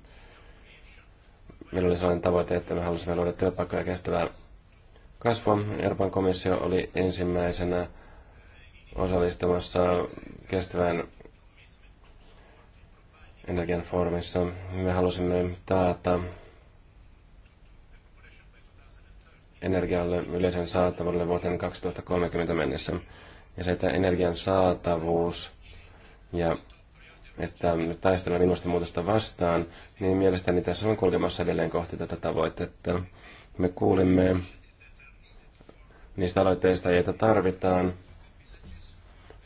meillä oli sellainen tavoite, että me halusimme luoda työpaikkoja kestävää kasvua. Euroopan komissio oli ensimmäisenä osallistumassa kestävän energian foorumissa. Me halusimme taata energialle yleisen saatavuudelle vuoteen 2030 mennessä. Ja se, että energian saatavuus ja että taistellaan ilmastonmuutosta vastaan, niin mielestäni tässä on kulkemassa edelleen kohti tätä tavoitetta. Me kuulimme niistä aloitteista, joita tarvitaan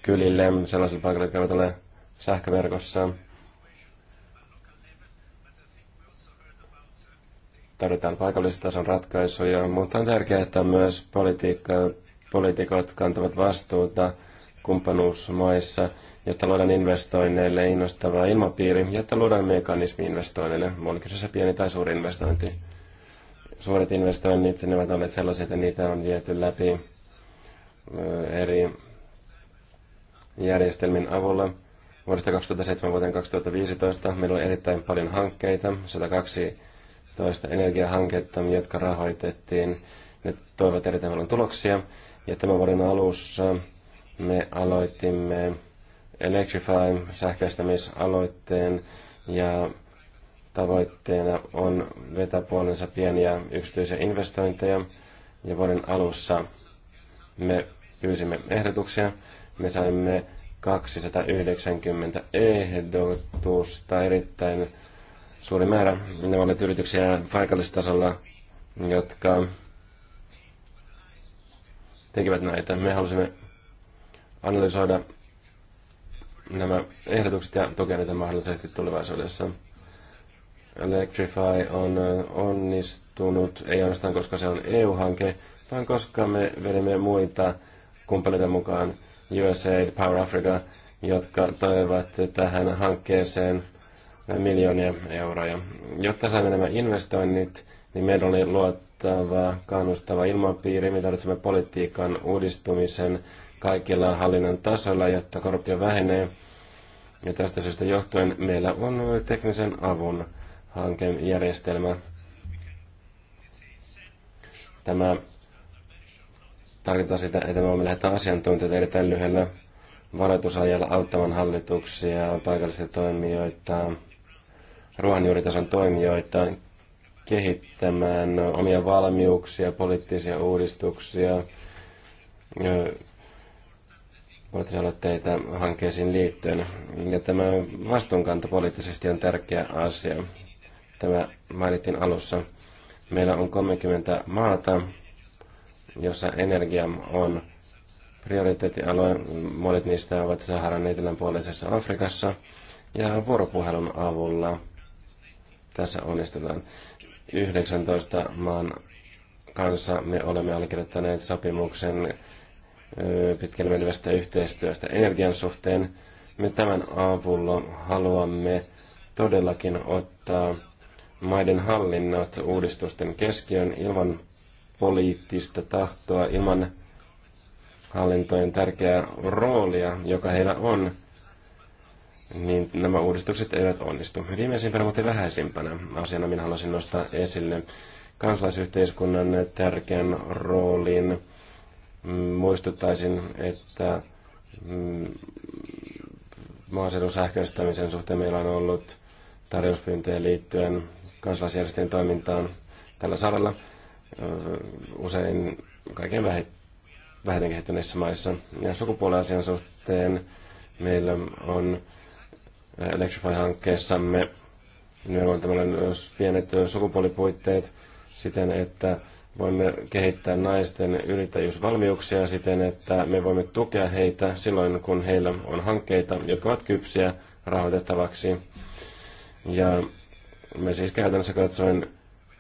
kylille, sellaisille paikoille, jotka eivät ole sähköverkossa, tarvitaan tason ratkaisuja, mutta on tärkeää, että myös politiikka, poliitikot kantavat vastuuta kumppanuusmaissa, jotta luodaan investoinneille innostava ilmapiiri, jotta luodaan mekanismi investoinneille. On kyseessä pieni tai suuri investointi. Suuret investoinnit, ne ovat olleet sellaisia, että niitä on viety läpi eri järjestelmin avulla. Vuodesta 2007 vuoteen 2015 meillä oli erittäin paljon hankkeita, 102 toista energiahanketta, jotka rahoitettiin. Ne toivat erittäin paljon tuloksia. Ja tämän vuoden alussa me aloitimme Electrify sähköistämisaloitteen ja tavoitteena on vetää puolensa pieniä yksityisiä investointeja. Ja vuoden alussa me pyysimme ehdotuksia. Me saimme 290 ehdotusta erittäin suuri määrä. Ne ovat yrityksiä paikallistasolla, jotka tekevät näitä. Me halusimme analysoida nämä ehdotukset ja tukea niitä mahdollisesti tulevaisuudessa. Electrify on onnistunut, ei ainoastaan koska se on EU-hanke, vaan koska me vedimme muita kumppaneita mukaan, USA, Power Africa, jotka toivat tähän hankkeeseen – miljoonia euroja. Jotta saamme nämä investoinnit, niin meidän oli luottava, kannustava ilmapiiri. Me tarvitsemme politiikan uudistumisen kaikilla hallinnan tasolla, jotta korruptio vähenee. Ja tästä syystä johtuen meillä on teknisen avun hankejärjestelmä. Tämä tarkoittaa sitä, että me voimme lähettää asiantuntijoita erittäin lyhyellä varoitusajalla auttamaan hallituksia, paikallisia toimijoita, ruohonjuuritason toimijoita kehittämään omia valmiuksia, poliittisia uudistuksia, poliittisia aloitteita hankkeisiin liittyen. Ja tämä vastuunkanto poliittisesti on tärkeä asia. Tämä mainittiin alussa. Meillä on 30 maata, jossa energia on prioriteettialue. Monet niistä ovat Saharan etelänpuoleisessa Afrikassa. Ja vuoropuhelun avulla tässä onnistutaan. 19 maan kanssa me olemme allekirjoittaneet sopimuksen pitkälle menevästä yhteistyöstä energian suhteen. Me tämän avulla haluamme todellakin ottaa maiden hallinnat uudistusten keskiön ilman poliittista tahtoa, ilman hallintojen tärkeää roolia, joka heillä on – niin nämä uudistukset eivät onnistu. Viimeisimpänä, mutta vähäisimpänä asiana minä haluaisin nostaa esille kansalaisyhteiskunnan tärkeän roolin. Muistuttaisin, että mm, maaseudun sähköistämisen suhteen meillä on ollut tarjouspyyntöjen liittyen kansalaisjärjestöjen toimintaan tällä saralla usein kaiken vähiten kehittyneissä maissa. Ja sukupuoliasian suhteen meillä on Electrify-hankkeessamme on tämmöinen pienet sukupuolipuitteet siten, että voimme kehittää naisten yrittäjyysvalmiuksia siten, että me voimme tukea heitä silloin, kun heillä on hankkeita, jotka ovat kypsiä rahoitettavaksi. Ja me siis käytännössä katsoen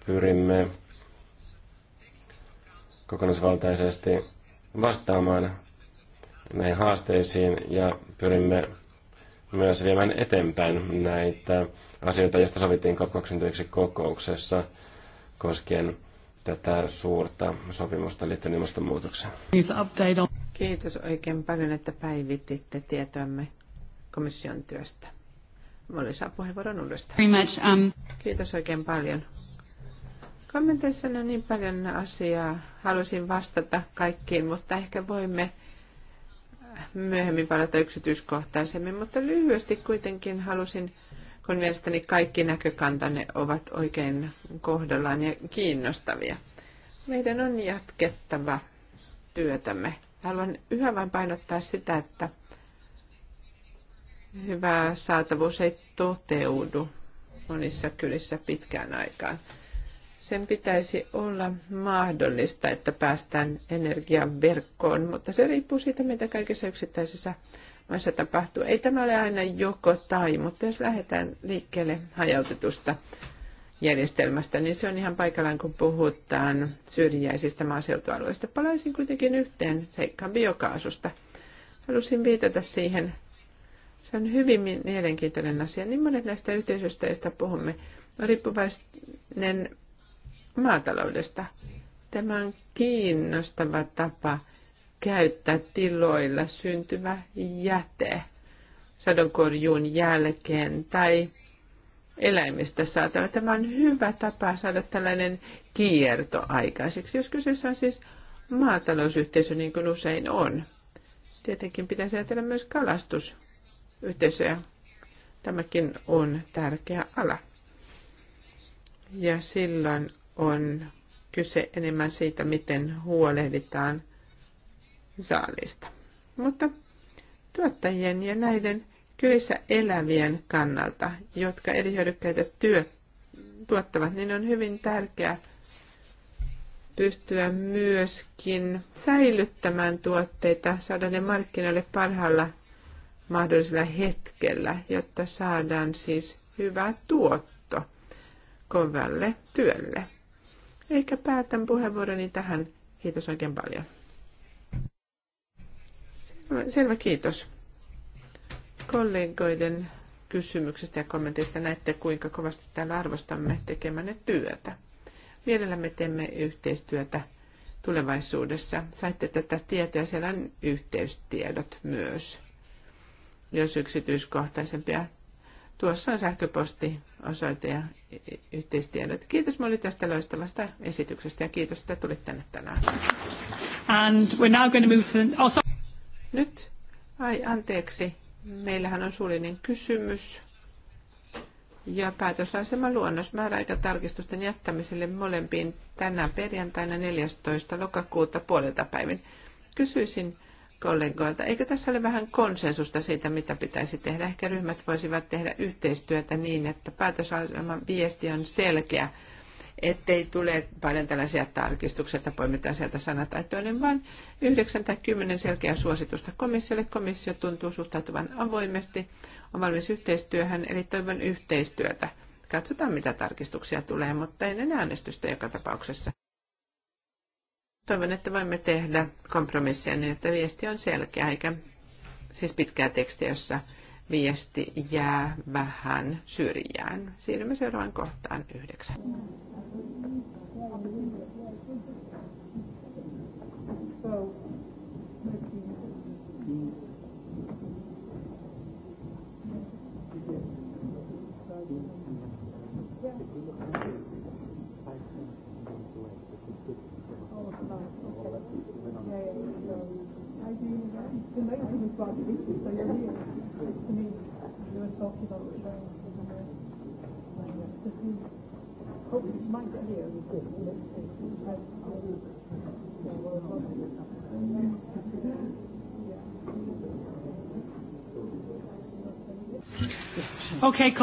pyrimme kokonaisvaltaisesti vastaamaan näihin haasteisiin ja pyrimme myös viemään eteenpäin näitä asioita, joista sovittiin COP21 kokouksessa koskien tätä suurta sopimusta liittyen ilmastonmuutokseen.
Kiitos oikein paljon, että päivititte tietoamme komission työstä. Molli saa puheenvuoron uudestaan. Um, Kiitos oikein paljon. Kommenteissa on niin paljon asiaa. Halusin vastata kaikkiin, mutta ehkä voimme myöhemmin palata yksityiskohtaisemmin, mutta lyhyesti kuitenkin halusin, kun mielestäni kaikki näkökantanne ovat oikein kohdallaan ja kiinnostavia. Meidän on jatkettava työtämme. Haluan yhä vain painottaa sitä, että hyvä saatavuus ei toteudu monissa kylissä pitkään aikaan sen pitäisi olla mahdollista, että päästään energian verkkoon, mutta se riippuu siitä, mitä kaikessa yksittäisessä maissa tapahtuu. Ei tämä ole aina joko tai, mutta jos lähdetään liikkeelle hajautetusta järjestelmästä, niin se on ihan paikallaan, kun puhutaan syrjäisistä maaseutualueista. Palaisin kuitenkin yhteen seikkaan biokaasusta. Halusin viitata siihen. Se on hyvin mielenkiintoinen asia. Niin monet näistä yhteisöistä, joista puhumme, on riippuvainen maataloudesta. Tämä on kiinnostava tapa käyttää tiloilla syntyvä jäte sadonkorjuun jälkeen tai eläimistä saatava. Tämä on hyvä tapa saada tällainen kierto aikaiseksi, jos kyseessä on siis maatalousyhteisö niin kuin usein on. Tietenkin pitäisi ajatella myös kalastusyhteisöjä. Tämäkin on tärkeä ala. Ja silloin on kyse enemmän siitä, miten huolehditaan saalista. Mutta tuottajien ja näiden kylissä elävien kannalta, jotka eri hyödykkeitä työt tuottavat, niin on hyvin tärkeää pystyä myöskin säilyttämään tuotteita, saada ne markkinoille parhaalla mahdollisella hetkellä, jotta saadaan siis hyvä tuotto kovalle työlle. Ehkä päätän puheenvuoroni tähän. Kiitos oikein paljon. Selvä, selvä kiitos kollegoiden kysymyksistä ja kommenteista. Näette, kuinka kovasti täällä arvostamme tekemänne työtä. Mielellämme teemme yhteistyötä tulevaisuudessa. Saitte tätä tietoa, siellä on yhteystiedot myös, jos yksityiskohtaisempia. Tuossa on sähköposti osoite ja yhteistiedot. Kiitos Molly tästä loistavasta esityksestä ja kiitos, että tulit tänne tänään. And we're now going to move to the... also... Oh, Nyt, ai anteeksi, meillähän on suullinen kysymys ja päätösasema luonnos määräaikatarkistusten jättämiselle molempiin tänä perjantaina 14. lokakuuta puolelta päivin. Kysyisin, kollegoilta. Eikö tässä ole vähän konsensusta siitä, mitä pitäisi tehdä? Ehkä ryhmät voisivat tehdä yhteistyötä niin, että päätösaseman viesti on selkeä, ettei tule paljon tällaisia tarkistuksia, että poimitaan sieltä sana tai toinen, vaan 9 tai 10 selkeää suositusta komissiolle. Komissio tuntuu suhtautuvan avoimesti, on valmis yhteistyöhön, eli toivon yhteistyötä. Katsotaan, mitä tarkistuksia tulee, mutta ennen äänestystä joka tapauksessa. Toivon, että voimme tehdä kompromisseja niin, että viesti on selkeä, eikä siis pitkää tekstiä, jossa viesti jää vähän syrjään. Siirrymme seuraavaan kohtaan yhdeksän.
So var viktigt. Jag vet för mig, det var saker Okay,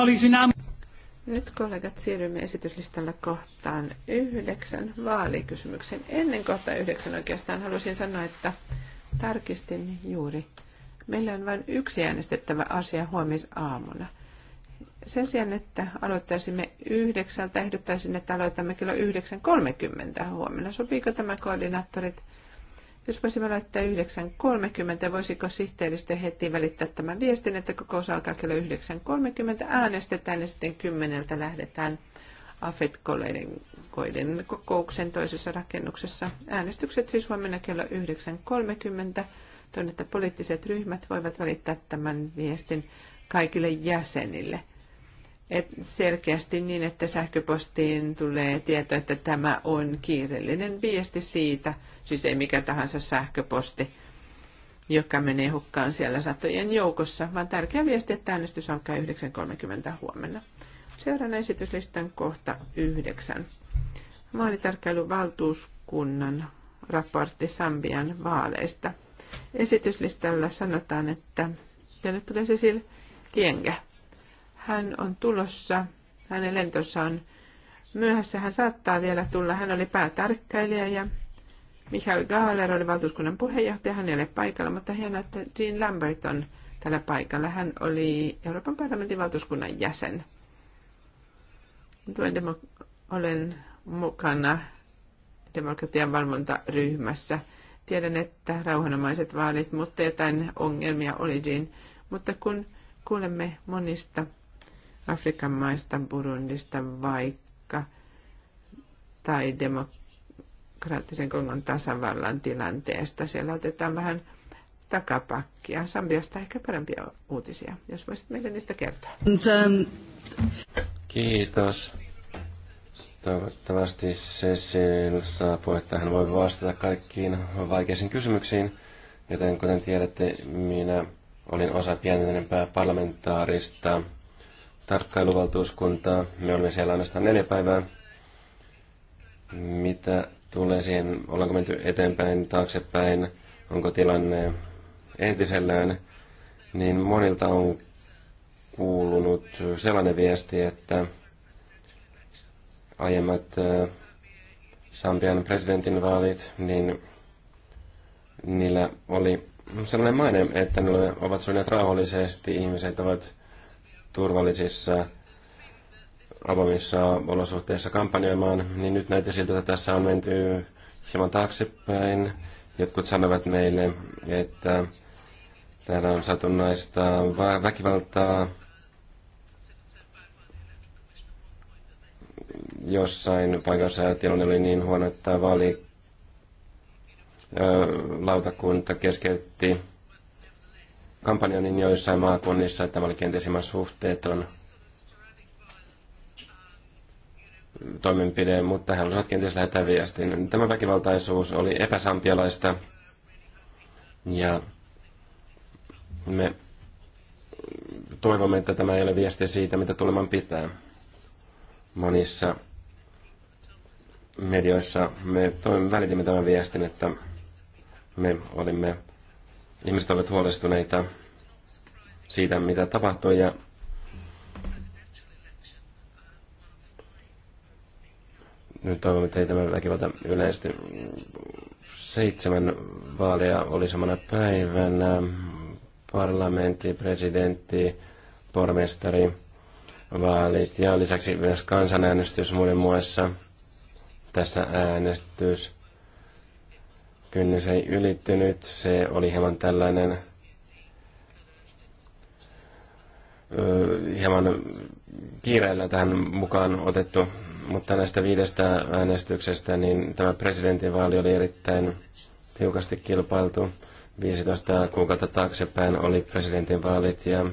Nyt kollegat siirrymme esityslistalla kohtaan yhdeksän vaalikysymyksen. Ennen kohtaa yhdeksän oikeastaan haluaisin sanoa, että tarkistin juuri, Meillä on vain yksi äänestettävä asia huomisaamuna. Sen sijaan, että aloittaisimme yhdeksältä, ehdottaisin, että aloitamme kello 9.30 huomenna. Sopiiko tämä koordinaattorit? Jos voisimme laittaa 9.30, voisiko sihteeristö heti välittää tämän viestin, että kokous alkaa kello 9.30, äänestetään ja sitten kymmeneltä lähdetään afet koiden kokouksen toisessa rakennuksessa. Äänestykset siis huomenna kello 9.30. Toivon, että poliittiset ryhmät voivat välittää tämän viestin kaikille jäsenille. Et selkeästi niin, että sähköpostiin tulee tieto, että tämä on kiireellinen viesti siitä, siis ei mikä tahansa sähköposti, joka menee hukkaan siellä satojen joukossa, vaan tärkeä viesti, että äänestys alkaa 9.30 huomenna. Seuraan esityslistan kohta 9. Maalitarkkailuvaltuuskunnan raportti Sambian vaaleista – Esityslistalla sanotaan, että tänne tulee Cecil Kienge. Hän on tulossa, hänen lentonsa on myöhässä, hän saattaa vielä tulla. Hän oli päätarkkailija ja Michael Gaaler oli valtuuskunnan puheenjohtaja, hän ei ole paikalla, mutta hienoa, että Jean Lambert on tällä paikalla. Hän oli Euroopan parlamentin valtuuskunnan jäsen. Tuen demok- olen mukana demokratian valvontaryhmässä Tiedän, että rauhanomaiset vaalit, mutta jotain ongelmia olikin. Mutta kun kuulemme monista Afrikan maista, Burundista vaikka, tai demokraattisen Kongon tasavallan tilanteesta, siellä otetaan vähän takapakkia. Sambiasta ehkä parempia uutisia, jos voisit meille niistä kertoa.
Ähm,
Kiitos. Toivottavasti Cecil saapuu, että hän voi vastata kaikkiin vaikeisiin kysymyksiin. Joten kuten tiedätte, minä olin osa pienenempää parlamentaarista tarkkailuvaltuuskuntaa. Me olimme siellä ainoastaan neljä päivää. Mitä tulee siihen, ollaanko menty eteenpäin, taaksepäin, onko tilanne entisellään, niin monilta on kuulunut sellainen viesti, että aiemmat äh, Sambian presidentinvaalit, niin niillä oli sellainen maine, että ne ovat soineet rauhallisesti, ihmiset ovat turvallisissa avoimissa olosuhteissa kampanjoimaan, niin nyt näitä siltä, että tässä on menty hieman taaksepäin. Jotkut sanovat meille, että täällä on satunnaista väkivaltaa, jossain paikassa tilanne oli niin huono, että vaali lautakunta keskeytti kampanjan, niin joissain maakunnissa tämä oli kenties ihan suhteeton toimenpide, mutta he halusivat kenties lähettää viestin. Tämä väkivaltaisuus oli epäsampialaista ja me toivomme, että tämä ei ole viesti siitä, mitä tuleman pitää monissa medioissa me toimme, välitimme tämän viestin, että me olimme, ihmiset olivat huolestuneita siitä, mitä tapahtui ja nyt toivon, että ei tämä väkivalta yleisesti seitsemän vaalia oli samana päivänä, parlamentti, presidentti, pormestari, vaalit ja lisäksi myös kansanäänestys muiden muassa. Tässä äänestys kynnys ei ylittynyt. Se oli hieman tällainen hieman kiireellä tähän mukaan otettu, mutta näistä viidestä äänestyksestä niin tämä presidentinvaali oli erittäin tiukasti kilpailtu. 15 kuukautta taaksepäin oli presidentinvaalit ja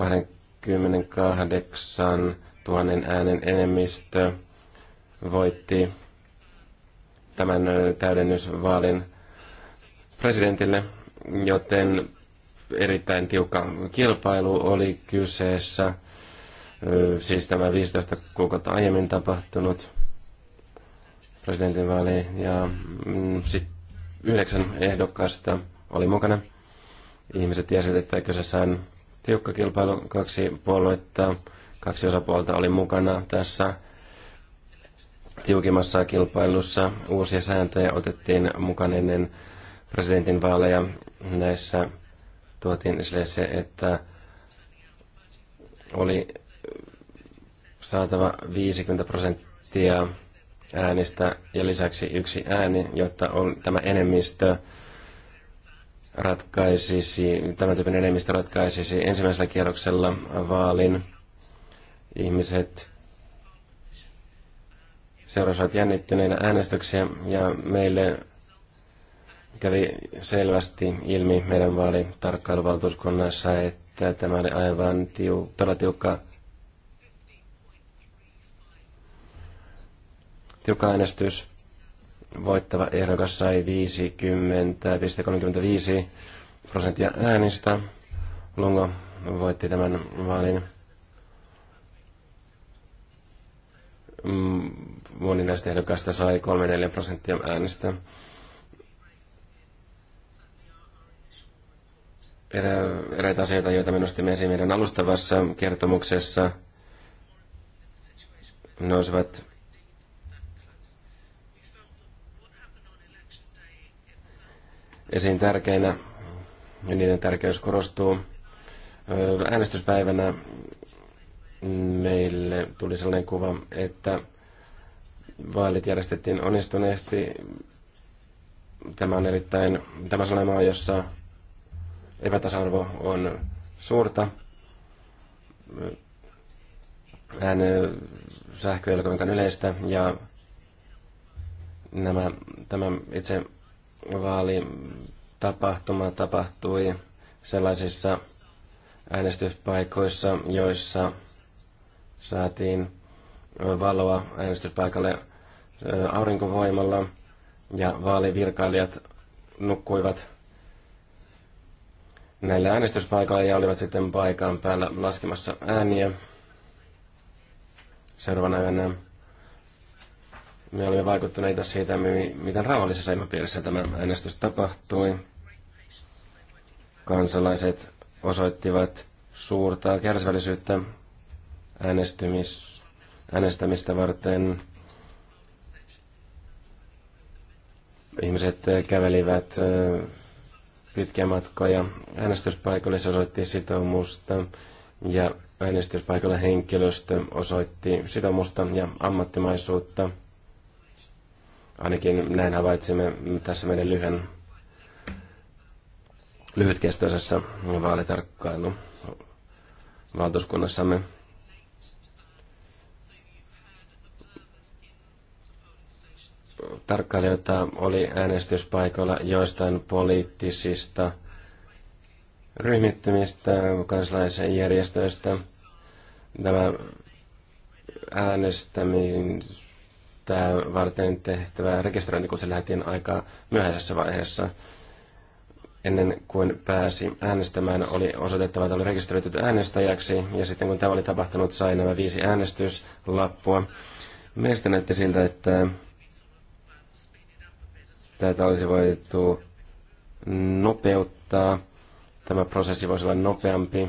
28 000 äänen enemmistö voitti tämän täydennysvaalin presidentille, joten erittäin tiukka kilpailu oli kyseessä. Siis tämä 15 kuukautta aiemmin tapahtunut presidentinvaali ja mm, sitten yhdeksän ehdokasta oli mukana. Ihmiset tiesivät, että kyseessä on tiukka kilpailu, kaksi puoluetta, kaksi osapuolta oli mukana tässä tiukimmassa kilpailussa. Uusia sääntöjä otettiin mukaan ennen presidentinvaaleja. Näissä tuotiin esille se, että oli saatava 50 prosenttia äänistä ja lisäksi yksi ääni, jotta on tämä enemmistö ratkaisisi, tämän tyypin enemmistö ratkaisisi ensimmäisellä kierroksella vaalin. Ihmiset seurasivat jännittyneinä äänestyksiä ja meille kävi selvästi ilmi meidän vaalitarkkailuvaltuuskunnassa, että tämä oli aivan tiu, todella tiukka, tiukka äänestys voittava ehdokas sai 50,35 prosenttia äänistä. Lungo voitti tämän vaalin. Mm, Moni näistä ehdokkaista sai 3-4 prosenttia äänistä. eräitä asioita, joita me nostimme esiin meidän alustavassa kertomuksessa, nousivat esiin tärkeinä, ja niiden tärkeys korostuu. Äänestyspäivänä meille tuli sellainen kuva, että vaalit järjestettiin onnistuneesti. Tämä on erittäin, tämä on maa, jossa epätasa-arvo on suurta. Ään sähkö ei ole yleistä ja nämä, tämä itse vaalitapahtuma tapahtui sellaisissa äänestyspaikoissa, joissa saatiin valoa äänestyspaikalle aurinkovoimalla ja vaalivirkailijat nukkuivat näillä äänestyspaikalla ja olivat sitten paikan päällä laskemassa ääniä seuraavana yönä me olimme vaikuttuneita siitä, miten rauhallisessa ilmapiirissä tämä äänestys tapahtui. Kansalaiset osoittivat suurta kärsivällisyyttä äänestymis, äänestämistä varten. Ihmiset kävelivät pitkiä matkoja. Äänestyspaikalle se osoitti sitoumusta ja äänestyspaikalla henkilöstö osoitti sitoumusta ja ammattimaisuutta – Ainakin näin havaitsimme tässä meidän lyhyen, lyhytkestoisessa vaalitarkkailu valtuuskunnassamme. Tarkkailijoita oli äänestyspaikoilla joistain poliittisista ryhmittymistä, järjestöistä, Tämä äänestäminen tätä varten tehtävää rekisteröinti, kun se lähetin aika myöhäisessä vaiheessa. Ennen kuin pääsi äänestämään, oli osoitettava, että oli rekisteröity äänestäjäksi, ja sitten kun tämä oli tapahtunut, sai nämä viisi äänestyslappua. Meistä näytti siltä, että tätä olisi voitu nopeuttaa. Tämä prosessi voisi olla nopeampi.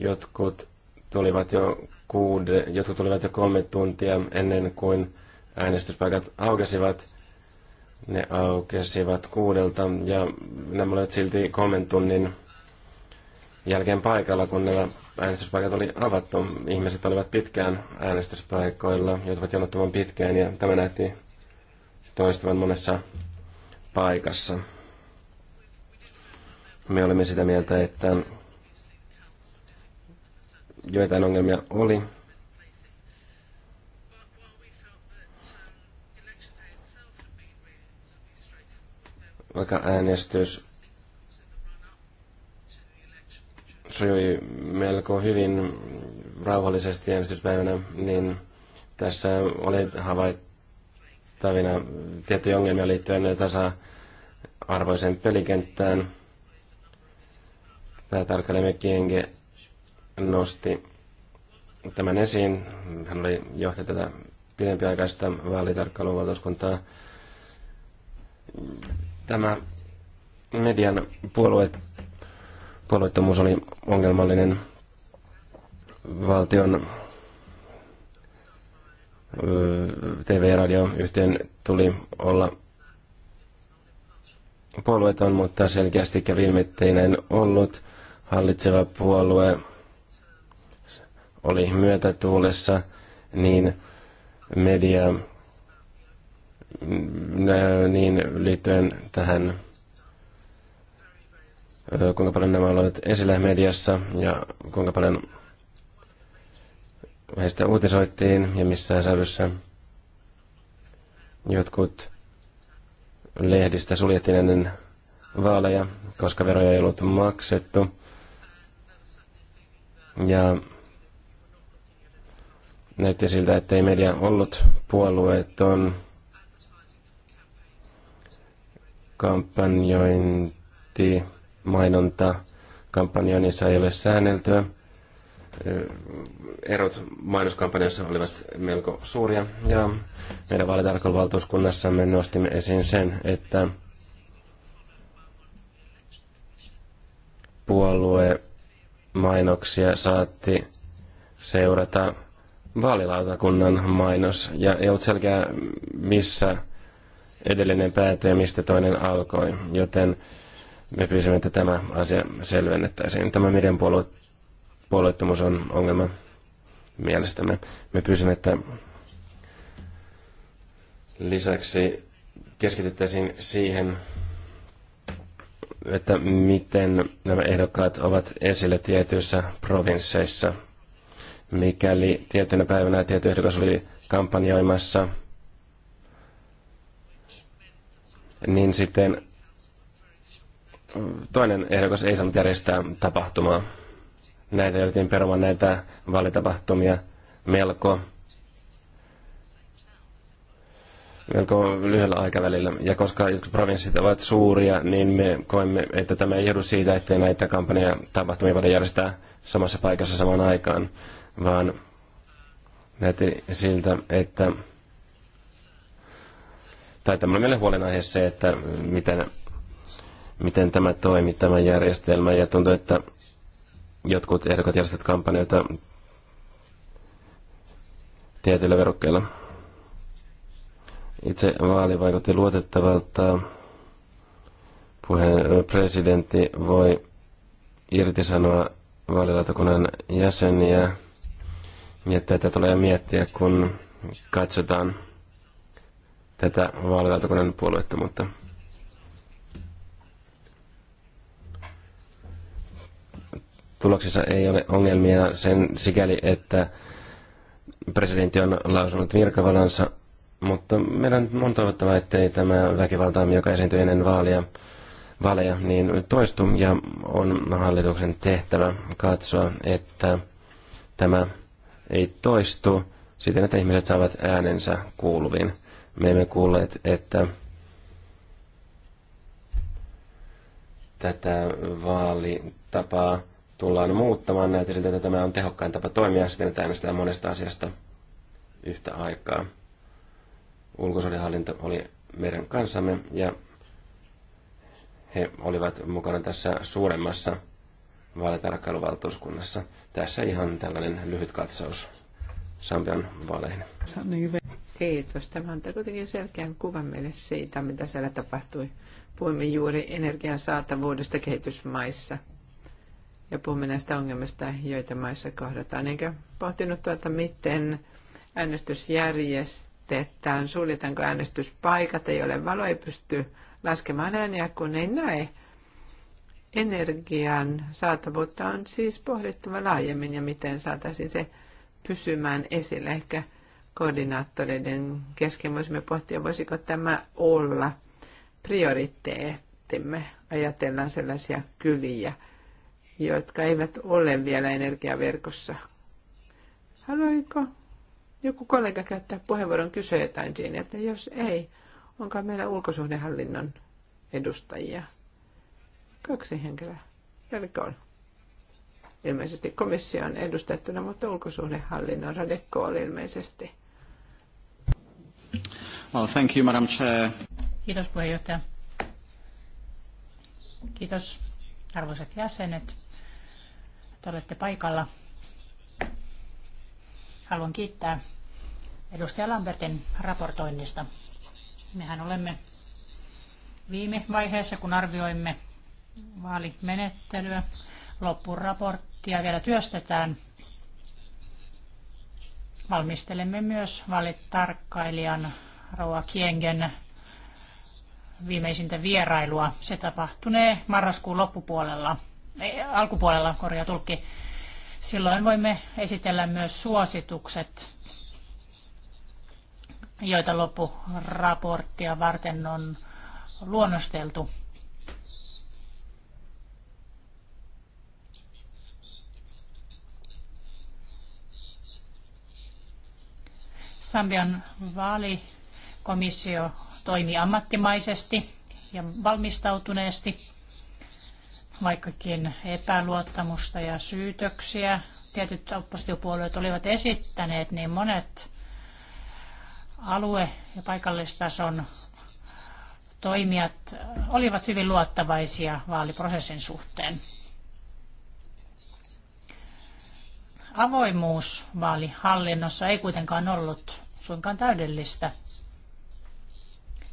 Jotkut tulivat jo kuude, jotkut tulivat jo kolme tuntia ennen kuin äänestyspaikat aukesivat. Ne aukesivat kuudelta ja nämä olivat silti kolmen tunnin jälkeen paikalla, kun nämä äänestyspaikat oli avattu. Ihmiset olivat pitkään äänestyspaikoilla, joutuvat jonottamaan pitkään ja tämä näytti toistuvan monessa paikassa. Me olemme sitä mieltä, että joitain ongelmia oli. Vaikka äänestys sujui melko hyvin rauhallisesti äänestyspäivänä, niin tässä oli havaittavina tiettyjä ongelmia liittyen tasa-arvoiseen pelikenttään. Tämä tarkkailemme Kienge nosti tämän esiin. Hän oli johti tätä pidempiaikaista vaalitarkkailuvaltuuskuntaa. Tämä median puolue, puolueettomuus oli ongelmallinen valtion TV- ja radioyhtiön tuli olla puolueeton, mutta selkeästi kävi ilmi, ollut hallitseva puolue oli myötätuulessa, niin media mm, niin liittyen tähän kuinka paljon nämä olivat esillä mediassa ja kuinka paljon heistä uutisoittiin ja missä sävyssä jotkut lehdistä suljettiin ennen vaaleja, koska veroja ei ollut maksettu. Ja näytti siltä, että ei media ollut puolueeton kampanjointi, mainonta kampanjoinnissa ei ole säänneltyä. Erot mainoskampanjassa olivat melko suuria ja meidän vaalitarkkailuvaltuuskunnassamme nostimme esiin sen, että puolue mainoksia saatti seurata vaalilautakunnan mainos, ja ei ollut selkeää, missä edellinen päätyi ja mistä toinen alkoi, joten me pyysimme, että tämä asia selvennettäisiin. Tämä median puolueettomuus on ongelma mielestämme. Me pyysimme, että lisäksi keskityttäisiin siihen, että miten nämä ehdokkaat ovat esillä tietyissä provinsseissa – mikäli tietynä päivänä tietty ehdokas oli kampanjoimassa, niin sitten toinen ehdokas ei saanut järjestää tapahtumaa. Näitä jouduttiin perumaan näitä vaalitapahtumia melko melko lyhyellä aikavälillä. Ja koska jotkut provinssit ovat suuria, niin me koemme, että tämä ei johdu siitä, että näitä kampanjatapahtumia voida järjestää samassa paikassa samaan aikaan vaan näytti siltä, että tai tämä on meille huolenaihe se, että miten, miten tämä toimi, tämä järjestelmä, ja tuntuu, että jotkut ehdokkaat järjestävät kampanjoita tietyillä verukkeilla. Itse vaali vaikutti luotettavalta. Puheen presidentti voi irtisanoa vaalilautakunnan jäseniä ja tätä tulee miettiä, kun katsotaan tätä vaalilautakunnan mutta Tuloksessa ei ole ongelmia sen sikäli, että presidentti on lausunut virkavalansa, mutta meidän on että ettei tämä väkivalta, joka esiintyy ennen vaalia, vaaleja, niin toistu ja on hallituksen tehtävä katsoa, että tämä ei toistu siten, että ihmiset saavat äänensä kuuluviin. Me emme kuulleet, että tätä vaalitapaa tullaan muuttamaan. Näytä siltä, että tämä on tehokkain tapa toimia siten, että äänestetään monesta asiasta yhtä aikaa. Ulkosuudenhallinto oli meidän kanssamme ja he olivat mukana tässä suuremmassa vaalitarkkailuvaltuuskunnassa. Tässä ihan tällainen lyhyt katsaus Sambian vaaleihin.
Kiitos. Tämä antaa kuitenkin selkeän kuvan meille siitä, mitä siellä tapahtui. Puhumme juuri energian saatavuudesta kehitysmaissa ja puhumme näistä ongelmista, joita maissa kohdataan. Enkä pohtinut tuota, miten äänestysjärjestetään, suljetaanko äänestyspaikat, ei ole valo, ei pysty laskemaan ääniä, kun ei näe energian saatavuutta on siis pohdittava laajemmin ja miten saataisiin se pysymään esille. Ehkä koordinaattoreiden kesken voisimme pohtia, voisiko tämä olla prioriteettimme. Ajatellaan sellaisia kyliä, jotka eivät ole vielä energiaverkossa. Haluaiko joku kollega käyttää puheenvuoron kysyä jotain Jean, että jos ei, onko meillä ulkosuhdehallinnon edustajia? Kaksi henkilöä. Radekol. Ilmeisesti komission edustettuna, mutta ulkosuhdehallinnon oli ilmeisesti.
Well, thank you, Madam Chair.
Kiitos puheenjohtaja. Kiitos arvoisat jäsenet, että olette paikalla. Haluan kiittää edustaja Lambertin raportoinnista. Mehän olemme viime vaiheessa, kun arvioimme vaalimenettelyä. Loppuraporttia vielä työstetään. Valmistelemme myös valitarkkailijan Roa Kiengen viimeisintä vierailua. Se tapahtunee marraskuun loppupuolella, ei, alkupuolella, korjaa tulkki. Silloin voimme esitellä myös suositukset, joita loppuraporttia varten on luonnosteltu. Sambian vaalikomissio toimi ammattimaisesti ja valmistautuneesti, vaikkakin epäluottamusta ja syytöksiä tietyt oppositiopuolueet olivat esittäneet, niin monet alue- ja paikallistason toimijat olivat hyvin luottavaisia vaaliprosessin suhteen. Avoimuus vaalihallinnossa ei kuitenkaan ollut suinkaan täydellistä.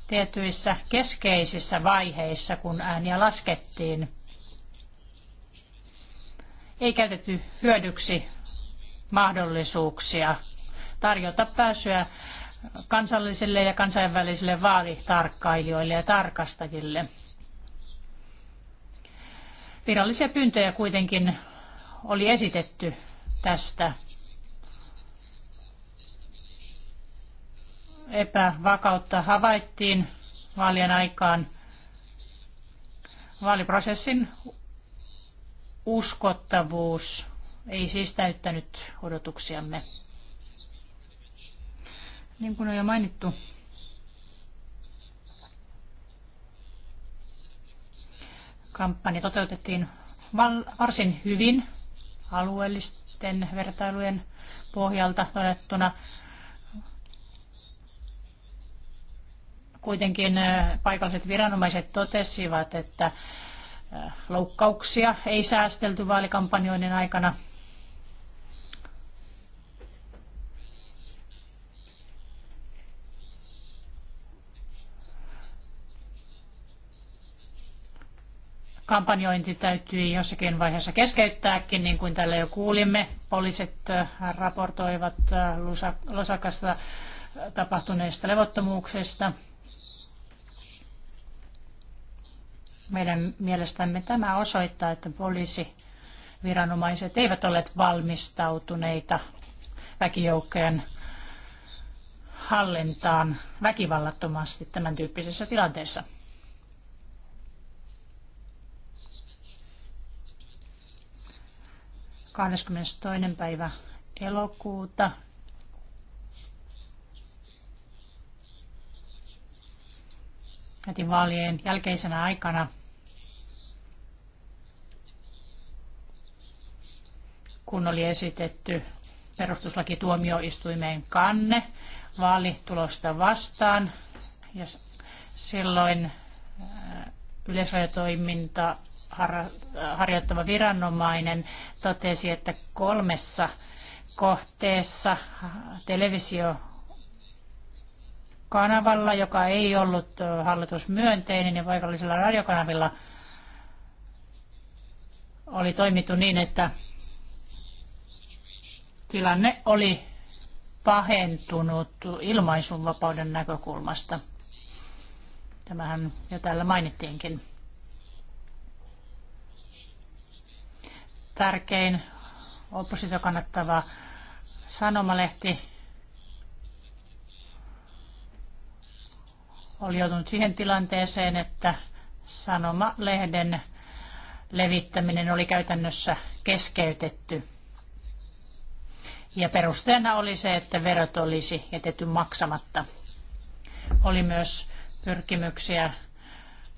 Tietyissä keskeisissä vaiheissa, kun ääniä laskettiin, ei käytetty hyödyksi mahdollisuuksia tarjota pääsyä kansallisille ja kansainvälisille vaalitarkkailijoille ja tarkastajille. Virallisia pyyntöjä kuitenkin oli esitetty tästä epävakautta havaittiin vaalien aikaan. Vaaliprosessin uskottavuus ei siis täyttänyt odotuksiamme. Niin kuin on jo mainittu, kampanja toteutettiin varsin hyvin alueellisesti muiden vertailujen pohjalta todettuna. Kuitenkin paikalliset viranomaiset totesivat, että loukkauksia ei säästelty vaalikampanjoiden aikana – kampanjointi täytyi jossakin vaiheessa keskeyttääkin, niin kuin täällä jo kuulimme. Poliisit äh, raportoivat äh, Losakasta äh, tapahtuneista levottomuuksesta. Meidän mielestämme tämä osoittaa, että poliisiviranomaiset eivät ole valmistautuneita väkijoukkojen hallintaan väkivallattomasti tämän tyyppisessä tilanteessa. 22. päivä elokuuta Jätin vaalien jälkeisenä aikana kun oli esitetty perustuslakituomioistuimeen kanne vaalitulosta vastaan. Ja silloin yleisradiotoiminta harjoittava viranomainen totesi, että kolmessa kohteessa televisio kanavalla, joka ei ollut hallitusmyönteinen ja paikallisilla radiokanavilla oli toimittu niin, että tilanne oli pahentunut ilmaisunvapauden näkökulmasta. Tämähän jo täällä mainittiinkin. tärkein oppositio kannattava sanomalehti oli joutunut siihen tilanteeseen, että sanomalehden levittäminen oli käytännössä keskeytetty. Ja perusteena oli se, että verot olisi jätetty maksamatta. Oli myös pyrkimyksiä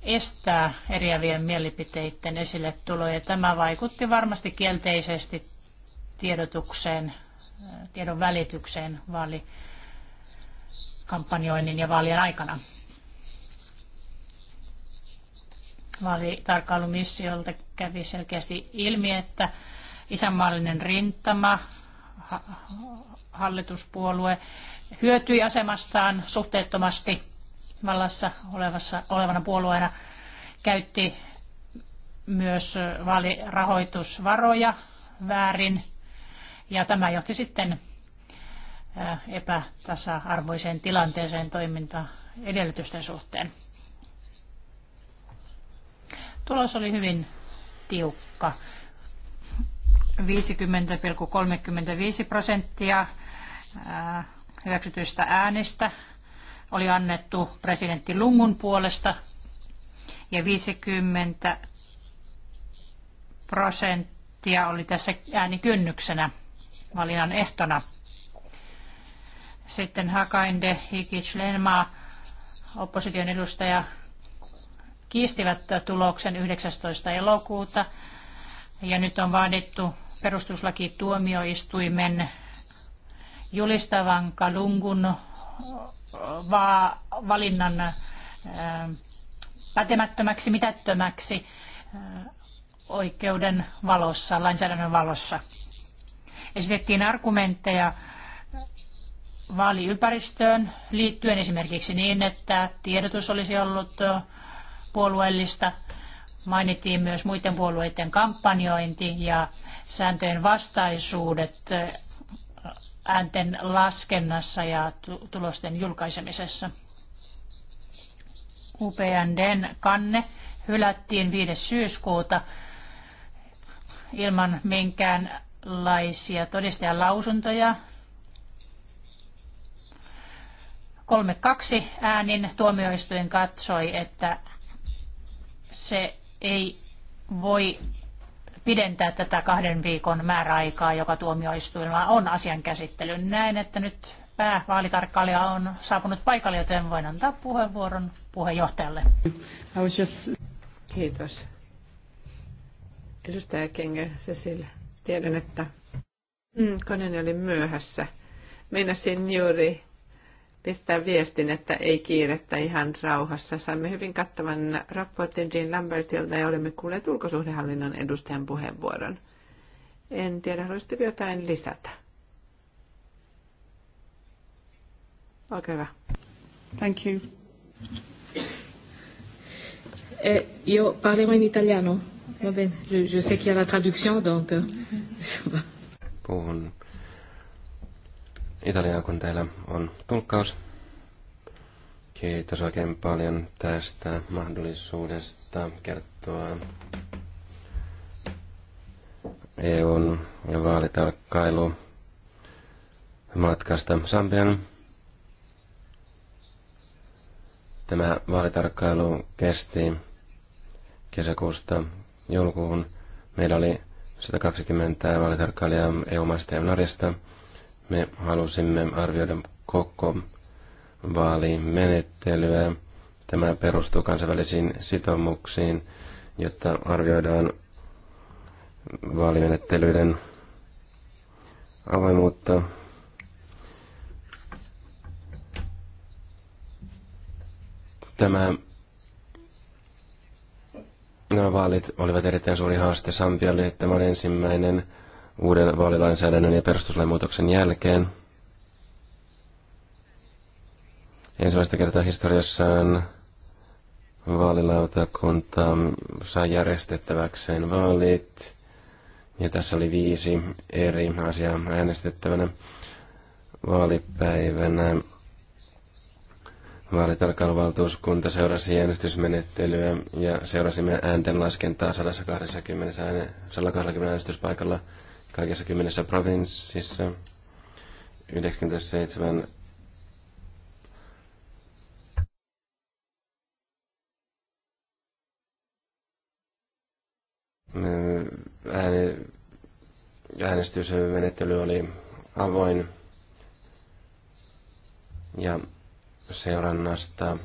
estää eriävien mielipiteiden esille tuloja ja tämä vaikutti varmasti kielteisesti tiedotukseen, tiedon välitykseen vaalikampanjoinnin ja vaalien aikana. Vaalitarkkailumissiolta kävi selkeästi ilmi, että isänmaallinen rintama, hallituspuolue, hyötyi asemastaan suhteettomasti – vallassa olevassa, olevana puolueena käytti myös vaalirahoitusvaroja väärin. Ja tämä johti sitten epätasa-arvoiseen tilanteeseen toimintaedellytysten suhteen. Tulos oli hyvin tiukka. 50,35 prosenttia hyväksytyistä äänistä oli annettu presidentti Lungun puolesta ja 50 prosenttia oli tässä äänikynnyksenä valinnan ehtona. Sitten Hakainde Hikic Lenmaa, opposition edustaja, kiistivät tuloksen 19. elokuuta ja nyt on vaadittu perustuslaki tuomioistuimen julistavan Kalungun va- valinnan äh, pätemättömäksi, mitättömäksi äh, oikeuden valossa, lainsäädännön valossa. Esitettiin argumentteja vaaliympäristöön liittyen esimerkiksi niin, että tiedotus olisi ollut äh, puolueellista. Mainittiin myös muiden puolueiden kampanjointi ja sääntöjen vastaisuudet äänten laskennassa ja tulosten julkaisemisessa. UPNDn kanne hylättiin 5. syyskuuta ilman minkäänlaisia todistajan lausuntoja. 3-2 äänin tuomioistuin katsoi, että se ei voi pidentää tätä kahden viikon määräaikaa, joka tuomioistuimella on asian käsittelyyn. Näen, että nyt päävaalitarkkailija on saapunut paikalle, joten voin antaa puheenvuoron puheenjohtajalle. Kiitos. Edustaja
Kenge, Cecil, tiedän, että mm, koneeni oli myöhässä. Meinasin juuri pistää viestin, että ei kiirettä ihan rauhassa. Saimme hyvin kattavan raportin Jean Lambertilta ja olemme kuulleet ulkosuhdehallinnon edustajan puheenvuoron. En tiedä, haluaisitteko jotain lisätä? Olkaa hyvä. Thank you. Eh, io parlerò in italiano. Okay. Va bene, je, je sais qu'il y a la traduction, donc
Mm-hmm italiaa, kun täällä on tulkkaus. Kiitos oikein paljon tästä mahdollisuudesta kertoa EUn vaalitarkkailu matkasta Sambian. Tämä vaalitarkkailu kesti kesäkuusta joulukuuhun. Meillä oli 120 vaalitarkkailijaa EU-maista ja Norjasta. Me halusimme arvioida koko vaalimenettelyä. Tämä perustuu kansainvälisiin sitoumuksiin, jotta arvioidaan vaalimenettelyiden avoimuutta. Tämä Nämä vaalit olivat erittäin suuri haaste. Sambia oli tämän ensimmäinen uuden vaalilainsäädännön ja perustuslain muutoksen jälkeen. Ensimmäistä kertaa historiassaan vaalilautakunta sai järjestettäväkseen vaalit. Ja tässä oli viisi eri asiaa äänestettävänä vaalipäivänä. Vaalitarkkailuvaltuuskunta seurasi äänestysmenettelyä ja seurasimme ääntenlaskentaa 120, 120 äänestyspaikalla kaikessa kymmenessä provinssissa, 97 äänestysmenettely oli avoin ja seurannasta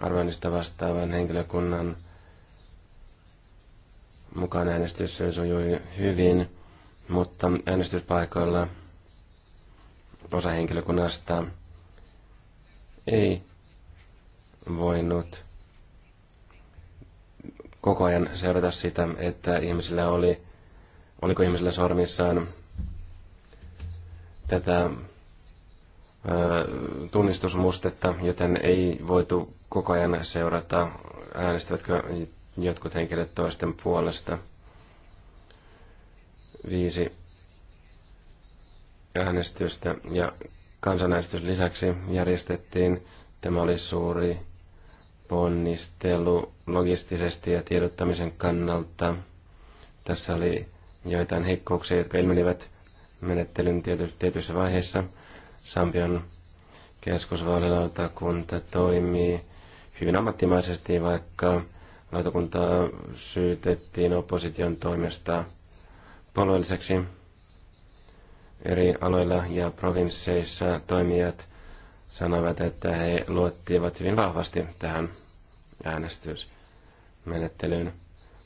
arvioinnista vastaavan henkilökunnan mukaan äänestys sujui hyvin mutta äänestyspaikoilla osa henkilökunnasta ei voinut koko ajan seurata sitä, että ihmisillä oli, oliko ihmisillä sormissaan tätä tunnistusmustetta, joten ei voitu koko ajan seurata, äänestävätkö jotkut henkilöt toisten puolesta viisi äänestystä ja kansanäänestys lisäksi järjestettiin. Tämä oli suuri ponnistelu logistisesti ja tiedottamisen kannalta. Tässä oli joitain heikkouksia, jotka ilmenivät menettelyn tietyissä vaiheissa. Sampion keskusvaalilautakunta toimii hyvin ammattimaisesti, vaikka lautakuntaa syytettiin opposition toimesta – Puolueelliseksi eri aloilla ja provinsseissa toimijat sanoivat, että he luottivat hyvin vahvasti tähän äänestysmenettelyyn.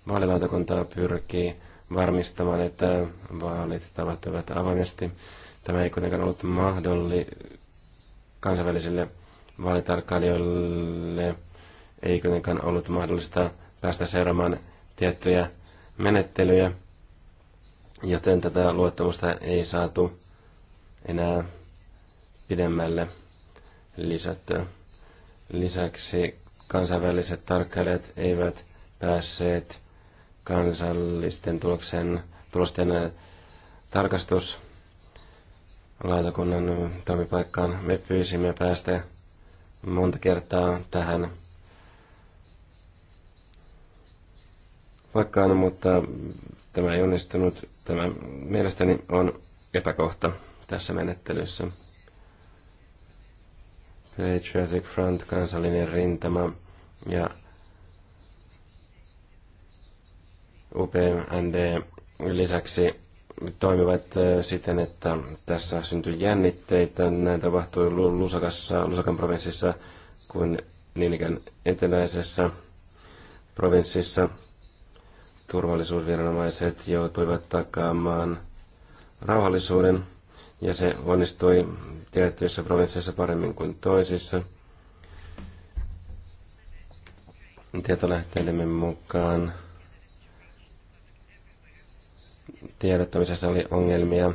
Vaalilautakunta pyrkii varmistamaan, että vaalit tapahtuvat avoimesti. Tämä ei kuitenkaan ollut mahdolli kansainvälisille vaalitarkkailijoille. Ei kuitenkaan ollut mahdollista päästä seuraamaan tiettyjä menettelyjä – joten tätä luottamusta ei saatu enää pidemmälle lisättyä. Lisäksi kansainväliset tarkkailijat eivät päässeet kansallisten tuloksen, tulosten äh, tarkastuslautakunnan toimipaikkaan. Me pyysimme päästä monta kertaa tähän paikkaan, mutta tämä ei onnistunut Tämä mielestäni on epäkohta tässä menettelyssä. Patriotic Front, kansallinen rintama ja UPMD lisäksi toimivat siten, että tässä syntyi jännitteitä. Näin tapahtui Lusakassa, Lusakan provinssissa kuin Niinikän eteläisessä provinssissa – turvallisuusviranomaiset joutuivat takaamaan rauhallisuuden, ja se onnistui tietyissä provinsseissa paremmin kuin toisissa. Tietolähteidemme mukaan tiedottamisessa oli ongelmia.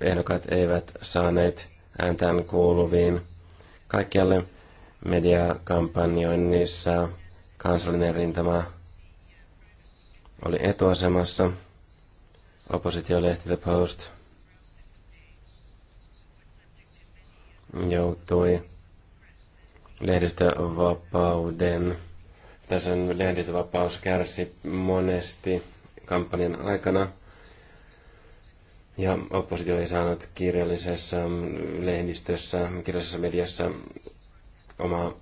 Ehdokkaat eivät saaneet ääntään kuuluviin kaikkialle mediakampanjoinnissa kansallinen rintama oli etuasemassa. Oppositiolehti The Post joutui lehdistövapauden. Tässä on lehdistövapaus kärsi monesti kampanjan aikana. Ja oppositio ei saanut kirjallisessa lehdistössä, kirjallisessa mediassa omaa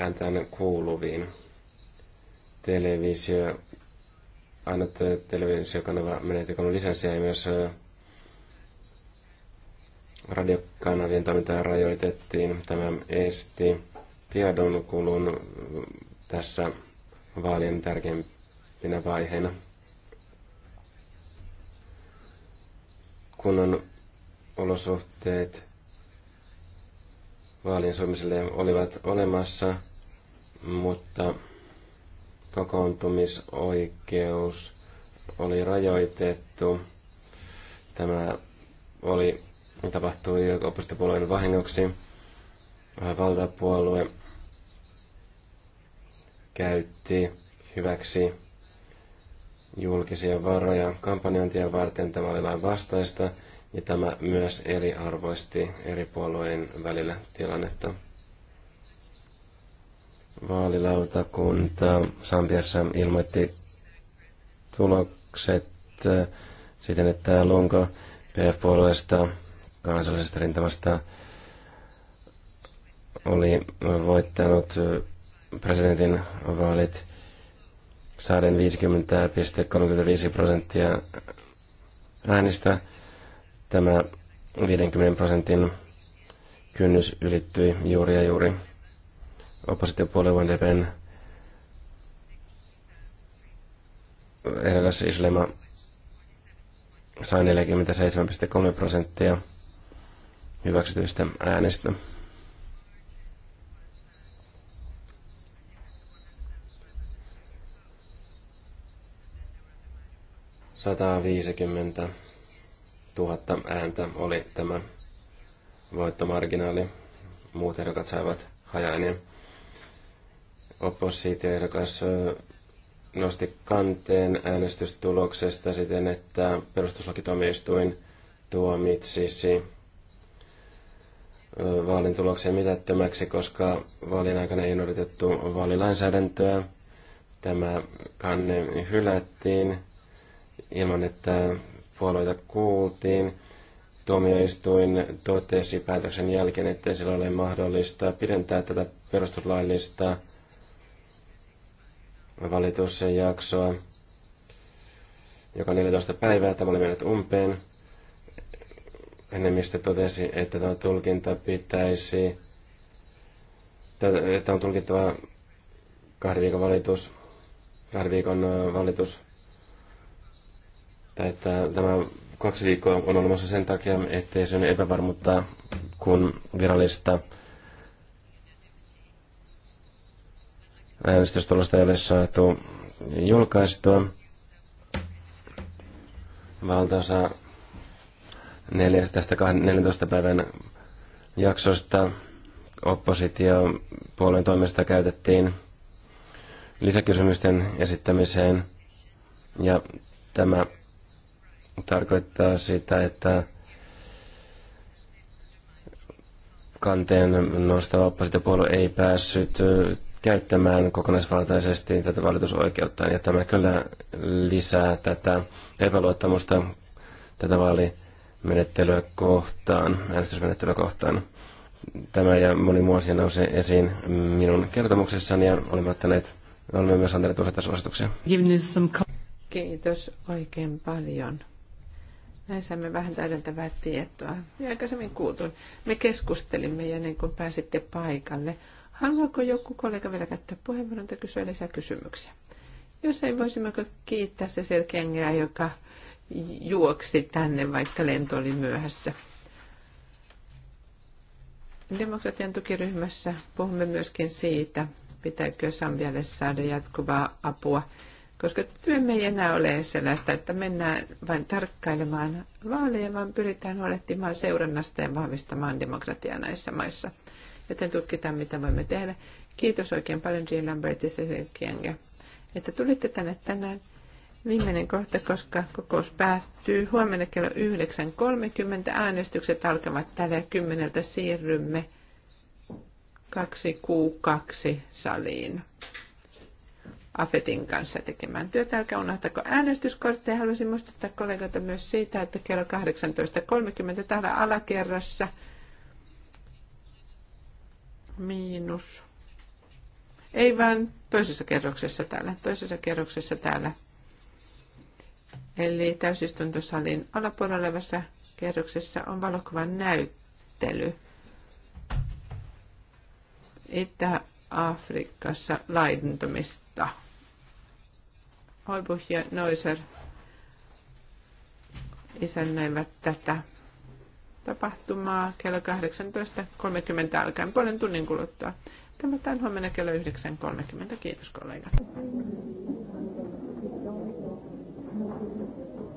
ääntään kuuluviin. Televisio ainut televisiokanava menetekonon lisenssiä ja myös radiokanavien toimintaa rajoitettiin. Tämä esti tiedonkulun tässä vaalien tärkeimpinä vaiheina. Kunnon olosuhteet vaalien suomiselle olivat olemassa, mutta kokoontumisoikeus oli rajoitettu. Tämä oli, tapahtui opistopuolueen vahingoksi. Valtapuolue käytti hyväksi julkisia varoja kampanjointia varten. Tämä oli lain vastaista ja tämä myös eriarvoisti eri puolueen välillä tilannetta vaalilautakunta Sambiassa ilmoitti tulokset äh, siten, että Lunko PF-puolueesta kansallisesta rintamasta oli voittanut äh, presidentin vaalit saaden 50,35 prosenttia äänistä. Tämä 50 prosentin kynnys ylittyi juuri ja juuri oppositiopuolueen UNDPn ehdokas Islema sai 47,3 prosenttia hyväksytyistä äänistä. Sataviisikymmentä tuhatta ääntä oli tämä voittomarginaali. Muut ehdokkaat saivat hajainen oppositioehdokas nosti kanteen äänestystuloksesta siten, että perustuslakituomioistuin tuomitsisi vaalin tuloksen mitättömäksi, koska vaalin aikana ei noudatettu vaalilainsäädäntöä. Tämä kanne hylättiin ilman, että puolueita kuultiin. Tuomioistuin totesi päätöksen jälkeen, ettei sillä ole mahdollista pidentää tätä perustuslaillista jaksoa joka 14 päivää. Tämä oli mennyt umpeen. Enemmistö totesi, että tämä tulkinta pitäisi, että on tulkittava kahden viikon valitus, kahden viikon valitus, tai että tämä kaksi viikkoa on olemassa sen takia, ettei synny epävarmuutta, kun virallista Äänestystulosta ei ole saatu julkaistua. Valtaosa tästä 14 päivän jaksosta puolen toimesta käytettiin lisäkysymysten esittämiseen. Ja tämä tarkoittaa sitä, että kanteen nostava oppositiopuolue ei päässyt käyttämään kokonaisvaltaisesti tätä valitusoikeutta Ja tämä kyllä lisää tätä epäluottamusta tätä vaalimenettelyä kohtaan, äänestysmenettelyä kohtaan. Tämä ja moni muu asia nousi esiin minun kertomuksessani ja olemme, ottaneet, olemme myös antaneet useita suosituksia.
Kiitos oikein paljon. Näin saimme vähän täydentävää tietoa. Ja aikaisemmin kuultuun. Me keskustelimme jo ennen kuin pääsitte paikalle. Haluaako joku kollega vielä käyttää puheenvuoron tai kysyä lisää kysymyksiä? Jos ei, voisimmeko kiittää se selkeä joka juoksi tänne, vaikka lento oli myöhässä. Demokratian tukiryhmässä puhumme myöskin siitä, pitääkö Sambialle saada jatkuvaa apua, koska työmme ei enää ole sellaista, että mennään vain tarkkailemaan vaaleja, vaan pyritään huolehtimaan seurannasta ja vahvistamaan demokratiaa näissä maissa – joten tutkitaan, mitä voimme tehdä. Kiitos oikein paljon Jean Lambert ja Kienge, että tulitte tänne tänään. Viimeinen kohta, koska kokous päättyy. Huomenna kello 9.30 äänestykset alkavat tällä kymmeneltä siirrymme 2Q2 saliin. Afetin kanssa tekemään työtä. Älkää unohtako äänestyskortteja. Haluaisin muistuttaa kollegoita myös siitä, että kello 18.30 täällä alakerrassa – miinus. Ei vaan toisessa kerroksessa täällä, toisessa kerroksessa täällä. Eli täysistuntosalin alapuolella olevassa kerroksessa on valokuvan näyttely. Itä-Afrikassa laidentumista. Hoibuh ja Noiser isännöivät tätä tapahtumaa kello 18.30 alkaen puolen tunnin kuluttua. Tämä huomenna kello 9.30. Kiitos kollegat.